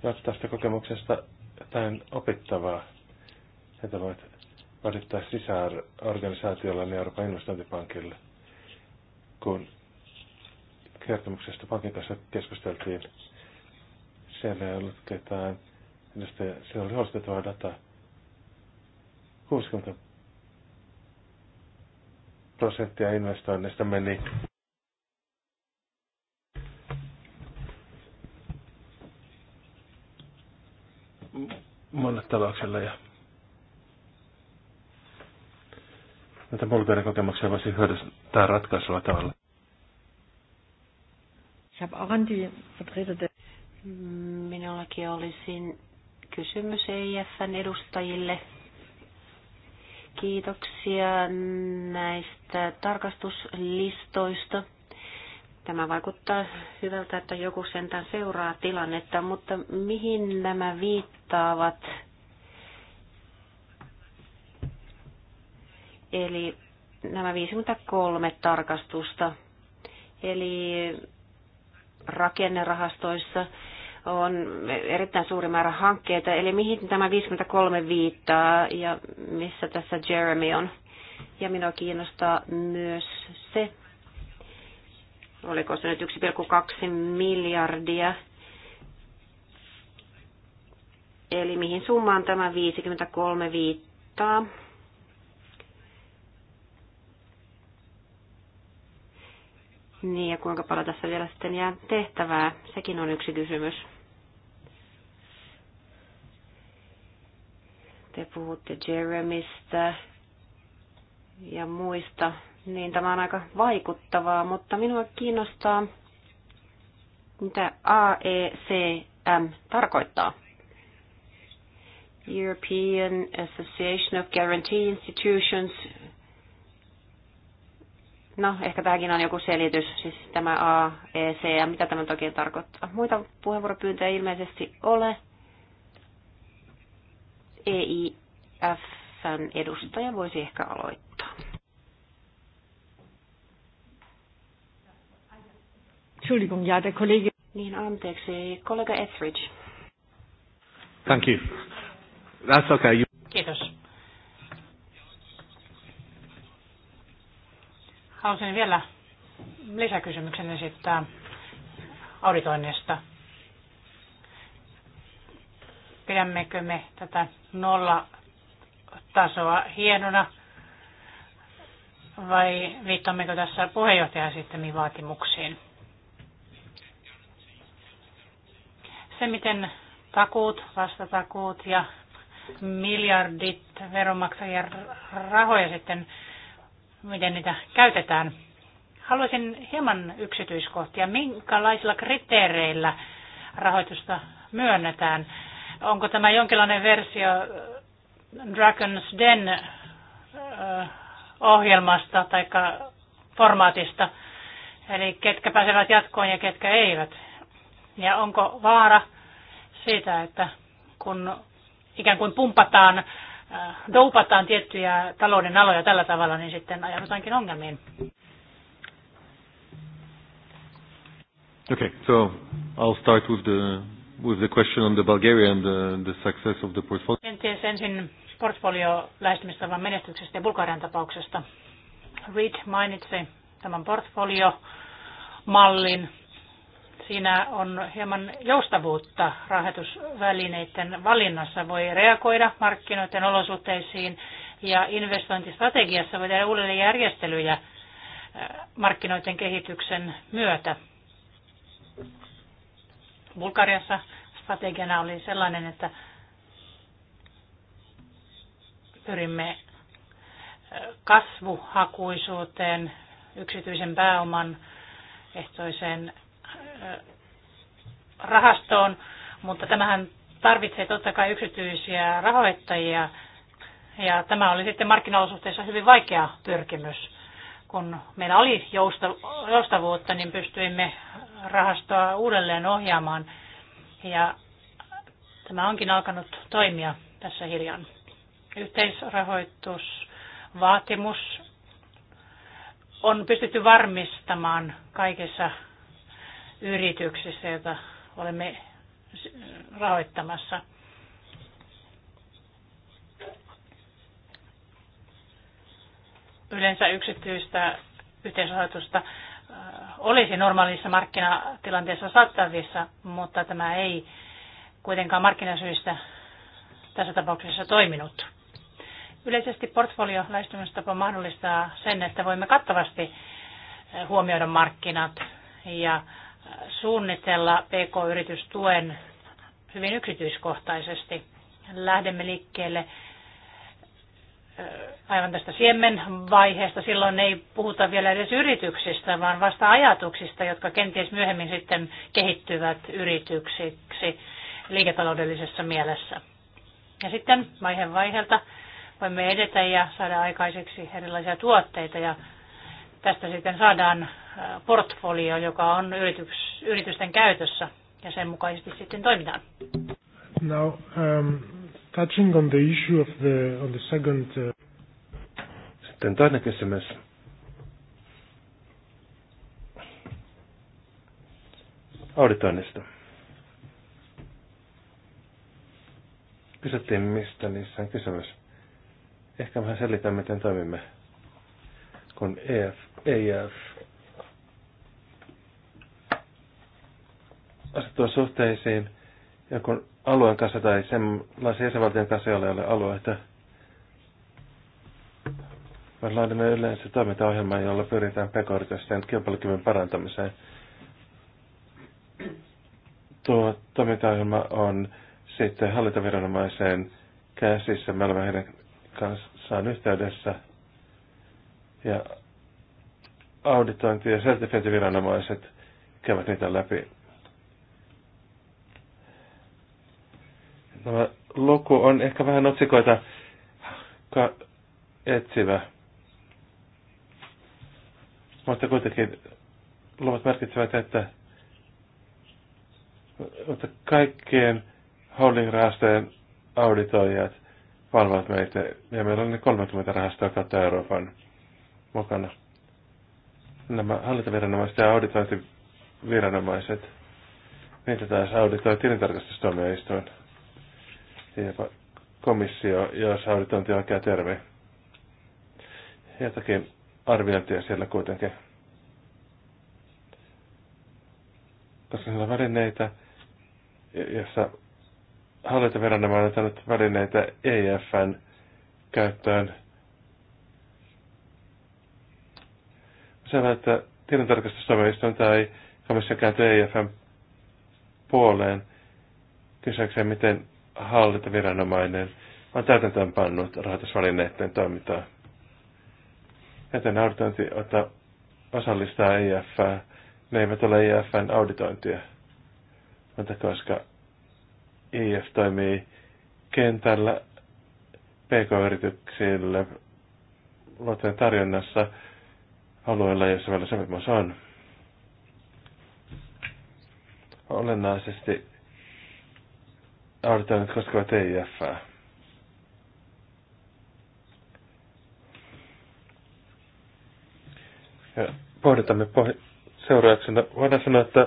Ja no, tästä kokemuksesta jotain opittavaa, että voit välittää sisään organisaatiolla niin Euroopan investointipankille, kun kertomuksesta pankin kanssa keskusteltiin siellä ei ollut ketään. Edustaja, siellä oli huolestuttavaa dataa. 60 prosenttia investoinnista meni talouksella ja näitä mulkeiden kokemuksia voisi hyödyntää ratkaisulla tavalla. Ich habe auch an die Vertreter Minullakin olisin kysymys EIFn edustajille. Kiitoksia näistä tarkastuslistoista. Tämä vaikuttaa hyvältä, että joku sentään seuraa tilannetta, mutta mihin nämä viittaavat? Eli nämä 53 tarkastusta. Eli rakennerahastoissa on erittäin suuri määrä hankkeita, eli mihin tämä 53 viittaa ja missä tässä Jeremy on. Ja minua kiinnostaa myös se, oliko se nyt 1,2 miljardia, eli mihin summaan tämä 53 viittaa. Niin, ja kuinka paljon tässä vielä sitten jää tehtävää, sekin on yksi kysymys. Te puhutte Jeremistä ja muista, niin tämä on aika vaikuttavaa, mutta minua kiinnostaa, mitä AECM tarkoittaa. European Association of Guarantee Institutions No, ehkä tämäkin on joku selitys, siis tämä AEC ja mitä tämä toki tarkoittaa. Muita puheenvuoropyyntöjä ilmeisesti ole. EIFn edustaja voisi ehkä aloittaa. Entschuldigung, ja, der Kollege. Niin, anteeksi, kollega Etheridge. Thank you. That's okay. You... Kiitos Haluaisin vielä lisäkysymyksen esittää auditoinnista. Pidämmekö me tätä nolla tasoa hienona vai viittammeko tässä puheenjohtajan esittämiin vaatimuksiin? Se, miten takuut, vastatakuut ja miljardit veronmaksajien rahoja sitten miten niitä käytetään. Haluaisin hieman yksityiskohtia. Minkälaisilla kriteereillä rahoitusta myönnetään? Onko tämä jonkinlainen versio Dragon's Den ohjelmasta tai formaatista? Eli ketkä pääsevät jatkoon ja ketkä eivät? Ja onko vaara siitä, että kun ikään kuin pumpataan Äh, doupataan tiettyjä talouden aloja tällä tavalla, niin sitten ajaudutaankin ongelmiin. Okay, so I'll start with the with the question on the Bulgaria and the, the success of the portfolio. Kenties ensin portfolio lähestymistavan menestyksestä ja Bulgarian tapauksesta. Reid mainitsi tämän portfolio mallin Siinä on hieman joustavuutta rahoitusvälineiden valinnassa. Voi reagoida markkinoiden olosuhteisiin ja investointistrategiassa voi tehdä uudelleen järjestelyjä äh, markkinoiden kehityksen myötä. Bulgariassa strategiana oli sellainen, että pyrimme äh, kasvuhakuisuuteen, yksityisen pääoman ehtoiseen Äh, rahastoon, mutta tämähän tarvitsee totta kai yksityisiä rahoittajia. Ja tämä oli sitten markkinaolosuhteissa hyvin vaikea pyrkimys. Kun meillä oli joustavuutta, niin pystyimme rahastoa uudelleen ohjaamaan. Ja tämä onkin alkanut toimia tässä hiljan. Yhteisrahoitusvaatimus on pystytty varmistamaan kaikissa yrityksissä, joita olemme rahoittamassa. Yleensä yksityistä yhteisrahoitusta äh, olisi normaalissa markkinatilanteessa saattavissa, mutta tämä ei kuitenkaan markkinasyistä tässä tapauksessa toiminut. Yleisesti portfolio lähestymistapa mahdollistaa sen, että voimme kattavasti huomioida markkinat ja suunnitella PK-yritystuen hyvin yksityiskohtaisesti. Lähdemme liikkeelle aivan tästä siemenvaiheesta. Silloin ei puhuta vielä edes yrityksistä, vaan vasta ajatuksista, jotka kenties myöhemmin sitten kehittyvät yrityksiksi liiketaloudellisessa mielessä. Ja sitten vaiheen vaiheelta voimme edetä ja saada aikaiseksi erilaisia tuotteita ja tästä sitten saadaan portfolio, joka on yrityks, yritysten käytössä ja sen mukaisesti sitten toimitaan. Now, um, touching on the issue of the, on the second... Uh... Sitten toinen kysymys. Auditoinnista. Kysyttiin, mistä niissä on kysymys. Ehkä vähän selitän, miten toimimme, kun EF, EF asettua suhteisiin jonkun alueen kanssa tai sellaisen jäsenvaltion kanssa, jolla ei ole alueita. Me laadimme yleensä toimintaohjelmaa, jolla pyritään pk kilpailukyvyn parantamiseen. Tuo toimintaohjelma on sitten hallintaviranomaiseen käsissä. Me olemme heidän kanssaan yhteydessä. Ja auditointi- ja sertifiointiviranomaiset käyvät niitä läpi Tämä luku on ehkä vähän otsikoita ka- etsivä. Mutta kuitenkin luvat merkitsevät, että mutta kaikkien holding-rahastojen auditoijat valvovat meitä, ja meillä on ne 30 rahastoa kautta Euroopan mukana. Nämä hallintaviranomaiset ja auditointiviranomaiset, niitä taas auditoi tilintarkastustuomioistuin ja komissio, jos auditointi on oikea termi. Jotakin arviointia siellä kuitenkin. Koska siellä on välineitä, jossa hallintoviranomainen on antanut välineitä EFN käyttöön. Siellä, että tilintarkastustuomioistuin tai komissio kääntyy EFN puoleen kysyäkseen, miten hallintaviranomainen on täytäntöön pannut rahoitusvälineiden toimintaa. Joten auditointi ota, osallistaa IF, e Ne eivät ole IFn e auditointia. Mutta koska IF e toimii kentällä PK-yrityksille luottojen tarjonnassa alueella, jossa meillä sopimus on. Olennaisesti auditoinnit koskevat EIFää. Ja pohditamme poh- seurauksena. No, voidaan sanoa, että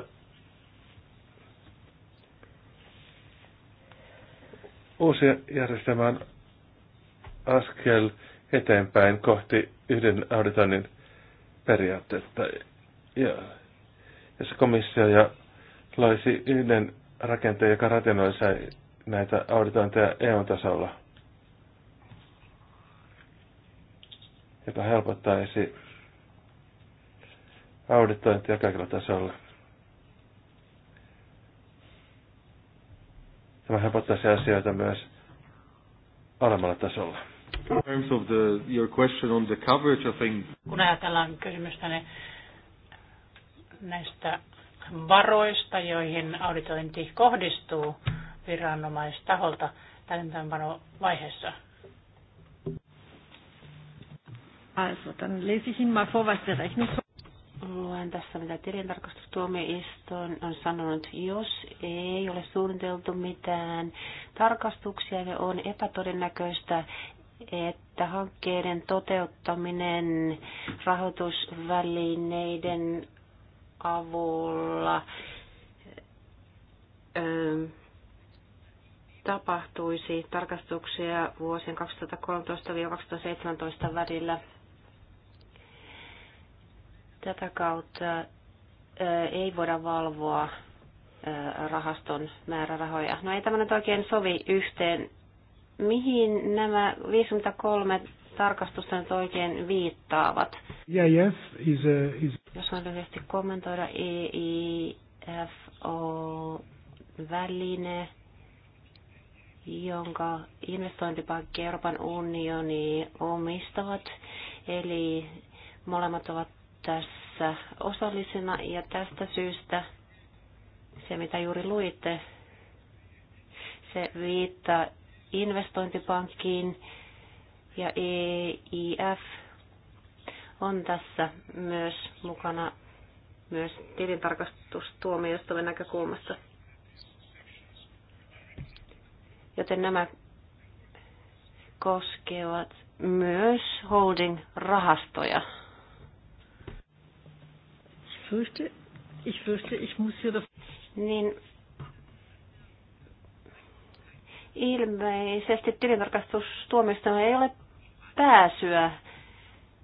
uusi järjestelmä on askel eteenpäin kohti yhden auditoinnin periaatteetta, ja, jossa komissio ja loisi yhden rakenteen, joka rationalisoi näitä auditointeja EU-tasolla, joka helpottaisi auditointia kaikilla tasolla. Tämä helpottaisi asioita myös alemmalla tasolla. In terms of the, your question on the coverage, I think... Kun ajatellaan kysymystä niin näistä varoista, joihin auditointi kohdistuu, viranomaistaholta täytäntöönpanovaiheessa? Also, dann lese ich Ihnen mal vor, was der Luen tässä, mitä tilintarkastustuomioistuin on sanonut. Jos ei ole suunniteltu mitään tarkastuksia, niin on epätodennäköistä, että hankkeiden toteuttaminen rahoitusvälineiden avulla... Öö, tapahtuisi tarkastuksia vuosien 2013-2017 välillä. Tätä kautta ei voida valvoa rahaston määrärahoja. No ei tämä nyt oikein sovi yhteen. Mihin nämä 53 tarkastusta nyt oikein viittaavat? Yeah, yes, is a, is... Jos on lyhyesti kommentoida EIFO-väline, jonka investointipankki Euroopan unioni omistavat. Eli molemmat ovat tässä osallisena ja tästä syystä se, mitä juuri luitte, se viittaa investointipankkiin ja EIF on tässä myös mukana myös tilintarkastustuomioistuimen näkökulmasta. Joten nämä koskevat myös holding-rahastoja. Niin ilmeisesti tilintarkastustuomioistuimella ei ole pääsyä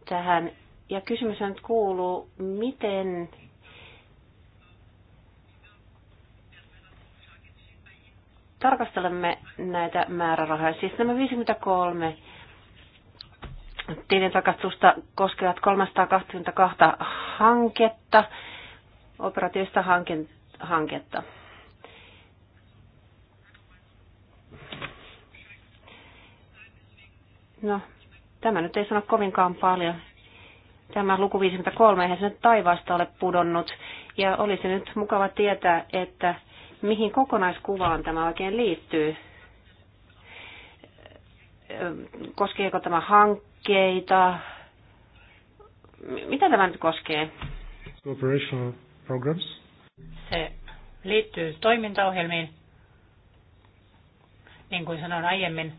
tähän. Ja kysymys nyt kuuluu, miten tarkastelemme näitä määrärahoja. Siis nämä 53 tilintarkastusta koskevat 322 hanketta, operatiivista hanketta. No, tämä nyt ei sano kovinkaan paljon. Tämä luku 53, eihän se nyt taivaasta ole pudonnut. Ja olisi nyt mukava tietää, että mihin kokonaiskuvaan tämä oikein liittyy. Koskeeko tämä hankkeita? Mitä tämä nyt koskee? Operational programs. Se liittyy toimintaohjelmiin, niin kuin sanoin aiemmin,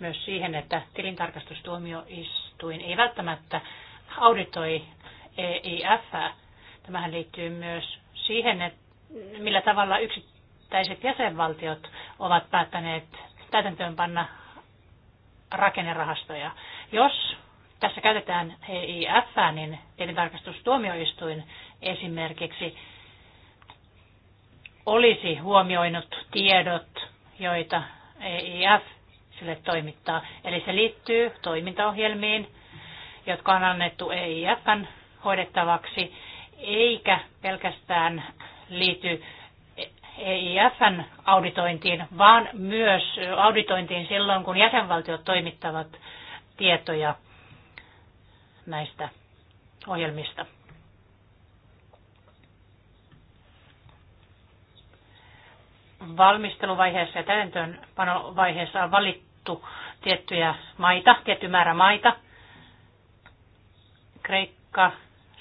myös siihen, että tilintarkastustuomioistuin ei välttämättä auditoi EIF. Tämähän liittyy myös siihen, että millä tavalla yksi yksittäiset jäsenvaltiot ovat päättäneet täytäntöönpanna rakennerahastoja. Jos tässä käytetään EIF, niin tilintarkastustuomioistuin esimerkiksi olisi huomioinut tiedot, joita EIF sille toimittaa. Eli se liittyy toimintaohjelmiin, jotka on annettu EIFn hoidettavaksi, eikä pelkästään liity EIFn auditointiin, vaan myös auditointiin silloin, kun jäsenvaltiot toimittavat tietoja näistä ohjelmista. Valmisteluvaiheessa ja täytäntöönpanovaiheessa on valittu tiettyjä maita, tietty määrä maita. Kreikka,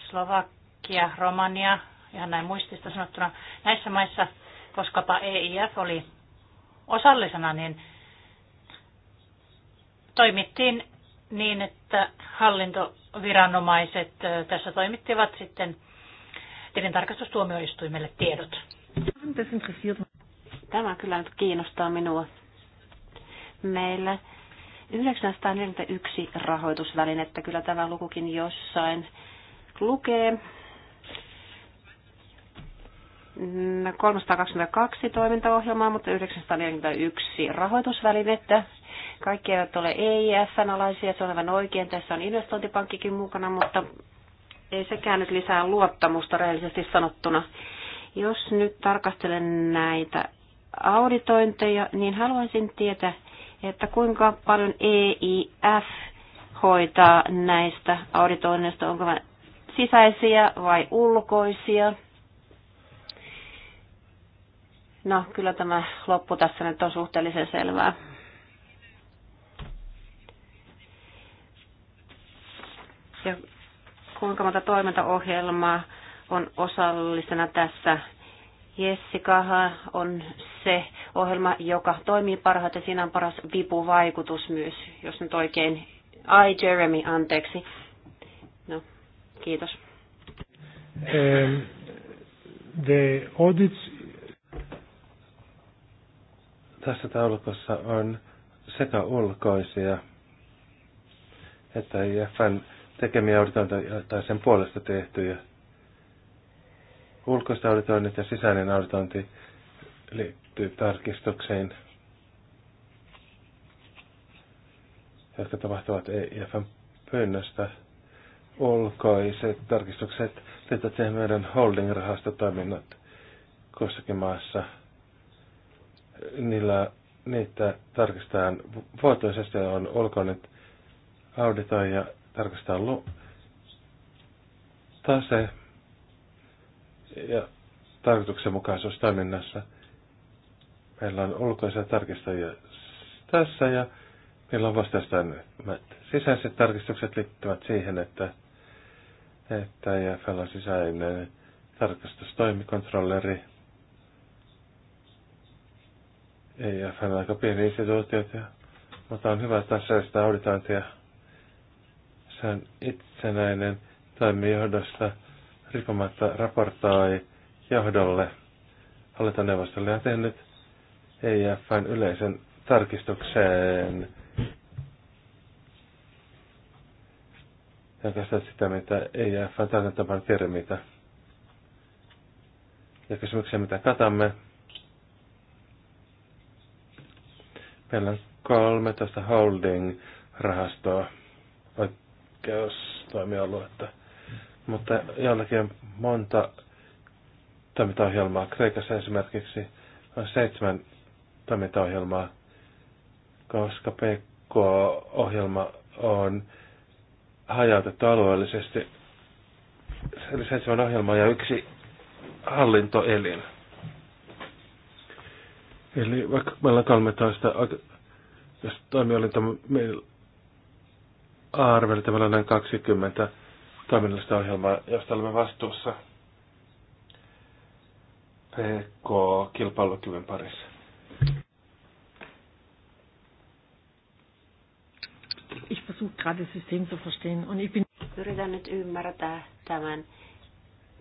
Slovakia, Romania, ihan näin muistista sanottuna. Näissä maissa koskapa EIF oli osallisena, niin toimittiin niin, että hallintoviranomaiset tässä toimittivat sitten tilintarkastustuomioistuimelle tiedot. Tämä kyllä nyt kiinnostaa minua. Meillä 941 rahoitusvälinettä, kyllä tämä lukukin jossain lukee. 322 toimintaohjelmaa, mutta 941 rahoitusvälinettä. Kaikki eivät ole EIF-alaisia, se on aivan oikein. Tässä on investointipankkikin mukana, mutta ei sekään nyt lisää luottamusta rehellisesti sanottuna. Jos nyt tarkastelen näitä auditointeja, niin haluaisin tietää, että kuinka paljon EIF hoitaa näistä auditoinneista, onko sisäisiä vai ulkoisia. No, kyllä tämä loppu tässä nyt on suhteellisen selvää. Ja kuinka monta toimintaohjelmaa on osallisena tässä Jessikaha on se ohjelma, joka toimii parhaiten. Siinä on paras vipuvaikutus myös, jos nyt oikein. Ai Jeremy, anteeksi. No, kiitos. Um, the audits tässä taulukossa on sekä ulkoisia että IFN tekemiä auditointeja tai sen puolesta tehtyjä. ulkoista auditoinnit ja sisäinen auditointi liittyy tarkistukseen, jotka tapahtuvat EIFn pyynnöstä. Ulkoiset tarkistukset liittyvät siihen meidän holding-rahastotoiminnot kussakin maassa – niillä, niitä tarkistetaan vuotuisesti on ulkoinen auditoi ja tarkastaa lu- tase ja tarkoituksenmukaisuus toiminnassa. Meillä on ulkoisia tarkistajia tässä ja meillä on vastaistaan sisäiset tarkistukset liittyvät siihen, että, että ja e on sisäinen tarkastustoimikontrolleri, Ei on aika pieni ja mutta on hyvä, että on sellaista auditointia. Se on itsenäinen toimijohdosta riippumatta raportoi johdolle hallintoneuvostolle ja tehnyt EIFn yleisen tarkistukseen, joka sitä, mitä EIFn täytäntöpano tiedä mitä. Ja kysymyksiä, mitä katamme, Meillä on 13 holding-rahastoa oikeustoimialuetta, mutta jollakin on monta toimintaohjelmaa. Kreikassa esimerkiksi on seitsemän toimintaohjelmaa, koska PK-ohjelma on hajautettu alueellisesti. Eli seitsemän ohjelmaa ja yksi hallintoelin. Eli vaikka meillä on 13 jos toimi oli että meillä on noin 20 toiminnallista ohjelmaa, josta olemme vastuussa PK-kilpailukyvyn parissa. Ich versuche gerade das System zu verstehen und ich bin Yritän nyt ymmärtää tämän.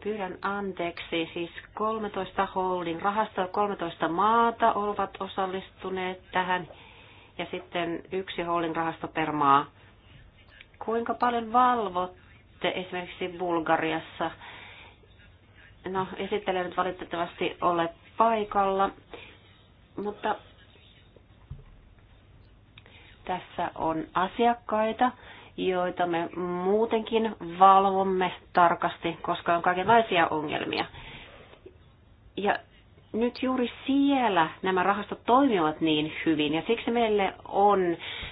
Pyydän anteeksi, siis 13 holding rahastoa 13 maata ovat osallistuneet tähän ja sitten yksi rahasto per maa. Kuinka paljon valvotte esimerkiksi Bulgariassa? No, esittelijä nyt valitettavasti ole paikalla, mutta tässä on asiakkaita, joita me muutenkin valvomme tarkasti, koska on kaikenlaisia ongelmia. Ja nyt juuri siellä nämä rahastot toimivat niin hyvin ja siksi meille on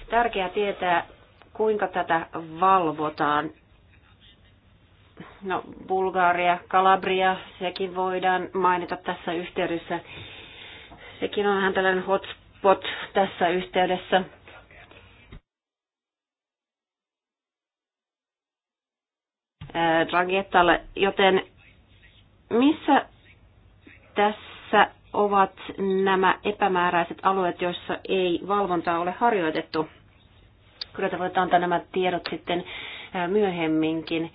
tärkeää tietää, kuinka tätä valvotaan. No, Bulgaria, Kalabria, sekin voidaan mainita tässä yhteydessä. Sekin on vähän tällainen hotspot tässä yhteydessä. Dragettalle, joten missä tässä missä ovat nämä epämääräiset alueet, joissa ei valvontaa ole harjoitettu. Kyllä te voitte antaa nämä tiedot sitten myöhemminkin.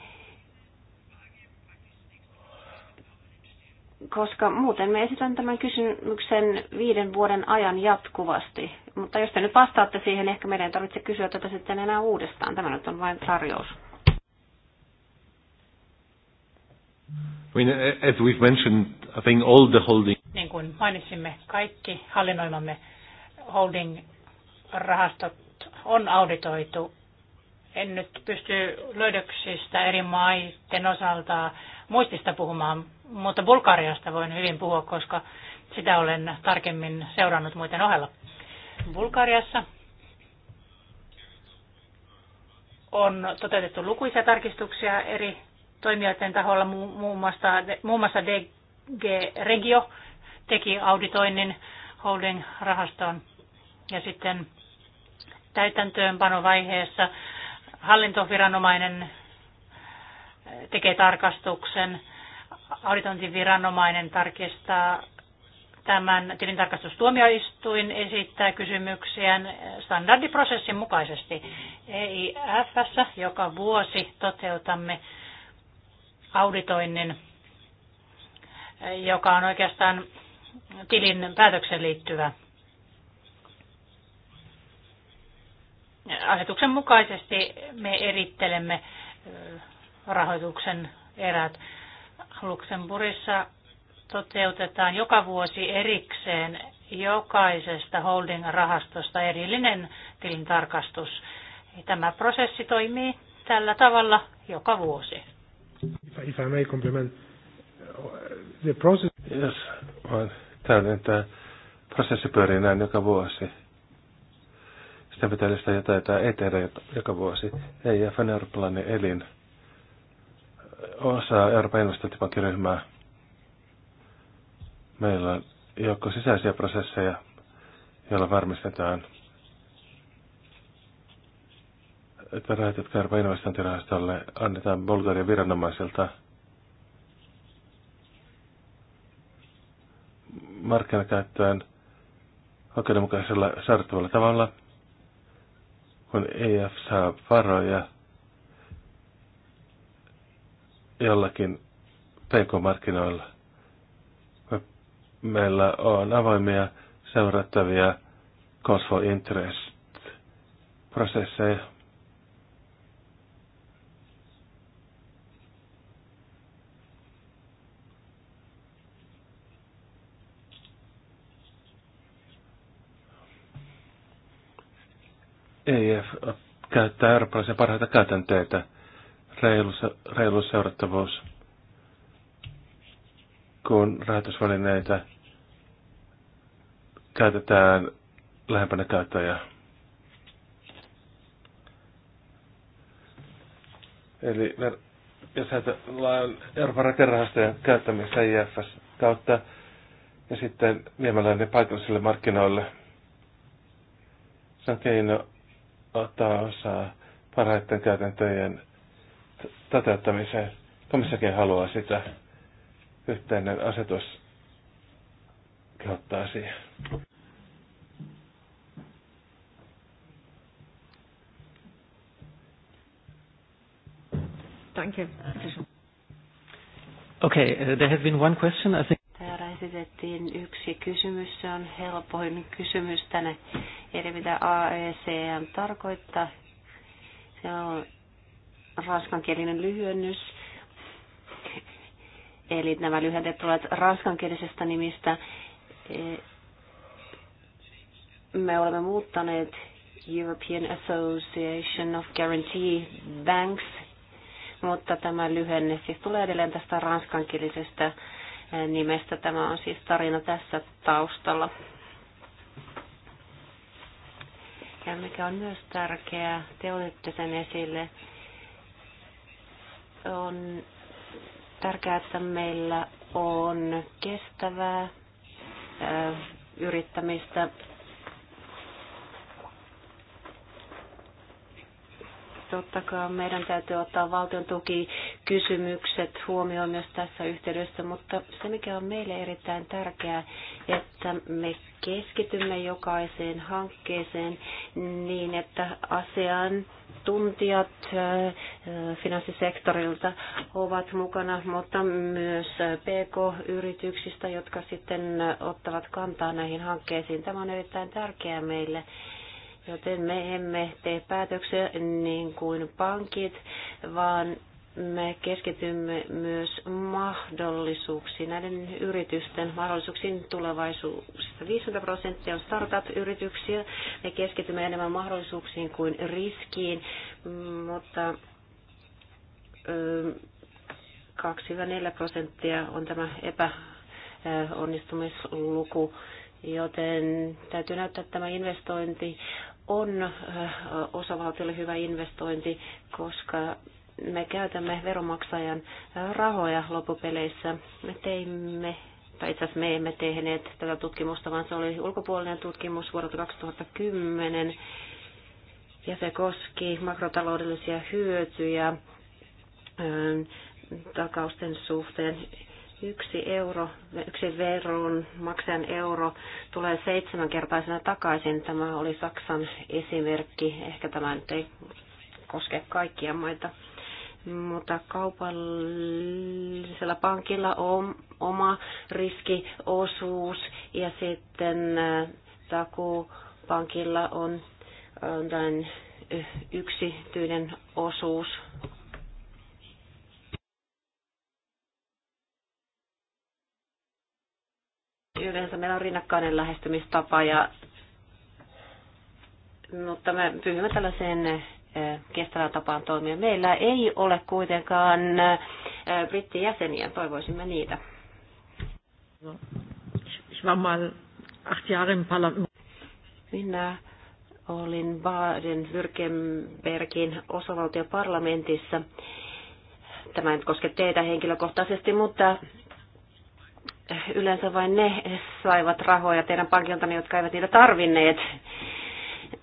koska muuten me esitän tämän kysymyksen viiden vuoden ajan jatkuvasti. Mutta jos te nyt vastaatte siihen, ehkä meidän ei tarvitse kysyä tätä sitten enää uudestaan. Tämä nyt on vain tarjous. I mean, as we've mentioned, I think all the holding... Niin kuin mainitsimme, kaikki hallinnoimamme holding-rahastot on auditoitu. En nyt pysty löydöksistä eri maiden osalta muistista puhumaan, mutta Bulgariasta voin hyvin puhua, koska sitä olen tarkemmin seurannut muiden ohella. Bulgariassa on toteutettu lukuisia tarkistuksia eri toimijoiden taholla, muun muassa, muun muassa DG Regio teki auditoinnin holding-rahastoon. Ja sitten täytäntöönpanovaiheessa hallintoviranomainen eh, tekee tarkastuksen, auditointiviranomainen tarkistaa tämän tilintarkastustuomioistuin esittää kysymyksiä standardiprosessin mukaisesti. EIFS, joka vuosi toteutamme auditoinnin, eh, joka on oikeastaan tilin päätökseen liittyvä asetuksen mukaisesti me erittelemme rahoituksen erät. Luxemburgissa toteutetaan joka vuosi erikseen jokaisesta holding-rahastosta erillinen tilintarkastus. Tämä prosessi toimii tällä tavalla joka vuosi. If I, if I may compliment the process... Jos vaan tämä prosessi pyörii näin joka vuosi. Sitä pitää lisätä jotain tai eteä joka vuosi. ei ja Fenerplan elin osa Euroopan investointipankkiryhmää. Meillä on joukko sisäisiä prosesseja, joilla varmistetaan, että rahat, jotka Euroopan investointirahastolle annetaan Bulgarian viranomaisilta – markkinakäyttöön oikeudenmukaisella sartuvalla tavalla, kun EF saa varoja jollakin PK-markkinoilla. Meillä on avoimia seurattavia cause for interest prosesseja. EF käyttää eurooppalaisia parhaita käytänteitä, reilu, reilu seurattavuus, kun rahoitusvälineitä käytetään lähempänä käyttäjää. Eli jos ajatellaan Euroopan rakennerahastojen käyttämistä IFS e kautta ja sitten viemällä ne paikallisille markkinoille, se on keino ottaa osaa parhaiten käytäntöjen toteuttamiseen. Komissakin haluaa sitä. Yhteinen asetus kehottaa siihen. Okay, uh, there has been one question, I think. Täällä esitettiin yksi kysymys, se on helpoin kysymys tänne tiedä, mitä AECM tarkoittaa. Se on ranskankielinen lyhennys. Eli nämä lyhenteet tulevat ranskankielisestä nimistä. E, me olemme muuttaneet European Association of Guarantee Banks, mutta tämä lyhenne siis tulee edelleen tästä ranskankielisestä nimestä. Tämä on siis tarina tässä taustalla. Ja mikä on myös tärkeää, te otitte sen esille, on tärkeää, että meillä on kestävää yrittämistä Totta kai meidän täytyy ottaa valtion tukikysymykset huomioon myös tässä yhteydessä, mutta se mikä on meille erittäin tärkeää, että me keskitymme jokaiseen hankkeeseen niin, että asian tuntijat finanssisektorilta ovat mukana, mutta myös PK-yrityksistä, jotka sitten ottavat kantaa näihin hankkeisiin. Tämä on erittäin tärkeää meille. Joten me emme tee päätöksiä niin kuin pankit, vaan me keskitymme myös mahdollisuuksiin, näiden yritysten mahdollisuuksiin tulevaisuudessa. 50 prosenttia on startup-yrityksiä. Me keskitymme enemmän mahdollisuuksiin kuin riskiin, mutta 2-4 prosenttia on tämä epäonnistumisluku, joten täytyy näyttää tämä investointi on äh, osavaltiolle hyvä investointi, koska me käytämme veromaksajan äh, rahoja loppupeleissä. Me teimme, tai itse asiassa me emme tehneet tätä tutkimusta, vaan se oli ulkopuolinen tutkimus vuodelta 2010, ja se koski makrotaloudellisia hyötyjä ähm, takausten suhteen Yksi euro, yksi veron, maksajan euro tulee seitsemänkertaisena takaisin. Tämä oli Saksan esimerkki. Ehkä tämä nyt ei koske kaikkia maita. Mutta kaupallisella pankilla on oma riskiosuus ja sitten äh, takupankilla on äh, äh, yksityinen osuus Yleensä meillä on rinnakkainen lähestymistapa, ja, mutta me pyhimme tällaiseen eh, kestävään tapaan toimia. Meillä ei ole kuitenkaan eh, brittijäseniä, toivoisimme niitä. Minä olin Baden-Württembergin osavaltioparlamentissa. Tämä ei koske teitä henkilökohtaisesti, mutta yleensä vain ne saivat rahoja teidän pankiltanne, jotka eivät niitä tarvinneet.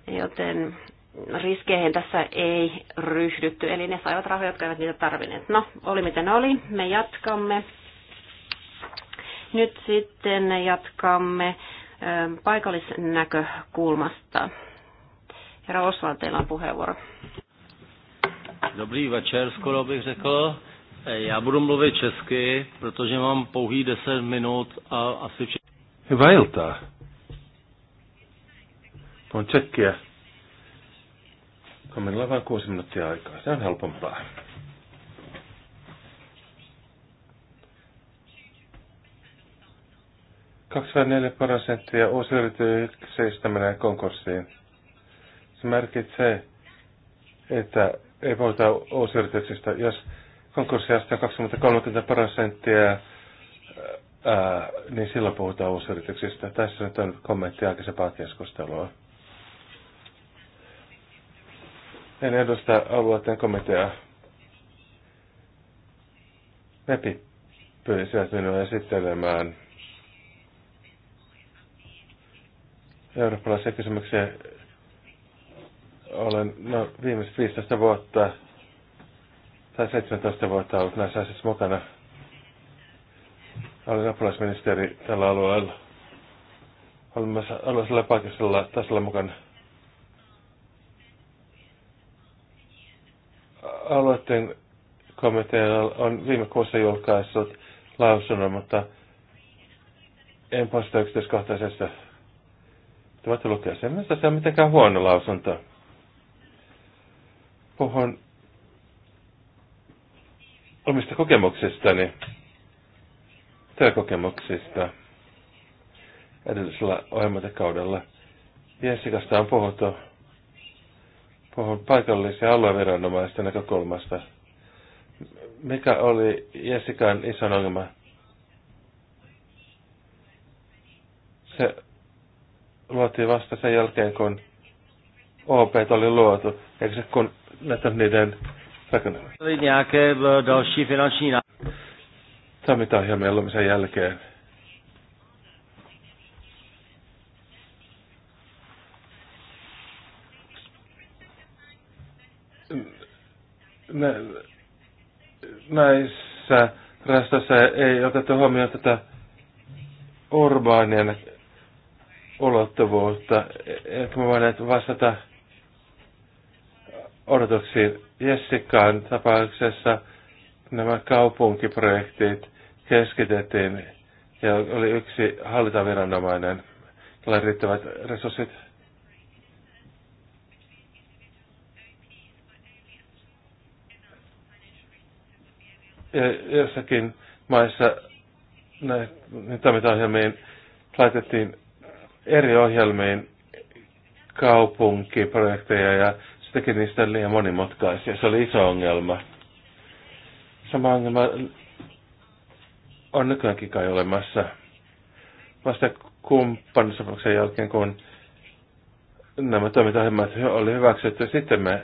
Joten riskeihin tässä ei ryhdytty, eli ne saivat rahoja, jotka eivät niitä tarvinneet. No, oli miten oli, me jatkamme. Nyt sitten jatkamme ähm, paikallisnäkökulmasta. Herra Osvald, teillä on puheenvuoro. Dobrý večer, skoro bych řekl. Eh, já budu mluvit česky, protože mám pouhý 10 minut a asi vše... Vajlta. On tsekkiä. On meillä vain kuusi minuuttia aikaa. Se on helpompaa. neljä prosenttia yrityksistä menee konkurssiin. Se merkitsee, että ei voita yrityksistä, jos konkurssiaste on 20-30 prosenttia, ää, niin silloin puhutaan uusyrityksistä. Tässä nyt on kommentti aikaisempaa keskustelua. En edusta alueiden komitea. Mepi pyysivät minua esittelemään eurooppalaisia kysymyksiä. Olen no, viimeiset 15 vuotta tai 17 vuotta ollut näissä asioissa mukana. Olin apulaisministeri tällä alueella. Olin myös alueella paikallisella tasolla mukana. Aloitteen komitea on viime kuussa julkaissut lausunnon, mutta en poista yksityiskohtaisesta. Te voitte lukea sen, mistä se on mitenkään huono lausunto. Puhun omista kokemuksistani, työkokemuksista edellisellä ohjelmatekaudella. Jessikasta on puhuttu, puhun paikallisen alueviranomaisten näkökulmasta. Mikä oli Jessikan iso ongelma? Se luotiin vasta sen jälkeen, kun OP oli luotu, eikä se kun näitä niiden oli nějaké eh, další finanční Tarvitaan hieman elomisen jälkeen. näissä rastassa ei otettu huomioon tätä Orbanien olottavuutta. Ehkä e, me voineet vastata odotuksi jessikaan tapauksessa nämä kaupunkiprojektit keskitettiin ja oli yksi hallintaviranomainen, jolla oli riittävät resurssit. Ja jossakin maissa näihin toimintaohjelmiin laitettiin eri ohjelmiin kaupunkiprojekteja ja se teki niistä liian monimutkaisia. Se oli iso ongelma. Sama ongelma on nykyäänkin kai olemassa. Vasta kumppanisopimuksen jälkeen, kun nämä toimintaohjelmat oli hyväksytty, sitten me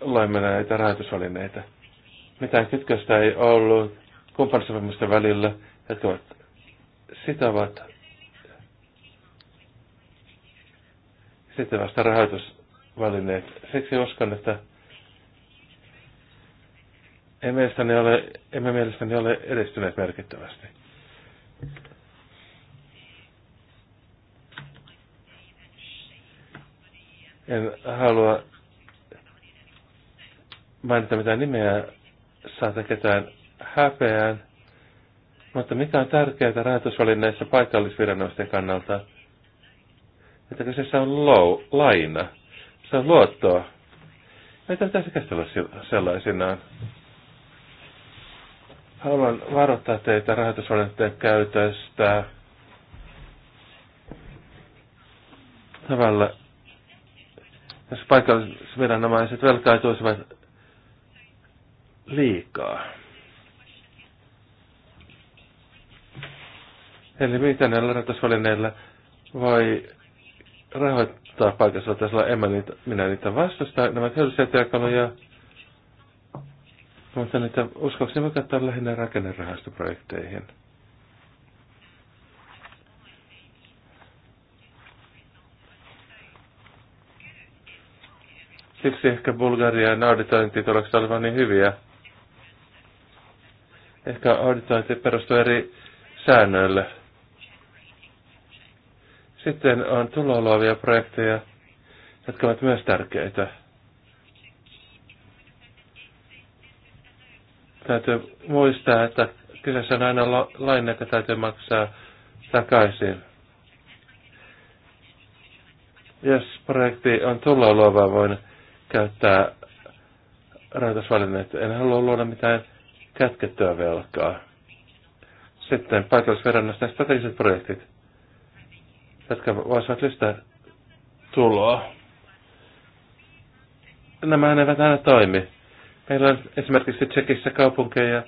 loimme näitä rahoitusvälineitä. Mitään kytköstä ei ollut kumppanisopimusten välillä, jotka ovat sitovat sitten vasta rahoitus valinneet. Siksi uskon, että emme mielestäni ole, emme mielestäni ole edistyneet merkittävästi. En halua mainita mitään nimeä, saada ketään häpeään, mutta mikä on tärkeää rahoitusvälineissä paikallisviranomaisten kannalta, että kyseessä on low, laina – sitä luottoa. Ei pitäisi käsitellä sellaisinaan. Haluan varoittaa teitä rahoitusvalintojen käytöstä tavalla, jos paikallisviranomaiset velkaituisivat liikaa. Eli miten näillä rahoitusvälineillä voi rahoittaa paikallisella tässä En mä niitä, minä niitä vastusta. Nämä ovat hyödyllisiä työkaluja. Mutta niitä uskoakseni voi käyttää lähinnä rakennerahastoprojekteihin. Siksi ehkä Bulgarian tuloksia olivat niin hyviä. Ehkä auditointi perustuu eri säännöille. Sitten on tuloluovia projekteja, jotka ovat myös tärkeitä. Täytyy muistaa, että kyseessä on aina lainne, että täytyy maksaa takaisin. Jos projekti on luova, voin käyttää rahoitusvälineet. En halua luoda mitään kätkettyä velkaa. Sitten paikallisverrannosta strategiset projektit jotka voisivat lystää tuloa. Nämä eivät aina toimi. Meillä on esimerkiksi Tsekissä kaupunkeja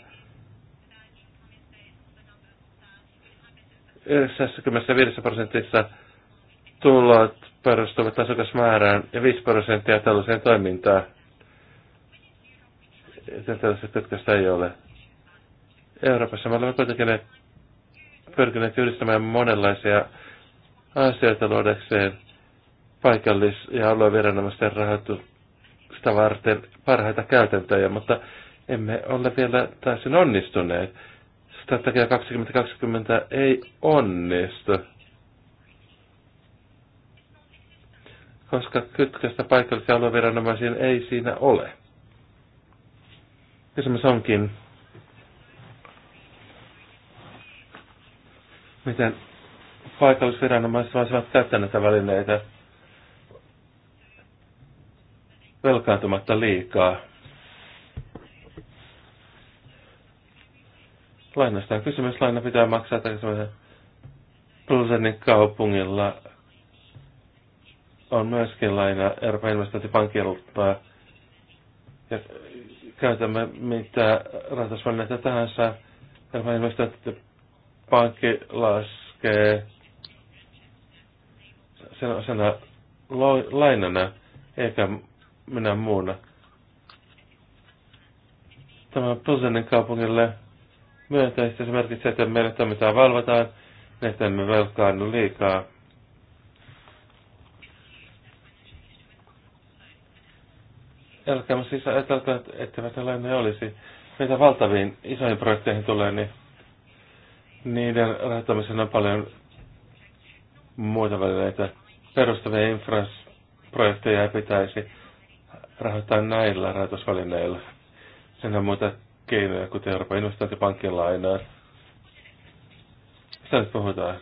95 prosentissa tulot perustuvat asukasmäärään ja 5 prosenttia tällaiseen toimintaan. Joten tällaiset kytköstä ei ole. Euroopassa me olemme kuitenkin pyrkineet yhdistämään monenlaisia asioita luodakseen paikallis- ja alueviranomaisten rahoitusta varten parhaita käytäntöjä, mutta emme ole vielä täysin onnistuneet. Strategia 2020 ei onnistu, koska kytköstä paikallisia alueviranomaisiin ei siinä ole. Kysymys onkin, miten paikallisviranomaiset voisivat käyttää näitä välineitä velkaantumatta liikaa. Lainasta on kysymys. Laina pitää maksaa Plusenin kaupungilla on myöskin laina Euroopan investointipankilta ja käytämme mitä rahoitusvälineitä tahansa. Euroopan investointipankki laskee sen sana lainana eikä minä muuna. Tämä on Pilsenin kaupungille myönteistä. Se merkitsee, että meidän toimintaa valvotaan, niin että emme velkaannu liikaa. Älkää siis ajatelko, että näitä lainoja olisi. Mitä valtaviin isoihin projekteihin tulee, niin niiden rahoittamisen on paljon muita välineitä perustavia infrasprojekteja ei pitäisi rahoittaa näillä rahoitusvälineillä. Sen on muita keinoja, kuten Euroopan investointipankin lainaa. Sitä nyt puhutaan.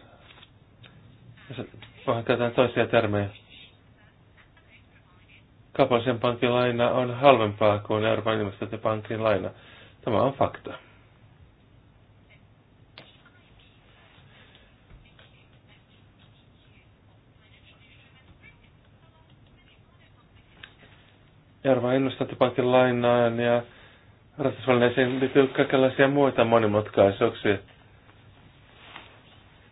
Vähän käytetään toisia termejä. Kaupallisen pankin laina on halvempaa kuin Euroopan investointipankin laina. Tämä on fakta. Jarva investointipankin lainaan ja rahoitusvälineisiin liittyy kaikenlaisia muita monimutkaisuuksia.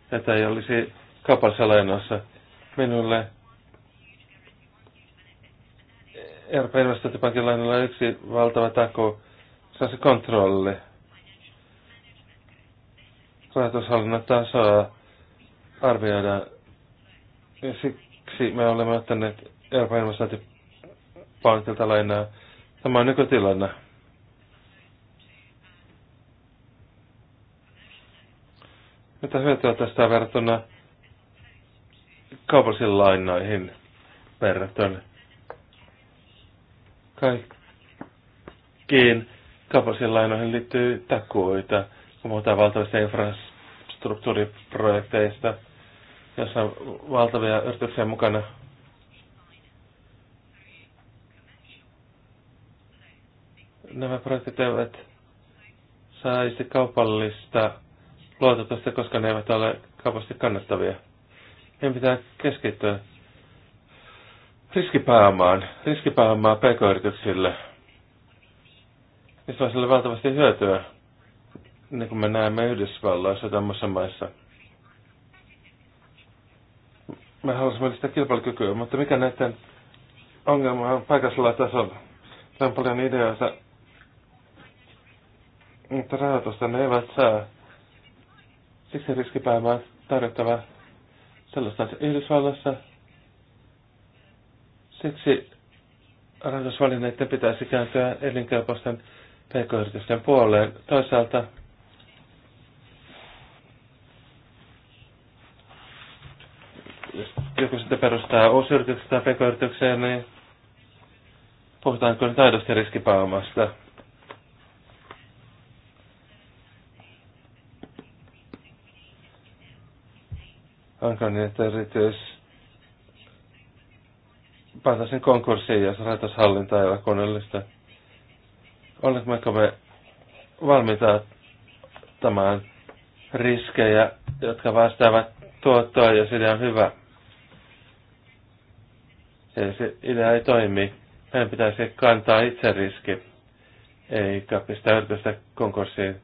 Tätä ei olisi kaupallisessa lainassa minulle. Euroopan investointipankin lainalla on yksi valtava tako, se on se kontrolli. Rahoitushallinnan tasoa arvioidaan. Ja siksi me olemme ottaneet Euroopan investointipankin pankilta lainaa. Äh, tämä on nykytilanne. Mitä hyötyä tästä verrattuna kaupallisiin lainoihin verrattuna? Kaikkiin kaupallisiin lainoihin liittyy takuita, kun puhutaan valtavista infrastruktuuriprojekteista, jossa on valtavia yrityksiä mukana – nämä projektit eivät saisi kaupallista luototusta, koska ne eivät ole kaupallisesti kannattavia. Meidän pitää keskittyä riskipääomaan, riskipääomaa pk-yrityksille. Niistä voisi olla valtavasti hyötyä, niin kuin me näemme Yhdysvalloissa ja muissa maissa. Me haluaisimme lisätä kilpailukykyä, mutta mikä näiden ongelma on paikallisella tasolla? Tämä on paljon ideoita mutta rahoitusta ne eivät saa. Siksi riskipääomaa on tarjottava sellaista Yhdysvalloissa. Siksi rahoitusvälineiden pitäisi kääntyä elinkelpoisten pk-yritysten puoleen. Toisaalta jos joku sitten perustaa uusyrityksen tai pk niin puhutaanko nyt aidosti riskipääomasta – onko niin, että yritys pantaisiin konkurssiin, ja rahoitushallinta ei ole kunnollista. Olemmeko me valmiita ottamaan riskejä, jotka vastaavat tuottoa, ja idea on hyvä? Ja se idea ei toimi. Meidän pitäisi kantaa itse riski, eikä pistää yritystä konkurssiin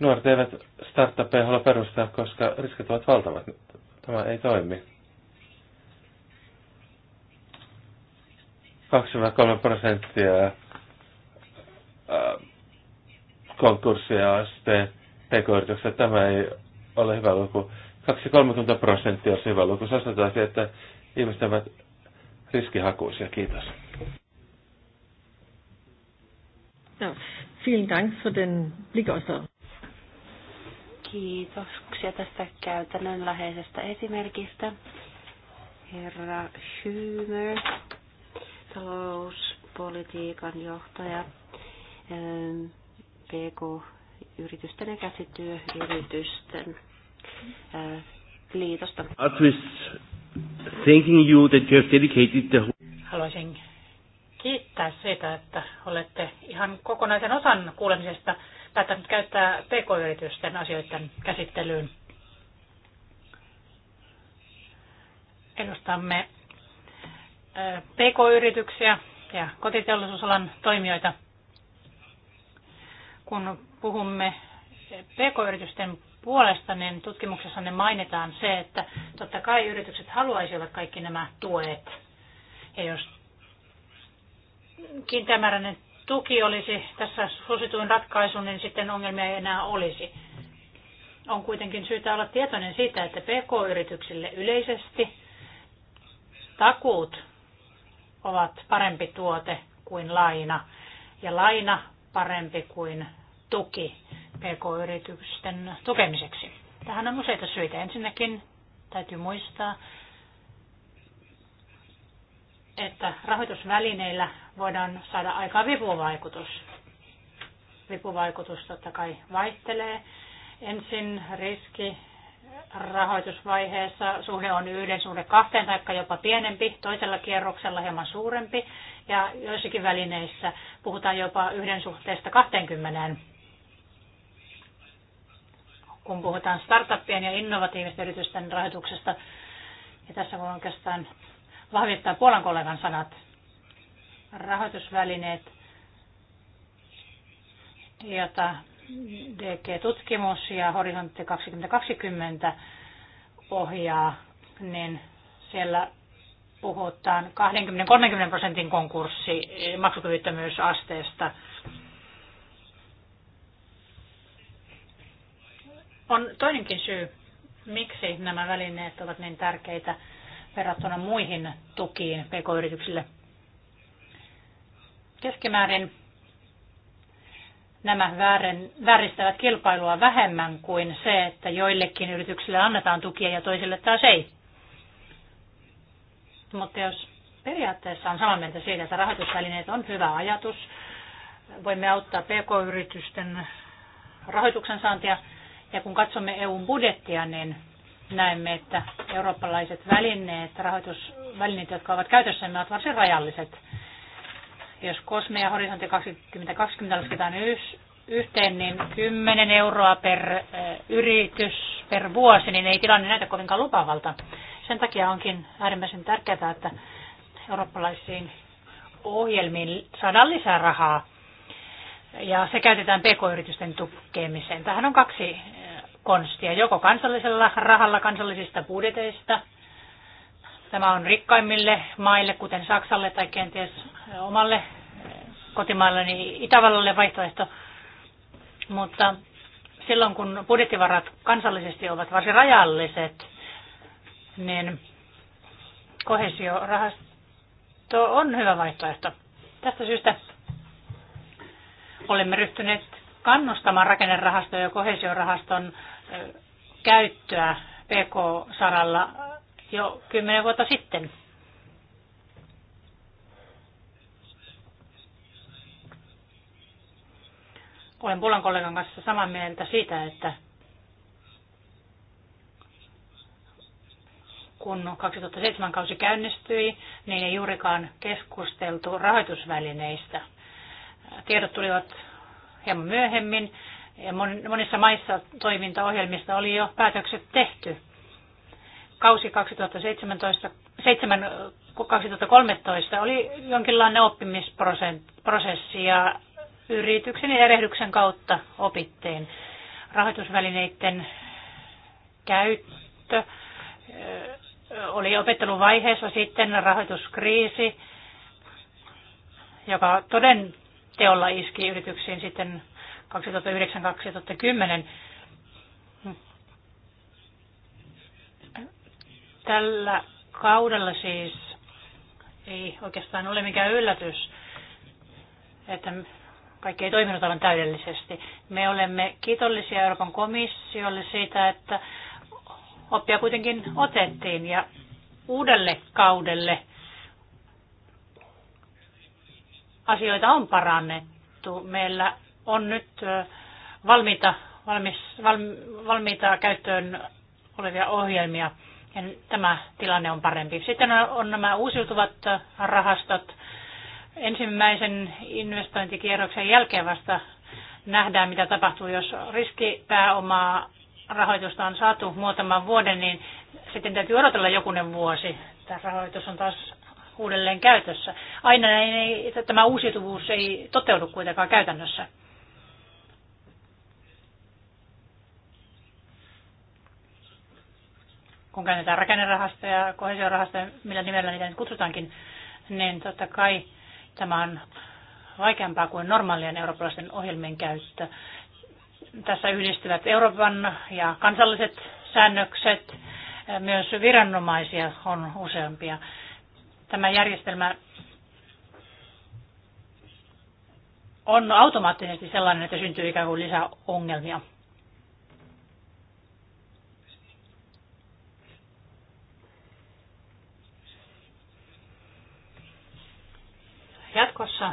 nuoret eivät startuppeja halua perustaa, koska riskit ovat valtavat. Tämä ei toimi. 2-3 prosenttia konkurssia aste pk Tämä ei ole hyvä luku. 2-30 prosenttia olisi hyvä luku. Se osoittaa, että ihmiset ovat riskihakuisia. Kiitos. Ja, vielen Dank für den Blick aus der Kiitoksia tästä käytännönläheisestä esimerkistä. Herra Schumer, talouspolitiikan johtaja, ähm, PK-yritysten ja käsityöyritysten äh, liitosta. you that you have dedicated the... Haluaisin kiittää siitä, että olette ihan kokonaisen osan kuulemisesta päättänyt käyttää pk-yritysten asioiden käsittelyyn. Edustamme äh, pk-yrityksiä ja kotiteollisuusalan toimijoita. Kun puhumme pk-yritysten puolesta, niin tutkimuksessa ne mainitaan se, että totta kai yritykset haluaisivat kaikki nämä tuet. Ja jos kiinteämääräinen tuki olisi tässä suosituin ratkaisu, niin sitten ongelmia ei enää olisi. On kuitenkin syytä olla tietoinen siitä, että PK-yrityksille yleisesti takuut ovat parempi tuote kuin laina ja laina parempi kuin tuki PK-yritysten tukemiseksi. Tähän on useita syitä. Ensinnäkin täytyy muistaa, että rahoitusvälineillä voidaan saada aika vipuvaikutus. Vipuvaikutus totta kai vaihtelee. Ensin riski rahoitusvaiheessa suhde on yhden suhde kahteen tai jopa pienempi, toisella kierroksella hieman suurempi ja joissakin välineissä puhutaan jopa yhden suhteesta 20. Kun puhutaan startuppien ja innovatiivisten yritysten rahoituksesta, ja tässä voi oikeastaan vahvistaa Puolan kollegan sanat. Rahoitusvälineet, jota DG-tutkimus ja Horisontti 2020 ohjaa, niin siellä puhutaan 20-30 prosentin konkurssi maksukyvyttömyysasteesta. On toinenkin syy, miksi nämä välineet ovat niin tärkeitä verrattuna muihin tukiin pk-yrityksille. Keskimäärin nämä väärin, vääristävät kilpailua vähemmän kuin se, että joillekin yrityksille annetaan tukia ja toisille taas ei. Mutta jos periaatteessa on samaa mieltä siitä, että rahoitusvälineet on hyvä ajatus, voimme auttaa pk-yritysten rahoituksen saantia, ja kun katsomme EUn budjettia, niin näemme, että eurooppalaiset välineet, rahoitusvälineet, jotka ovat käytössämme, ovat varsin rajalliset. Jos Kosme ja Horisontti 2020 lasketaan yhteen, niin 10 euroa per yritys per vuosi, niin ei tilanne näytä kovinkaan lupavalta. Sen takia onkin äärimmäisen tärkeää, että eurooppalaisiin ohjelmiin saadaan lisää rahaa ja se käytetään pk-yritysten tukemiseen. Tähän on kaksi konstia, joko kansallisella rahalla kansallisista budjeteista, tämä on rikkaimmille maille, kuten Saksalle tai kenties omalle kotimaalle, niin Itävallalle vaihtoehto. Mutta silloin kun budjettivarat kansallisesti ovat varsin rajalliset, niin kohesiorahasto on hyvä vaihtoehto. Tästä syystä olemme ryhtyneet kannustamaan rakennerahastoja ja kohesiorahaston käyttöä PK-saralla jo kymmenen vuotta sitten. Olen Pulan kollegan kanssa samaa mieltä siitä, että kun 2007 kausi käynnistyi, niin ei juurikaan keskusteltu rahoitusvälineistä. Tiedot tulivat hieman myöhemmin ja monissa maissa toimintaohjelmista oli jo päätökset tehty. Kausi 2017 7, 2013 oli jonkinlainen oppimisprosessi ja yrityksen ja erehdyksen kautta opittiin. Rahoitusvälineiden käyttö oli opetteluvaiheessa sitten rahoituskriisi, joka toden teolla iski yrityksiin sitten 2009-2010. Tällä kaudella siis ei oikeastaan ole mikään yllätys, että kaikki ei toiminut aivan täydellisesti. Me olemme kiitollisia Euroopan komissiolle siitä, että oppia kuitenkin otettiin ja uudelle kaudelle asioita on parannettu. Meillä on nyt valmiita, valmis, val, valmiita käyttöön olevia ohjelmia. Ja tämä tilanne on parempi. Sitten on nämä uusiutuvat rahastot. Ensimmäisen investointikierroksen jälkeen vasta nähdään, mitä tapahtuu, jos riskipääomaa rahoitusta on saatu muutaman vuoden, niin sitten täytyy odotella jokunen vuosi. Tämä rahoitus on taas uudelleen käytössä. Aina ei, tämä uusiutuvuus ei toteudu kuitenkaan käytännössä. kun käytetään rakennerahasta ja kohesiorahasta, millä nimellä niitä nyt kutsutaankin, niin totta kai tämä on vaikeampaa kuin normaalien eurooppalaisten ohjelmien käyttö. Tässä yhdistyvät Euroopan ja kansalliset säännökset, myös viranomaisia on useampia. Tämä järjestelmä on automaattisesti sellainen, että syntyy ikään kuin lisää ongelmia. Jatkossa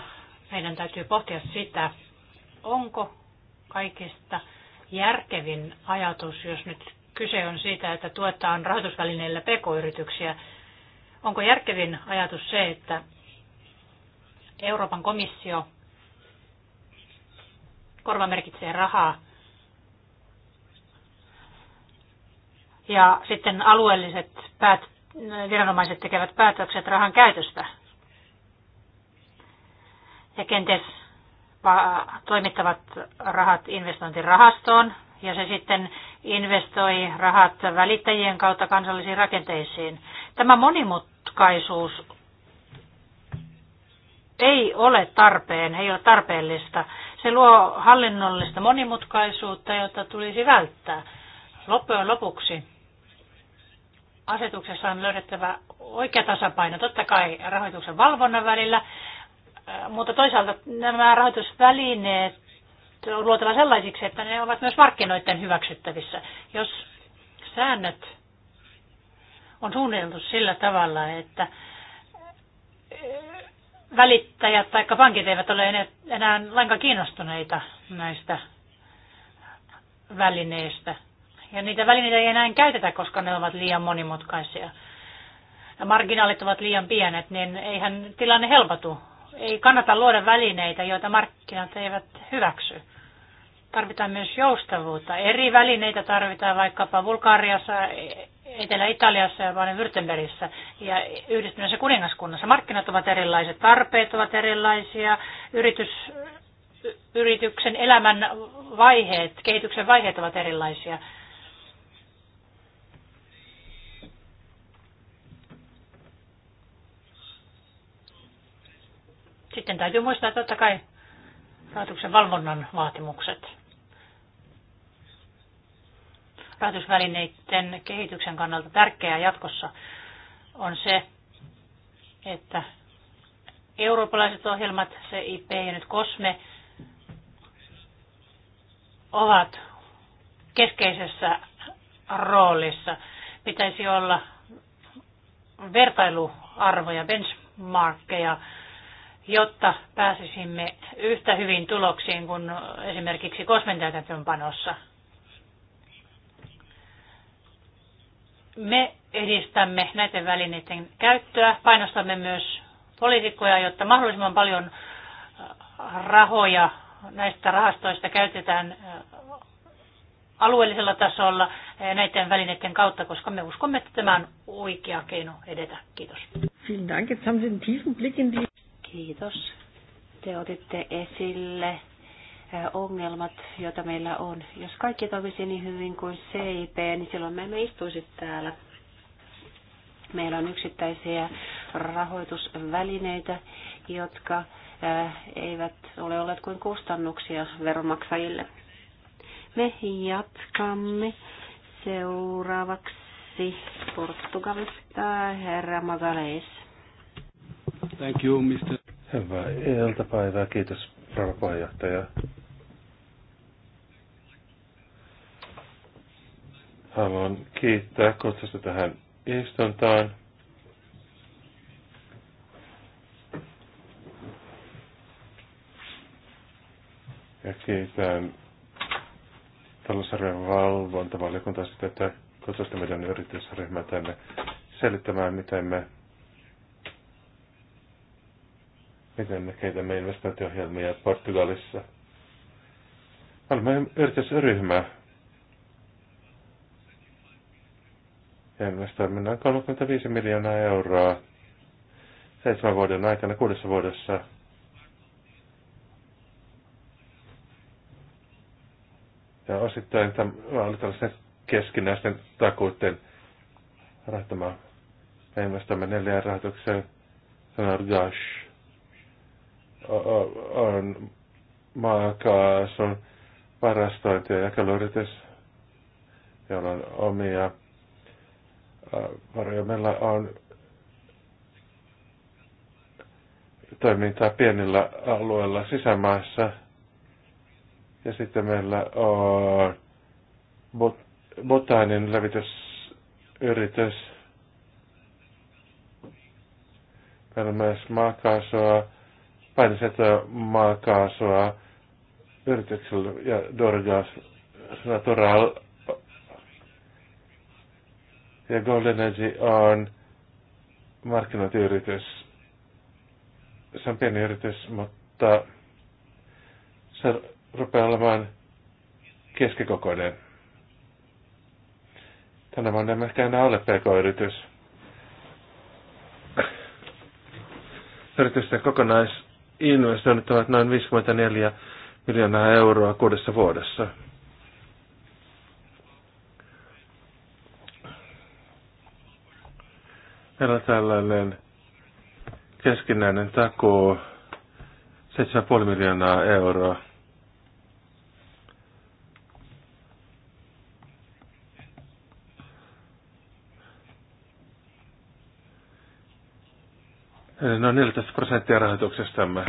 meidän täytyy pohtia sitä, onko kaikista järkevin ajatus, jos nyt kyse on siitä, että tuetaan rahoitusvälineillä pk-yrityksiä, onko järkevin ajatus se, että Euroopan komissio korvamerkitsee rahaa ja sitten alueelliset päät, viranomaiset tekevät päätökset rahan käytöstä ja kenties toimittavat rahat investointirahastoon ja se sitten investoi rahat välittäjien kautta kansallisiin rakenteisiin. Tämä monimutkaisuus ei ole tarpeen, ei ole tarpeellista. Se luo hallinnollista monimutkaisuutta, jota tulisi välttää. Loppujen lopuksi asetuksessa on löydettävä oikea tasapaino, totta kai rahoituksen valvonnan välillä, mutta toisaalta nämä rahoitusvälineet luotella sellaisiksi, että ne ovat myös markkinoiden hyväksyttävissä. Jos säännöt on suunniteltu sillä tavalla, että välittäjät tai pankit eivät ole enää lainkaan kiinnostuneita näistä välineistä. Ja niitä välineitä ei enää käytetä, koska ne ovat liian monimutkaisia. Ja marginaalit ovat liian pienet, niin eihän tilanne helpotu ei kannata luoda välineitä, joita markkinat eivät hyväksy. Tarvitaan myös joustavuutta. Eri välineitä tarvitaan vaikkapa Bulgariassa, Etelä-Italiassa ja Baden-Württembergissä ja yhdistyneessä kuningaskunnassa. Markkinat ovat erilaiset, tarpeet ovat erilaisia, yritys, yrityksen elämän vaiheet, kehityksen vaiheet ovat erilaisia. Sitten täytyy muistaa totta kai rahoituksen valvonnan vaatimukset. Rahoitusvälineiden kehityksen kannalta tärkeää jatkossa on se, että eurooppalaiset ohjelmat, CIP ja nyt COSME, ovat keskeisessä roolissa. Pitäisi olla vertailuarvoja, benchmarkkeja jotta pääsisimme yhtä hyvin tuloksiin kuin esimerkiksi kosmentäytäntöön panossa. Me edistämme näiden välineiden käyttöä, painostamme myös poliitikkoja, jotta mahdollisimman paljon äh, rahoja näistä rahastoista käytetään äh, alueellisella tasolla näiden välineiden kautta, koska me uskomme, että tämä on oikea keino edetä. Kiitos. Kiitos. Te otitte esille eh, ongelmat, joita meillä on. Jos kaikki toimisi niin hyvin kuin CIP, niin silloin me emme istuisi täällä. Meillä on yksittäisiä rahoitusvälineitä, jotka eh, eivät ole olleet kuin kustannuksia veronmaksajille. Me jatkamme seuraavaksi Portugalista herra Magaleis. Thank you, Mr. Hyvää iltapäivää. Kiitos, rouva puheenjohtaja. Haluan kiittää kutsusta tähän istuntaan. Ja kiitän talousarvion valvontavaliokuntaa sitä, että kutsusta meidän yritysryhmää tänne selittämään, miten me miten me kehitämme investointiohjelmia Portugalissa. Olemme yritysryhmä. Ja investoimme noin 35 miljoonaa euroa seitsemän vuoden aikana, kuudessa vuodessa. Ja osittain tämä oli tällaisen keskinäisten takuiden rahoittama. Me investoimme neljään rahoitukseen Sanar Gash on maakaasun varastointi- ja jakeluyritys, jolla on omia äh, varoja. Meillä on toimintaa pienillä alueilla sisämaassa. Ja sitten meillä on bot, levitysyritys. Meillä on myös maakaasua painostettua maakaasua yrityksellä ja Dorgas Natural ja Golden Energy on markkinointiyritys. Se on pieni yritys, mutta se rupeaa olemaan keskikokoinen. Tänä vuonna emme ehkä enää ole pk-yritys. Yritysten kokonais investoinnit ovat noin 54 miljoonaa euroa kuudessa vuodessa. Meillä on tällainen keskinäinen takuu 7,5 miljoonaa euroa noin 14 prosenttia rahoituksestamme.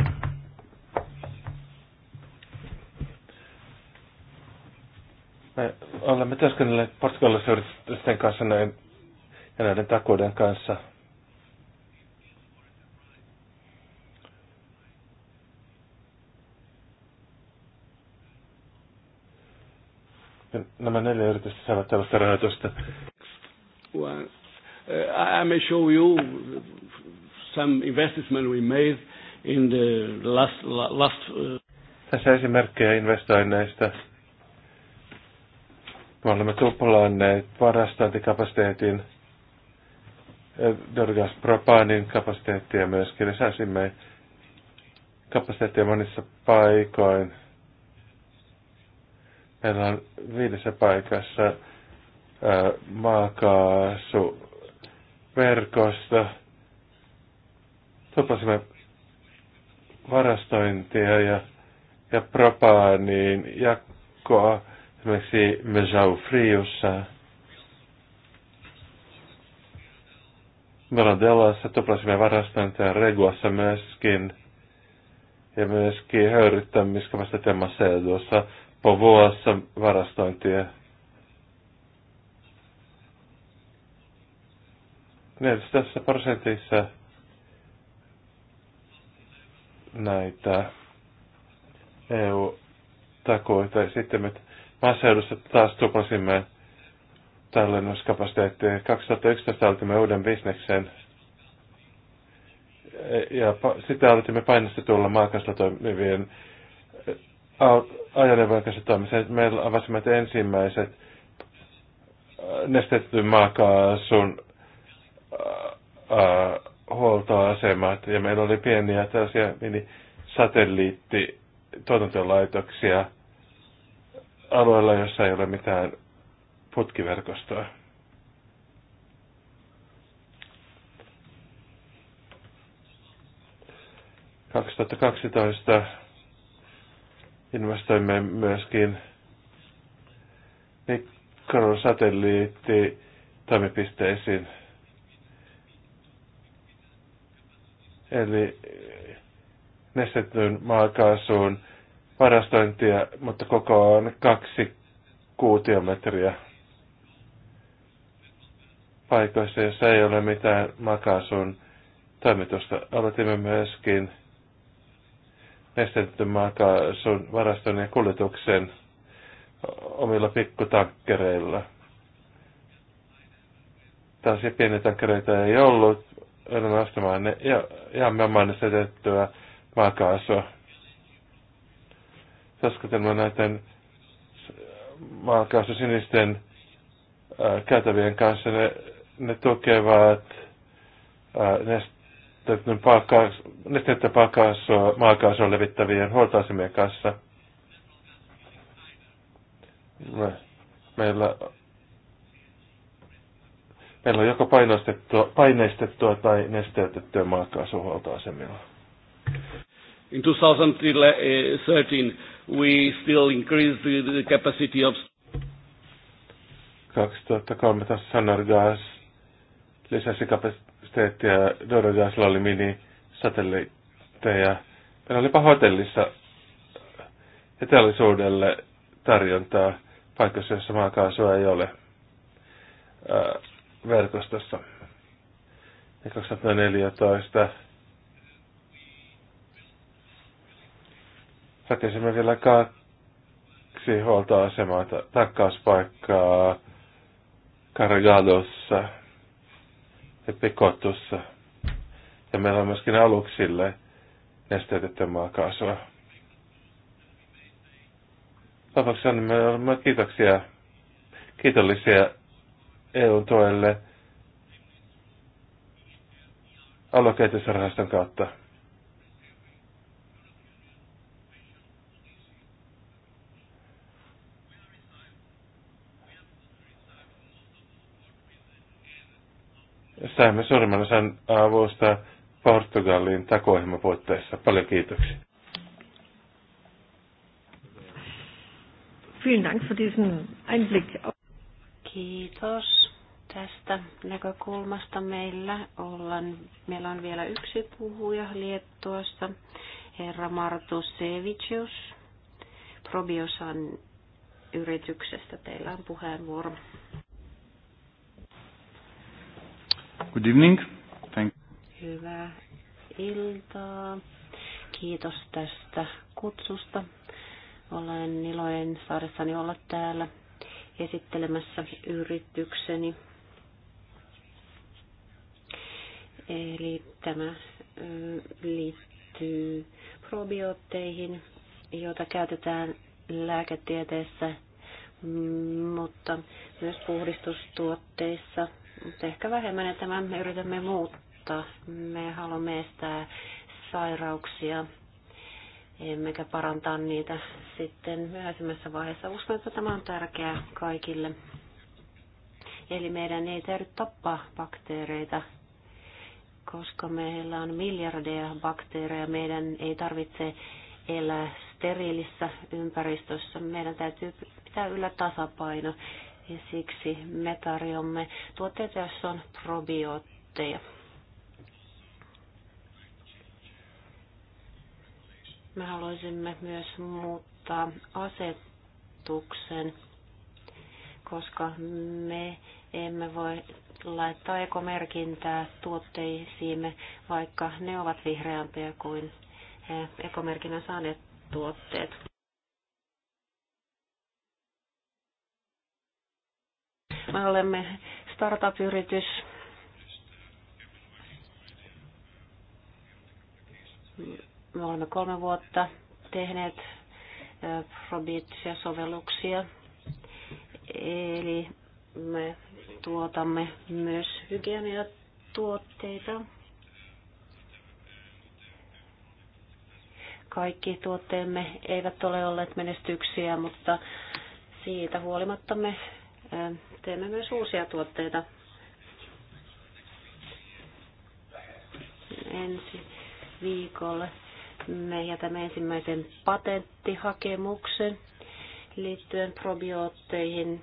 Me olemme työskennelleet portugalilaisen yritysten kanssa näin, ja näiden takuuden kanssa. Ja nämä neljä yritystä saavat tällaista rahoitusta. Well, uh, I may show you some investment we made in the last... last uh, Tässä esimerkkejä investoinneista. Me olemme tuplanneet varastointikapasiteetin, eh, Dorgas Propanin kapasiteettia myöskin. Lisäsimme kapasiteettia monissa paikoin. Meillä on viidessä paikassa eh, maakaasu verkosta tapasimme varastointia ja, ja propaaniin jakkoa esimerkiksi Mesau Friussa. Melandellassa tuplasimme varastointia Reguassa myöskin. Ja myöskin höyryttämiskamasta Temaseudussa Povoassa varastointia. Niin, tässä prosentissa näitä EU-takoita. Ja sitten me maaseudussa taas tuplasimme tallennuskapasiteettia. 2011 aloitimme uuden bisneksen ja sitten aloitimme painostetulla maakasta toimivien ajoneuvojen kanssa toimiseen. Meillä avasimme ensimmäiset nestetetyn maakaasun ää, huoltoasemat ja meillä oli pieniä tällaisia mini satelliitti tuotantolaitoksia alueella, jossa ei ole mitään putkiverkostoa. kaksitoista investoimme myöskin mikrosatelliitti toimipisteisiin eli nestetyn maakaasuun varastointia, mutta koko on kaksi kuutiometriä paikoissa, jossa ei ole mitään maakaasun toimitusta. Aloitimme myöskin nestetyn maakaasun varaston ja kuljetuksen omilla pikkutankkereilla. Taas pieniä tankkereita ei ollut, olemme ostamaan ne, ja, ja me setettyä maakaasua. tämä näiden maakaasusinisten sinisten käytävien kanssa, ne, ne tukevat nestettä paakaasua, maakaasua levittävien huoltoasemien kanssa. Me, meillä Meillä on joko paineistettua, paineistettua tai nesteytettyä maakaasuhuoltoasemilla. In 2013 we still increased the capacity of 2013 Sanargas lisäsi kapasiteettia Dorogasilla oli mini-satelliitteja. Meillä olipa hotellissa eteollisuudelle tarjontaa paikassa, jossa maakaasua ei ole. Uh, verkostossa. Ja 2014 rakensimme vielä kaksi huoltoasemaa, takkauspaikkaa Kargalossa ja Pikotussa. Ja meillä on myöskin aluksille nesteytettä maakaasua. Lopuksi olemme kiitoksia, kiitollisia EUn tuelle aluekehitysrahaston kautta. Saimme suurimman osan avusta Portugalin takoihimman puitteissa. Paljon kiitoksia. Vielen Dank für diesen Einblick. Kiitos tästä näkökulmasta. Meillä, ollaan, meillä on vielä yksi puhuja Liettuassa, herra Martu Sevicius. Probiosan yrityksestä teillä on puheenvuoro. Good evening. Thank Hyvää iltaa. Kiitos tästä kutsusta. Olen iloinen saadessani olla täällä esittelemässä yritykseni. Eli tämä liittyy probiootteihin, joita käytetään lääketieteessä, mutta myös puhdistustuotteissa, mutta ehkä vähemmän, että me yritämme muuttaa. Me haluamme estää sairauksia emmekä parantaa niitä sitten myöhäisemmässä vaiheessa. Uskon, että tämä on tärkeää kaikille. Eli meidän ei tarvitse tappaa bakteereita, koska meillä on miljardeja bakteereja. Meidän ei tarvitse elää steriilissä ympäristössä. Meidän täytyy pitää yllä tasapaino ja siksi me tarjomme tuotteita, joissa on probiootteja. Me haluaisimme myös muuttaa asetuksen, koska me emme voi laittaa ekomerkintää tuotteisiimme, vaikka ne ovat vihreämpiä kuin eh, ekomerkinnän saaneet tuotteet. Me olemme startup-yritys, Me olemme kolme vuotta tehneet probitia sovelluksia. Eli me tuotamme myös hygieniatuotteita. Kaikki tuotteemme eivät ole olleet menestyksiä, mutta siitä huolimatta me teemme myös uusia tuotteita. Ensi viikolla me jätämme ensimmäisen patenttihakemuksen liittyen probiootteihin.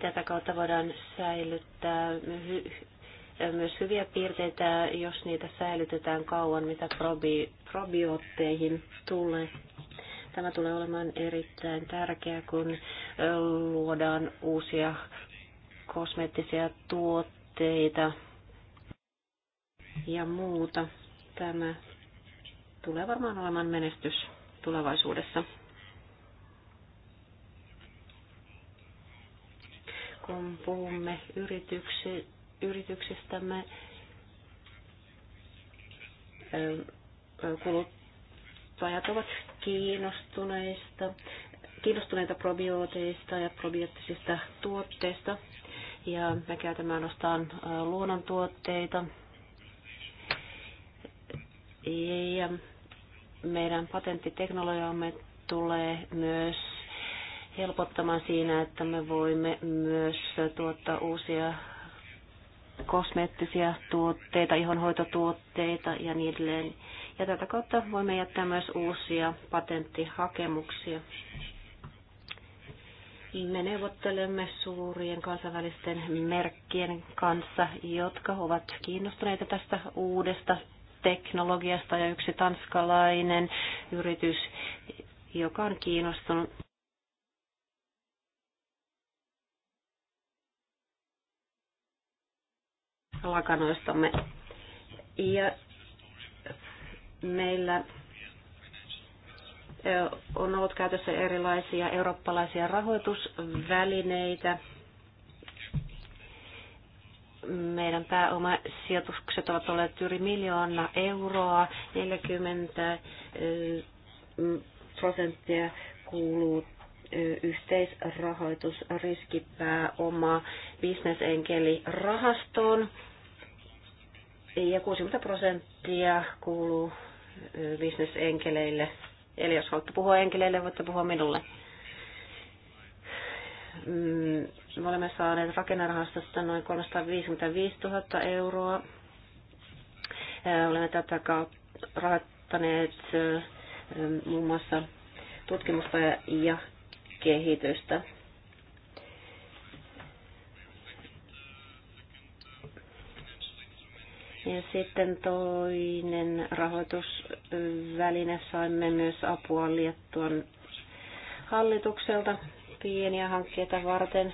Tätä kautta voidaan säilyttää myös hyviä piirteitä, jos niitä säilytetään kauan, mitä probi- probiootteihin tulee. Tämä tulee olemaan erittäin tärkeää, kun luodaan uusia kosmeettisia tuotteita ja muuta. Tämä tulee varmaan olemaan menestys tulevaisuudessa. Kun puhumme yrityksi, yrityksistämme, kuluttajat ovat kiinnostuneista, kiinnostuneita probiooteista ja probioottisista tuotteista. Ja me käytämme ainoastaan luonnontuotteita, ja e meidän patenttiteknologiamme tulee myös helpottamaan siinä, että me voimme myös tuottaa uusia kosmeettisia tuotteita, ihonhoitotuotteita ja niin edelleen. Ja tätä kautta voimme jättää myös uusia patenttihakemuksia. Me neuvottelemme suurien kansainvälisten merkkien kanssa, jotka ovat kiinnostuneita tästä uudesta teknologiasta ja yksi tanskalainen yritys, joka on kiinnostunut lakanoistamme. Ja meillä on ollut käytössä erilaisia eurooppalaisia rahoitusvälineitä, meidän pääomasijoitukset ovat olleet yli miljoona euroa, 40 eh, prosenttia kuuluu eh, yhteisrahoitus, riskipääoma, bisnesenkeli rahastoon ja 60 prosenttia kuuluu eh, bisnesenkeleille. Eli jos haluatte puhua enkeleille, voitte puhua minulle mm, me olemme saaneet rakennerahastosta noin 355 000 euroa. Olemme tätä kautta rahoittaneet muun muassa tutkimusta ja kehitystä. Ja sitten toinen rahoitusväline saimme myös apua Liettuan hallitukselta pieniä hankkeita varten.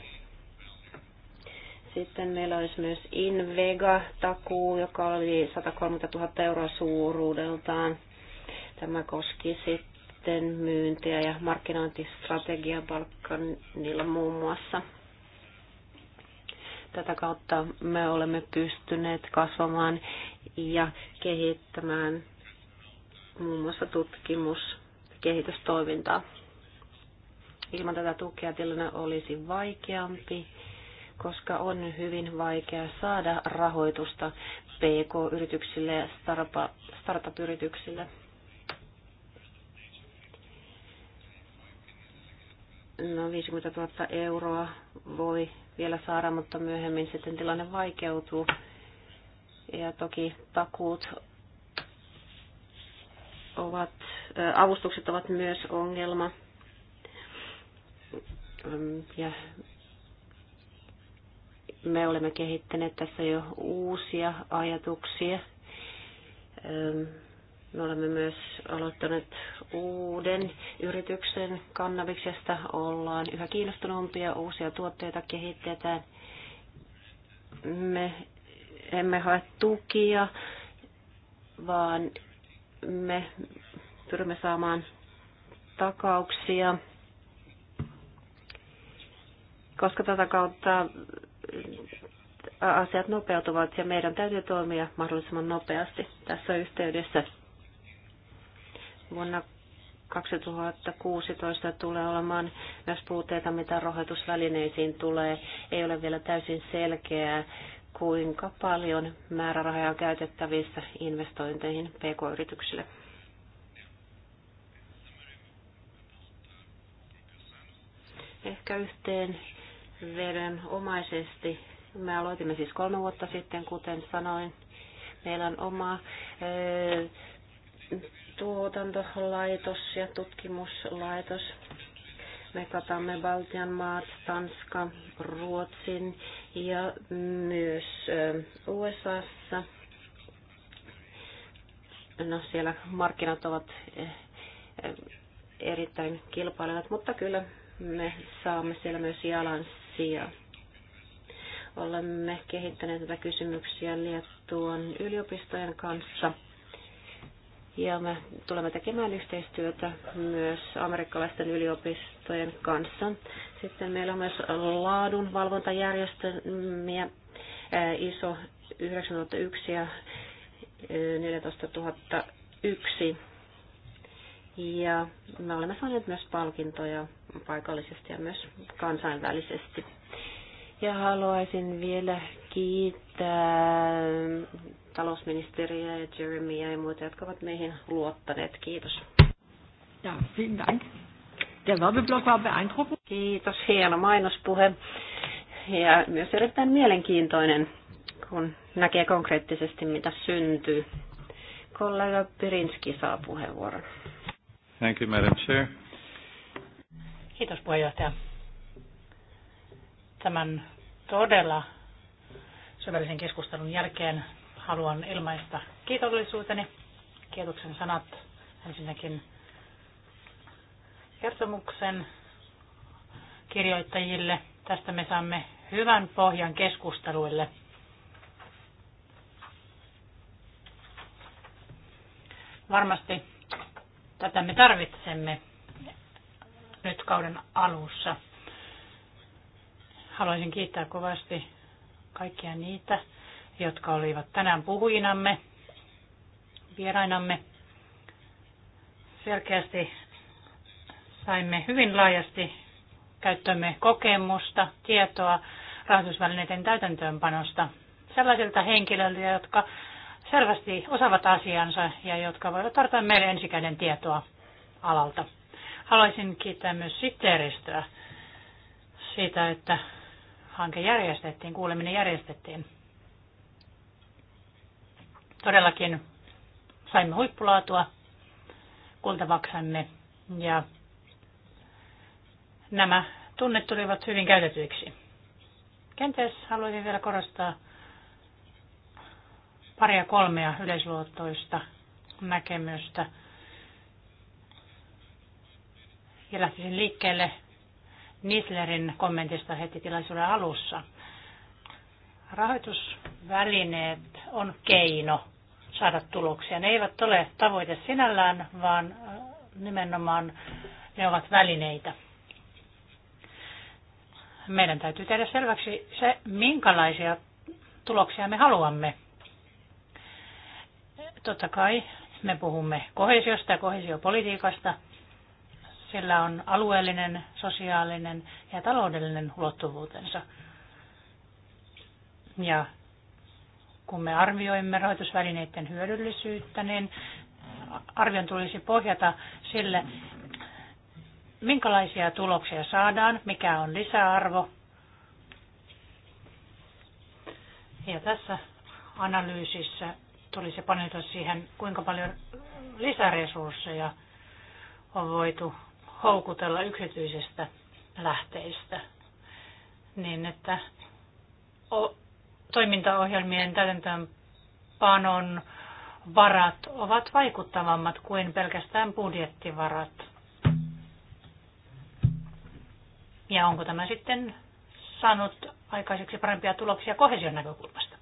Sitten meillä olisi myös Invega-takuu, joka oli 130 000 euroa suuruudeltaan. Tämä koski sitten myyntiä ja markkinointistrategia Balkanilla muun muassa. Tätä kautta me olemme pystyneet kasvamaan ja kehittämään muun muassa tutkimus- ja kehitystoimintaa. Ilman tätä tukea tilanne olisi vaikeampi koska on hyvin vaikea saada rahoitusta PK-yrityksille ja startup-yrityksille. No 50 000 euroa voi vielä saada, mutta myöhemmin sitten tilanne vaikeutuu. Ja toki takuut ovat, avustukset ovat myös ongelma. Ja me olemme kehittäneet tässä jo uusia ajatuksia. Me olemme myös aloittaneet uuden yrityksen kannabiksesta. Ollaan yhä kiinnostuneempia, uusia tuotteita kehitetään. Me emme hae tukia, vaan me pyrimme saamaan takauksia, koska tätä kautta asiat nopeutuvat ja meidän täytyy toimia mahdollisimman nopeasti tässä yhteydessä. Vuonna 2016 tulee olemaan myös puutteita, mitä rahoitusvälineisiin tulee. Ei ole vielä täysin selkeää, kuinka paljon määrärahoja on käytettävissä investointeihin pk-yrityksille. Ehkä yhteen verenomaisesti. Me aloitimme siis kolme vuotta sitten, kuten sanoin. Meillä on oma tuotantolaitos ja tutkimuslaitos. Me katamme Baltian maat, Tanska, Ruotsin ja myös USAssa. No siellä markkinat ovat erittäin kilpailevat, mutta kyllä me saamme siellä myös jalan asia. Olemme kehittäneet tätä kysymyksiä Liettuon yliopistojen kanssa. Ja me tulemme tekemään yhteistyötä myös amerikkalaisten yliopistojen kanssa. Sitten meillä on myös laadunvalvontajärjestelmiä, eh, ISO 9001 ja 14001 eh, ja me olemme saaneet myös palkintoja paikallisesti ja myös kansainvälisesti. Ja haluaisin vielä kiittää talousministeriä ja Jeremyä ja muita, jotka ovat meihin luottaneet. Kiitos. Ja, vielen Dank. Der Werbeblock war beeindruckend. Kiitos, hieno mainospuhe. Ja myös erittäin mielenkiintoinen, kun näkee konkreettisesti, mitä syntyy. Kollega Pirinski saa puheenvuoron. Thank you, Madam Chair. Kiitos puheenjohtaja. Tämän todella syvällisen keskustelun jälkeen haluan ilmaista kiitollisuuteni. Kiitoksen sanat ensinnäkin kertomuksen kirjoittajille. Tästä me saamme hyvän pohjan keskusteluille. Varmasti Tätä me tarvitsemme nyt kauden alussa. Haluaisin kiittää kovasti kaikkia niitä, jotka olivat tänään puhujinamme, vierainamme. Selkeästi saimme hyvin laajasti käyttöömme kokemusta, tietoa rahoitusvälineiden täytäntöönpanosta sellaisilta henkilöiltä, jotka selvästi osaavat asiansa ja jotka voivat tarjota meille ensikäden tietoa alalta. Haluaisin kiittää myös sihteeristöä siitä, että hanke järjestettiin, kuuleminen järjestettiin. Todellakin saimme huippulaatua kultavaksamme ja nämä tunnet tulivat hyvin käytetyiksi. Kenties haluaisin vielä korostaa paria kolmea yleisluottoista näkemystä. Ja lähtisin liikkeelle Nislerin kommentista heti tilaisuuden alussa. Rahoitusvälineet on keino saada tuloksia. Ne eivät ole tavoite sinällään, vaan äh, nimenomaan ne ovat välineitä. Meidän täytyy tehdä selväksi se, minkälaisia tuloksia me haluamme Totta kai me puhumme kohesiosta ja kohesiopolitiikasta. Sillä on alueellinen, sosiaalinen ja taloudellinen ulottuvuutensa. Ja kun me arvioimme rahoitusvälineiden hyödyllisyyttä, niin arvion tulisi pohjata sille, minkälaisia tuloksia saadaan, mikä on lisäarvo. Ja tässä analyysissä tulisi paneta siihen, kuinka paljon lisäresursseja on voitu houkutella yksityisistä lähteistä, niin että toimintaohjelmien panon varat ovat vaikuttavammat kuin pelkästään budjettivarat. Ja onko tämä sitten saanut aikaiseksi parempia tuloksia kohesion näkökulmasta?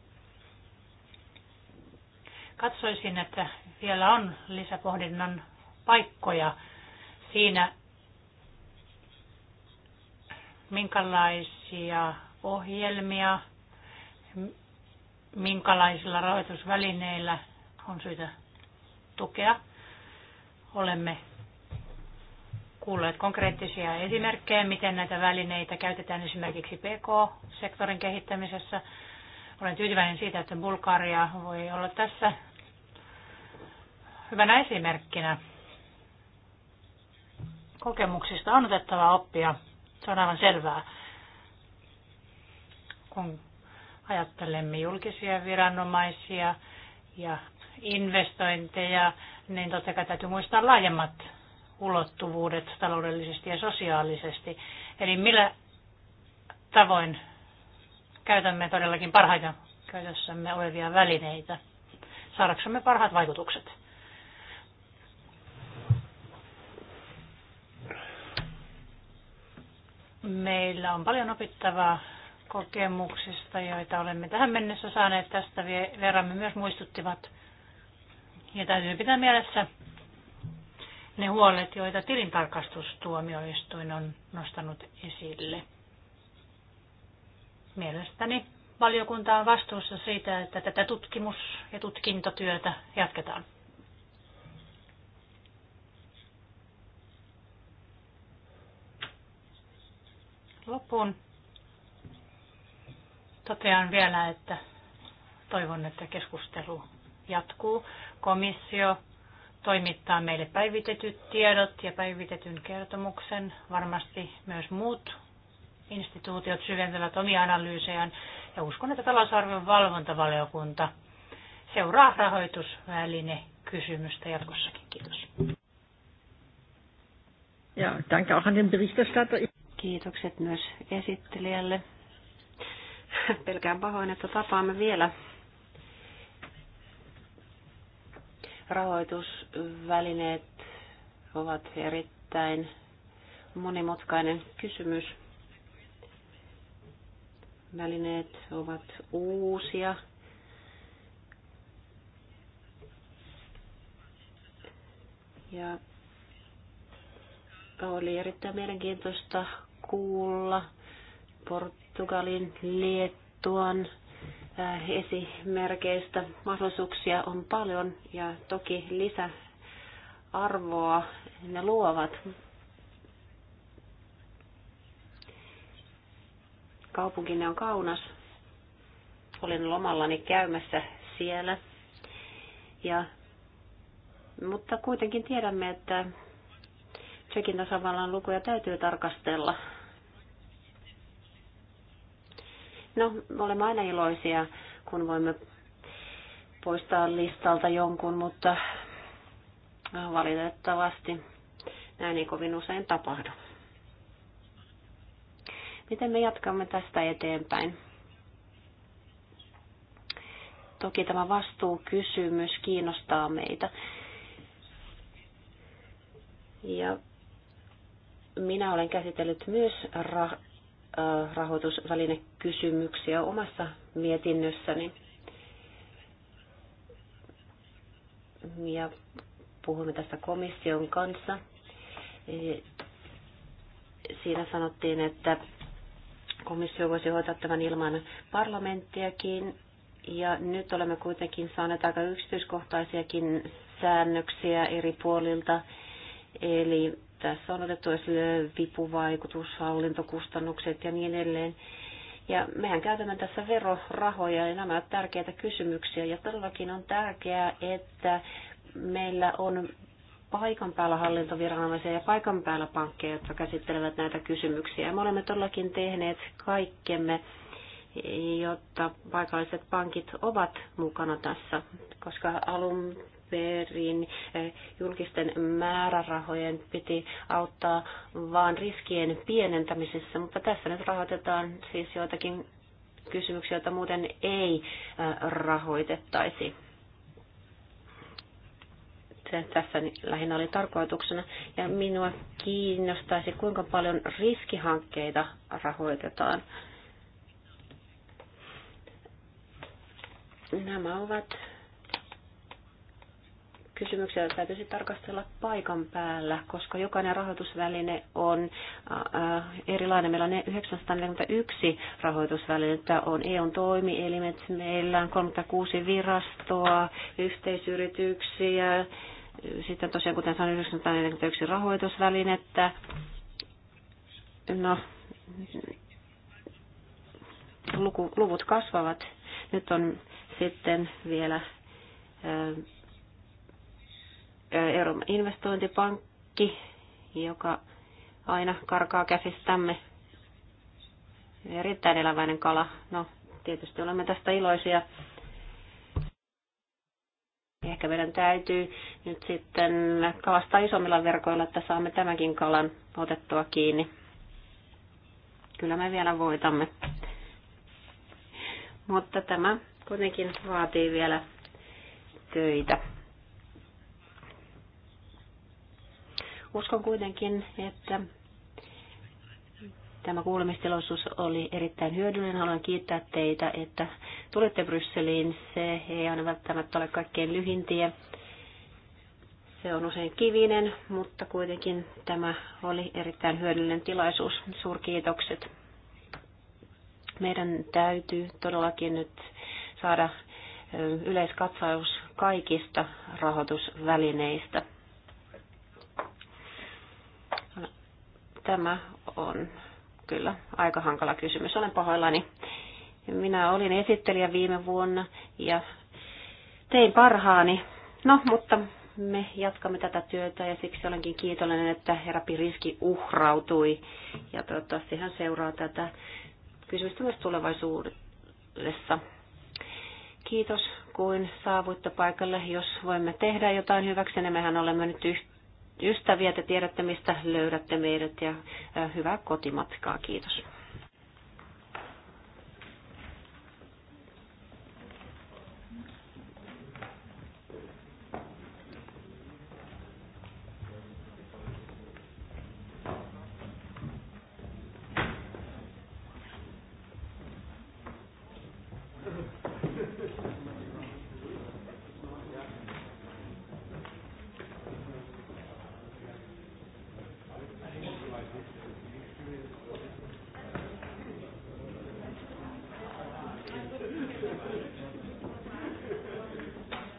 Katsoisin, että vielä on lisäpohdinnan paikkoja siinä, minkälaisia ohjelmia, minkälaisilla rahoitusvälineillä on syytä tukea. Olemme kuulleet konkreettisia esimerkkejä, miten näitä välineitä käytetään esimerkiksi PK-sektorin kehittämisessä – olen tyytyväinen siitä, että Bulgaria voi olla tässä hyvänä esimerkkinä. Kokemuksista on otettava oppia. Se on aivan selvää. Kun ajattelemme julkisia viranomaisia ja investointeja, niin totta kai täytyy muistaa laajemmat ulottuvuudet taloudellisesti ja sosiaalisesti. Eli millä tavoin käytämme todellakin parhaita käytössämme olevia välineitä saadaksemme parhaat vaikutukset. Meillä on paljon opittavaa kokemuksista, joita olemme tähän mennessä saaneet tästä. Veramme myös muistuttivat. Ja täytyy pitää mielessä ne huolet, joita tilintarkastustuomioistuin on nostanut esille. Mielestäni valiokunta on vastuussa siitä, että tätä tutkimus- ja tutkintotyötä jatketaan. Loppuun totean vielä, että toivon, että keskustelu jatkuu. Komissio toimittaa meille päivitetyt tiedot ja päivitetyn kertomuksen. Varmasti myös muut instituutiot syventävät omia analyysejään ja uskon, että talousarvion valvontavaliokunta seuraa rahoitusväline kysymystä jatkossakin. Kiitos. Ja, danke auch an den Berichterstatter. Kiitokset myös esittelijälle. Pelkään pahoin, että tapaamme vielä rahoitusvälineet ovat erittäin monimutkainen kysymys välineet ovat uusia. Ja oli erittäin mielenkiintoista kuulla Portugalin, Liettuan äh, esimerkeistä. Mahdollisuuksia on paljon ja toki lisäarvoa ne luovat, Kaupunkinne on Kaunas. Olin lomallani käymässä siellä. Ja, mutta kuitenkin tiedämme, että Tsekin tasavallan lukuja täytyy tarkastella. No, me olemme aina iloisia, kun voimme poistaa listalta jonkun, mutta valitettavasti näin ei kovin usein tapahdu miten me jatkamme tästä eteenpäin. Toki tämä vastuukysymys kiinnostaa meitä. Ja minä olen käsitellyt myös rahoitusvälinekysymyksiä omassa mietinnössäni. Ja puhumme tästä komission kanssa. Siinä sanottiin, että komissio voisi hoitaa tämän ilman parlamenttiakin. Ja nyt olemme kuitenkin saaneet aika yksityiskohtaisiakin säännöksiä eri puolilta. Eli tässä on otettu esille vipuvaikutus, hallintokustannukset ja niin edelleen. Ja mehän käytämme tässä verorahoja ja nämä ovat tärkeitä kysymyksiä ja todellakin on tärkeää, että meillä on paikan päällä hallintoviranomaisia ja paikan päällä pankkeja, jotka käsittelevät näitä kysymyksiä. Me olemme todellakin tehneet kaikkemme, jotta paikalliset pankit ovat mukana tässä, koska alun perin eh, julkisten määrärahojen piti auttaa vain riskien pienentämisessä, mutta tässä nyt rahoitetaan siis joitakin kysymyksiä, joita muuten ei eh, rahoitettaisi se tässä lähinnä oli tarkoituksena. Ja minua kiinnostaisi, kuinka paljon riskihankkeita rahoitetaan. Nämä ovat kysymyksiä, joita täytyisi tarkastella paikan päällä, koska jokainen rahoitusväline on äh, äh, erilainen. Meillä on 941 rahoitusvälinettä, on EUn toimielimet, meillä on 36 virastoa, yhteisyrityksiä, sitten tosiaan, kuten sanoin, 1941 rahoitusvälinettä. No, luku, luvut kasvavat. Nyt on sitten vielä Euroopan investointipankki, joka aina karkaa käsistämme. Erittäin eläväinen kala. No, tietysti olemme tästä iloisia. Ehkä meidän täytyy nyt sitten kalastaa isommilla verkoilla, että saamme tämänkin kalan otettua kiinni. Kyllä me vielä voitamme. Mutta tämä kuitenkin vaatii vielä töitä. Uskon kuitenkin, että Tämä kuulemistilaisuus oli erittäin hyödyllinen. Haluan kiittää teitä, että tulitte Brysseliin. Se ei aina välttämättä ole kaikkein lyhin tie. Se on usein kivinen, mutta kuitenkin tämä oli erittäin hyödyllinen tilaisuus. Suurkiitokset. Meidän täytyy todellakin nyt saada yleiskatsaus kaikista rahoitusvälineistä. Tämä on kyllä aika hankala kysymys. Olen pahoillani. Minä olin esittelijä viime vuonna ja tein parhaani. No, mutta me jatkamme tätä työtä ja siksi olenkin kiitollinen, että herra Piriski uhrautui. Ja toivottavasti hän seuraa tätä kysymystä myös tulevaisuudessa. Kiitos, kuin saavuitte paikalle. Jos voimme tehdä jotain hyväksi, niin mehän olemme nyt yhteydessä ystäviä, te tiedätte mistä löydätte meidät ja hyvää kotimatkaa. Kiitos.